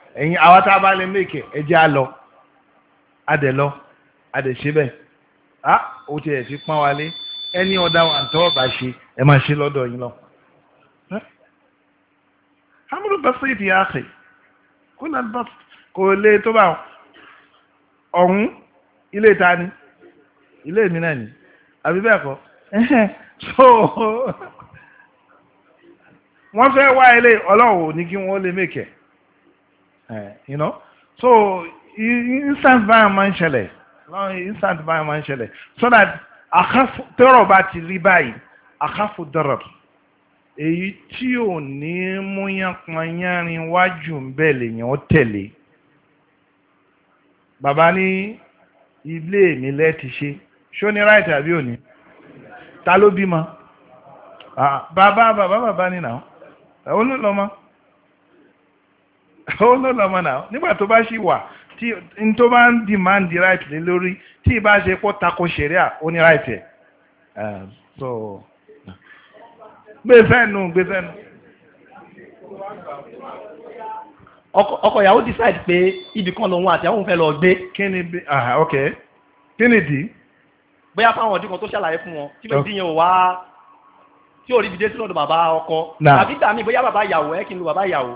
B: ẹ̀yin àwọn tá a bá lè mẹ́kẹ̀ ẹjẹ́ á lọ adẹ̀ lọ adẹ̀ ṣe bẹ́ẹ̀ á ó ti ẹ̀ fi pọ́n wa lé ẹni ọ̀dà wà tó ọ̀bà ṣe ẹ máa ṣe lọ́dọ̀ yín lọ. hamadu basit yà á sè kó kò lè tó bá ọ̀hún ilé ta ni ilé mi náà ni àbí bẹ́ẹ̀ kọ́ so wọ́n fẹ́ wá ilé ọlọ́wọ́ ní kí wọ́n lè mẹ́kẹ̀ẹ́. Eh, you know so instant buy ṣẹlẹ̀ instant buy ṣẹlẹ̀ so that àkàfù tẹ́rọ̀ bá ti rí báyìí àkàfù dọ̀rọ̀ èyí tí ò ní múyàn pọnyánrin wájú ń bẹ̀ lèyàn ó tẹ̀lé bàbá ní ilé mi lẹ́ti ṣe ṣó ní ráìtì àbí òní ta ló bímọ ah, bàbá bàbá bàbá nínà ó ní lọ́mọ ó ló lọ́mọ náà nígbà tó bá ṣì wà tí n tó bá ń dìmáàndì right lé lórí tí ìbá ṣe pọ́ tako ṣẹ̀ríà ó ní right ẹ̀
A: um,
E: so gbèsè nù gbèsè nù. ọkọ ìyàwó decide pé ibì kan lòun àti àwọn òun fẹ́ lọ gbé. kí ni bí ah, ok kí ni dì í. bóyá fáwọn ọdún kan tó ṣàlàyé fún wọn tí bẹ́ẹ̀ díyẹn ò wá tí ò rí ibi dé sí lọ́dọ̀ bàbá ọkọ. àbí dàmí bóyá bàbá ìyàwó ẹ kí n lo bàbá ìyàwó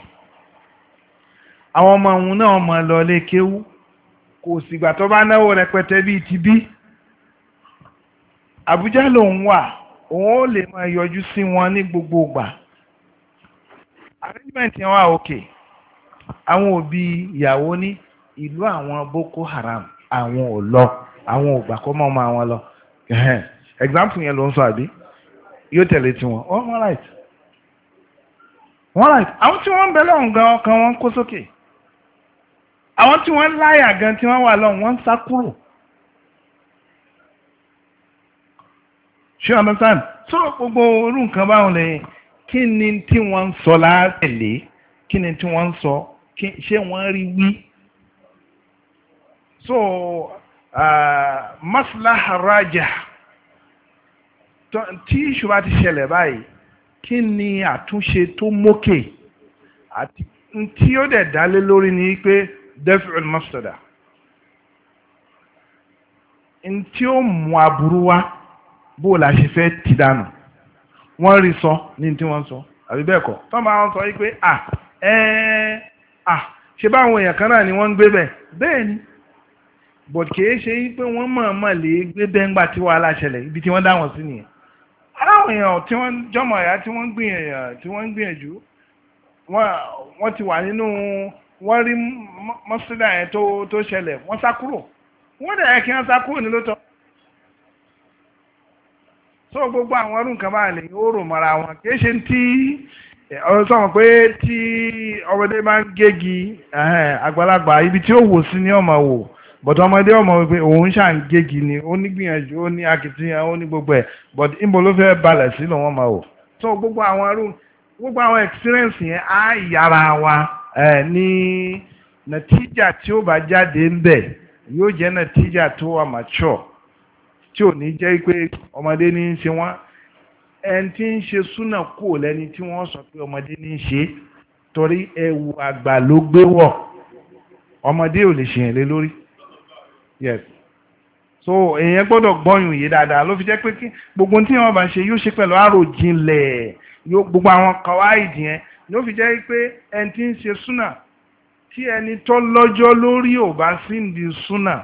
B: àwọn ọmọ òun náà mọ̀ lọ lé kéwú kò sígbà tó bá náwó rẹpẹtẹ bíi ti bí Àbújá lòun wà òun ó lè máa yọjú sí wọn ní gbogbo ìgbà arrangement yẹn wà òkè àwọn òbí ìyàwó ní ìlú àwọn Boko Haram àwọn ò lọ àwọn ò gbà kó mọ́ ọmọ àwọn lọ example yẹn ló ń sọ àbí yóò tẹ̀lé tiwọn oh, all right wọ́n láì àwọn tí wọ́n ń bẹ lọ́hùn ọkàn wọn kó sókè àwọn tí wọ́n láyà gan tí wọ́n wà lọ wọ́n ń sá kúrò ṣé ọmọ sáà tó gbogbo orú nǹkan báwọn lè kí ni tí wọ́n ń sọ láàrẹ̀lẹ̀ kí ni tí wọ́n ń sọ ṣé wọ́n rí wí so uh, maslaha raja tí ìṣúra ti ṣẹlẹ̀ báyìí kí ni àtúnṣe tó mókè àti tí ó dẹ̀ dálé lórí ni pé dẹ́fẹ̀ mọ́sọ̀dà ntí ó mú aburú wá bó la ṣe fẹ́ ti dànù wọ́n rí sọ ní tí wọ́n sọ àbí bẹ́ẹ̀ kọ́ tó máa ń sọ yí pé à
A: ẹ́ à
B: ṣe báwọn èèyàn kan náà ni wọ́n ń gbé bẹ́ẹ̀ bẹ́ẹ̀ ni bọ̀t kìí ṣe yí pé wọ́n mọ̀ mọ̀ lè gbé bẹ́ńgbà tí wàhálà ṣẹlẹ̀ ibi tí wọ́n dá wọn sí nìyẹn aláwọn èèyàn tí wọ́n rí mọ́sídà yẹn tó ṣẹlẹ̀ wọ́n sá kúrò wọ́n dẹ̀ yẹ kí wọ́n sá ní lóòótọ́ so gbogbo àwọn ọdún kan báyìí lè yóò rò mọ́ra wọn kì í ṣe tí ọ̀rọ̀ sọ̀rọ̀ pé tí ọmọdé máa ń gégi àgbàlagbà ibi tí ó wò sí ni ọmọ wò bọ̀dọ̀ ọmọdé ọmọ wípé òun ṣà ń gégi ni ó ní gbìyànjú ó ní akitiyan ó ní gbogbo ẹ̀ but ibo ló fẹ́ balẹ̀ sí lòun ọmọ wò so gbogbo àwọn ọdún gbogbo àwọn experience yẹn á yára wa. ní nàtíjà tí ó bá jáde ń bẹ̀ yóò jẹ́ nàtíjà tó wà mature tí ò ní jẹ́ pé ọmọdé ní í ṣe wọ́n ẹni tí ń ṣe súnà kú lẹ́ni tí wọ́n sọ pé ọmọdé ní í ṣe torí ẹ̀wù àgbà ló gbé wọ̀ ọmọdé ò lè ṣèyàn lé lórí yes so èèyàn gbọ́dọ̀ gbọ́yùn yìí dáadáa ló fi jẹ́ pé gbogbo tí wọ́n bá ń ṣe yóò ṣe pẹ̀lú àròjinlẹ̀ gbogbo àwọn kan wá ìdí yẹn ni fi jẹ́ pé ẹni tí ń ṣe súnà tí ẹni tó lọ́jọ́ lórí ò bá sí ní súnà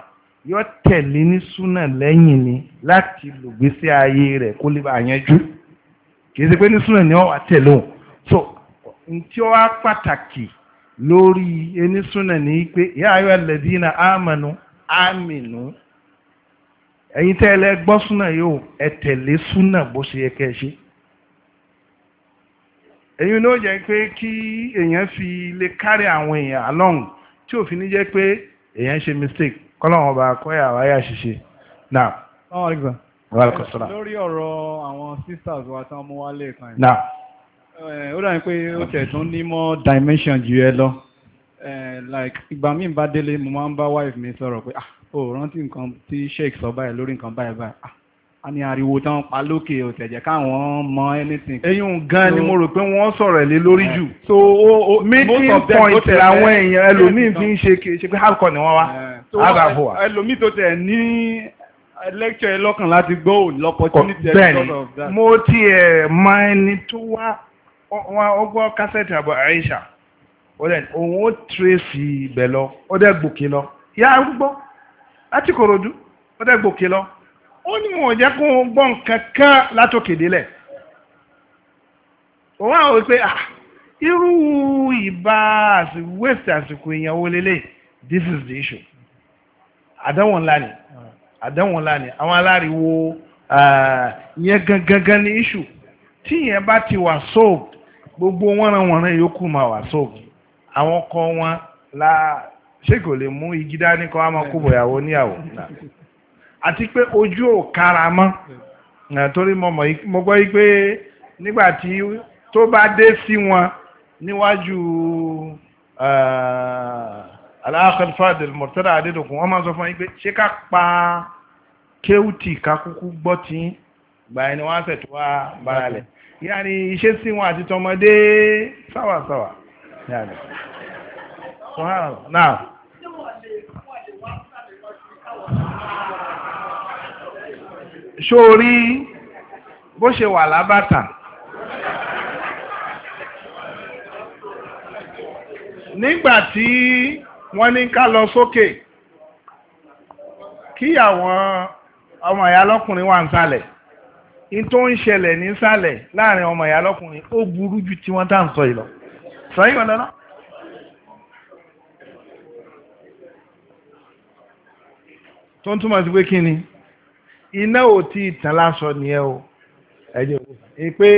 B: yóò tẹ̀lé ní súnà lẹ́yìn ni láti lògbésí ayé rẹ̀ kó lè yanjú ṣe pé ní súnà ni wọ́n wá tẹ̀lé o so tí ó wá pàtàkì lórí ẹni súnà ni pé ìyá ayọ́ ẹlẹ́dínà àmọ́nù àmìnú ẹ̀yin tẹ́ gbọ́ súnà yóò ẹ tẹ̀lé súnà bó ṣe yẹ kẹ́ ẹ èyí ló jẹ́ pé kí èèyàn fi lè kárí àwọn èèyàn along tí òfin ní jẹ́ pé èèyàn ṣe mistake kọ́lọ́wọ́n ọba akọ́yà wáyà ṣiṣe now. báwọn rí gbà.
E: lórí ọ̀rọ̀ àwọn sisters wa tán mú wálé kan yìí. now. Eh, ó dàbí pé ó tẹ̀ tún ní mọ́ dimension
B: jù ẹ lọ eh, like ìgbà míì bá délé mo máa ń bá wife mi sọ̀rọ̀ pé ah o rántí nǹkan tí sheik sọ báyìí lórí nǹkan báyìí báyìí ah a ní ariwo tán pa lókè òtẹ̀jẹ̀ káwọn mọ anything. eyín gan ni mo rò pé wọ́n sọ̀rọ̀ lé lórí jù. Eh. so o o meeting point làwọn èèyàn ẹlòmíín fi ń ṣe ṣe pé alcohol ni wọ́n wá
A: eh. agbàfọ̀
B: ẹlòmíín tó tẹ̀ ní lecture ẹ láti gbọ́ òní opportunity. bẹ́ẹ̀ni mo tiẹ̀ mọ ẹni tó wá ọgbọ́n kásẹ̀tì àbọ̀ Aisha òun ó tracy ibẹ̀ lọ ó dẹ̀ gbòkè lọ yá gbọ́ láti Kòròdú ó dẹ̀ gbòkè lọ ó ní wọn ò jẹ́ kó wọn gbọ́ nǹkan kan látòkè délẹ̀ òun àwọn wípé ah irú ìbá waste àsìkò èèyàn lélẹ̀ this is the issue àdánwò ńlá ni àdánwò ńlá ni àwọn aláriwo yẹn gangan ní issue tí yẹn bá ti wà solved gbogbo wọ́nranwọ̀nran yòókù máa wà solved àwọn ọkọ wọn la ṣé kò lè mú igi dání kọ́ á máa kó bọ̀yàwó níyàwó náà àti pé ojú ò kára mọ́ torí mo gbọ́ pé nígbàtí tó bá dé sí wọn níwájú aláàkọ́lù fàdìl mọ̀tẹ́rà adédọ̀kùn wọ́n máa sọ fún yín pé ṣé ká pa kéwùtì kakúkú gbọ́ tí gbà ẹni wọ́n á tẹ̀tù wá bára lẹ̀ iṣẹ́ sí wọn àti tọmọdé sáwàsáwà. Náà. sórí bó ṣe wà lábàtà nígbà tí wọ́n ní ká lọ sókè kí àwọn ọmọ ìyá lọ́kùnrin wà ń sálẹ̀ in tó ń ṣẹlẹ̀ ní sálẹ̀ láàrin ọmọ ìyá lọ́kùnrin ó burú ju tí wọ́n tá ń sọ ìlọ sọ yìí lọ́nà. tó ń túmọ̀ sí pé kí ni iná ò tí ì tàn láṣọ nìyẹn o ẹ̀jẹ̀ ò pé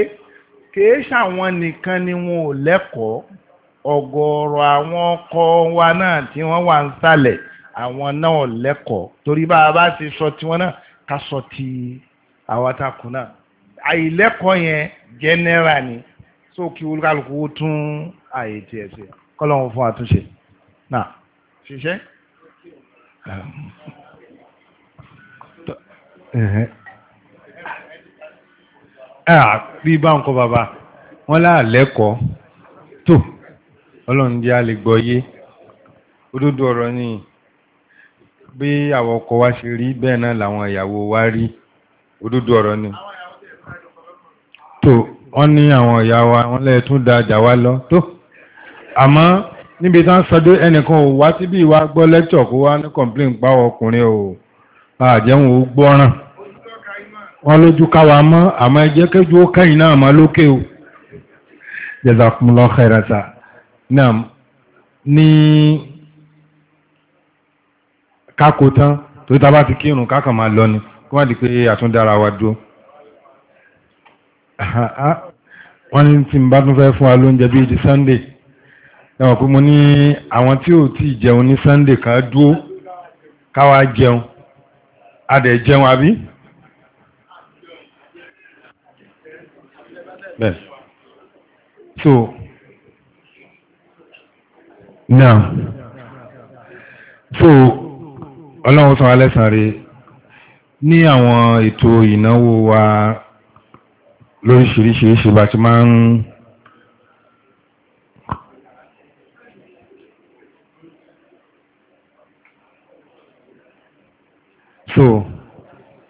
B: kìí ṣàwọn nìkan ni wọn ò lẹ́kọ̀ọ́ ọ̀gọ̀ọ̀rọ̀ àwọn ọkọ wa náà tí wọ́n wà ń sàlẹ̀ àwọn náà ò lẹ́kọ̀ọ́ torí bá a bá ti sọ tiwọn náà ká sọ ti àwọn atakùn náà àìlẹ́kọ̀ọ́ yẹn jẹ́nẹ́rà ni so kí olúkálùkù ó tún àyè tiẹ̀ sí kọ́lọ́hún fún àtúnṣe náà ṣiṣẹ́. bí bá ń kọ bàbá wọ́n láàlẹ́kọ̀ọ́ tó ọlọ́run jẹ́ gbọ́ yé òdodo ọ̀rọ̀ ni bí àwọn ọkọ wa ṣe rí bẹ́ẹ̀ náà làwọn ìyàwó wa rí òdodo ọ̀rọ̀ ni tó wọ́n ní àwọn ìyá wa wọ́n lẹ́ẹ̀ tún da àjà wa lọ tó àmọ́ níbi tán sọdé ẹnìkan ò wá síbí wa gbọ́ lẹ́tọ̀ kó wá ní kọ̀ǹplíǹ pàwọ̀ ọkùnrin o. àjẹun ò gbọ́ràn wọ́n lójú káwa mọ́ àmọ́ ẹjẹ́ kéjú ó kẹ́yìn náà mọ́ lókè o jazakumullahu khairata náà ní kákó tán torí tá bá ti kírun kákan máa lọ ni kí wọ́n di pé àtúndára wa dúró wọ́n ní tí n bá tún fẹ́ fún wa lóúnjẹ bíi di sunday ẹ̀wọ̀n pé mo ní àwọn tí ò tí jẹun ní sunday kan dúró káwa jẹun adẹ̀ jẹun àbí
A: bẹ́ẹ̀ so now so ọlọ́run
B: sọ alẹ́sàn rí ní àwọn ètò ìnáwó wa lóríṣiríṣiríṣi bá ti máa ń so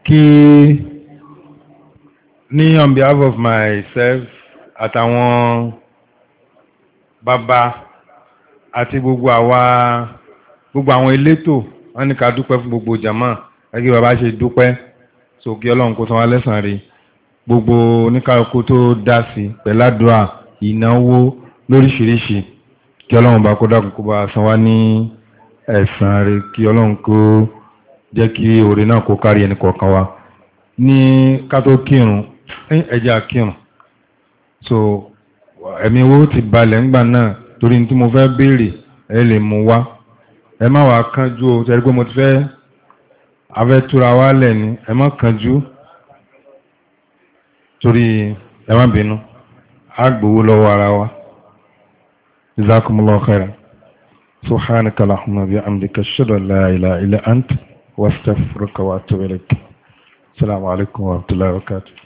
B: kí ní on behalf of myself àtàwọn bàbá àti gbogbo àwa gbogbo àwọn elétò wọ́n ní ká dúpẹ́ fún gbogbo jàmá gẹ́gẹ́ bàbá ṣe dúpẹ́ so kí ọlọ́run kó san wá lẹ́san rí gbogbo oníkàlùkù tó dá sí pẹ̀ládùá ìnáwó lóríṣiríṣi kí ọlọ́run bá kó dákun bá san ní ẹ̀san rí kí ọlọ́run kó. Ko jẹ́ kí oore náà kó kárí ẹni kọ̀ọ̀kan wa ní kátó kírun ní ẹja kírun so ẹ̀mí owó ti balẹ̀ ńgbà náà torí tí mo fẹ́ béèrè ẹ lè mú wá ẹ má wàá kánjú o tẹ́lẹ̀ pé mo ti fẹ́ afẹ́tura wa lẹ̀ ni ẹ má kánjú torí ẹ má bínú á gbowó lọ́wọ́ ara wa jazakumullahu khairan subhanaka allahumma wa bihamdika ashhadu an la ilaha illa anta واستغفرك واتوب اليك السلام عليكم ورحمه الله وبركاته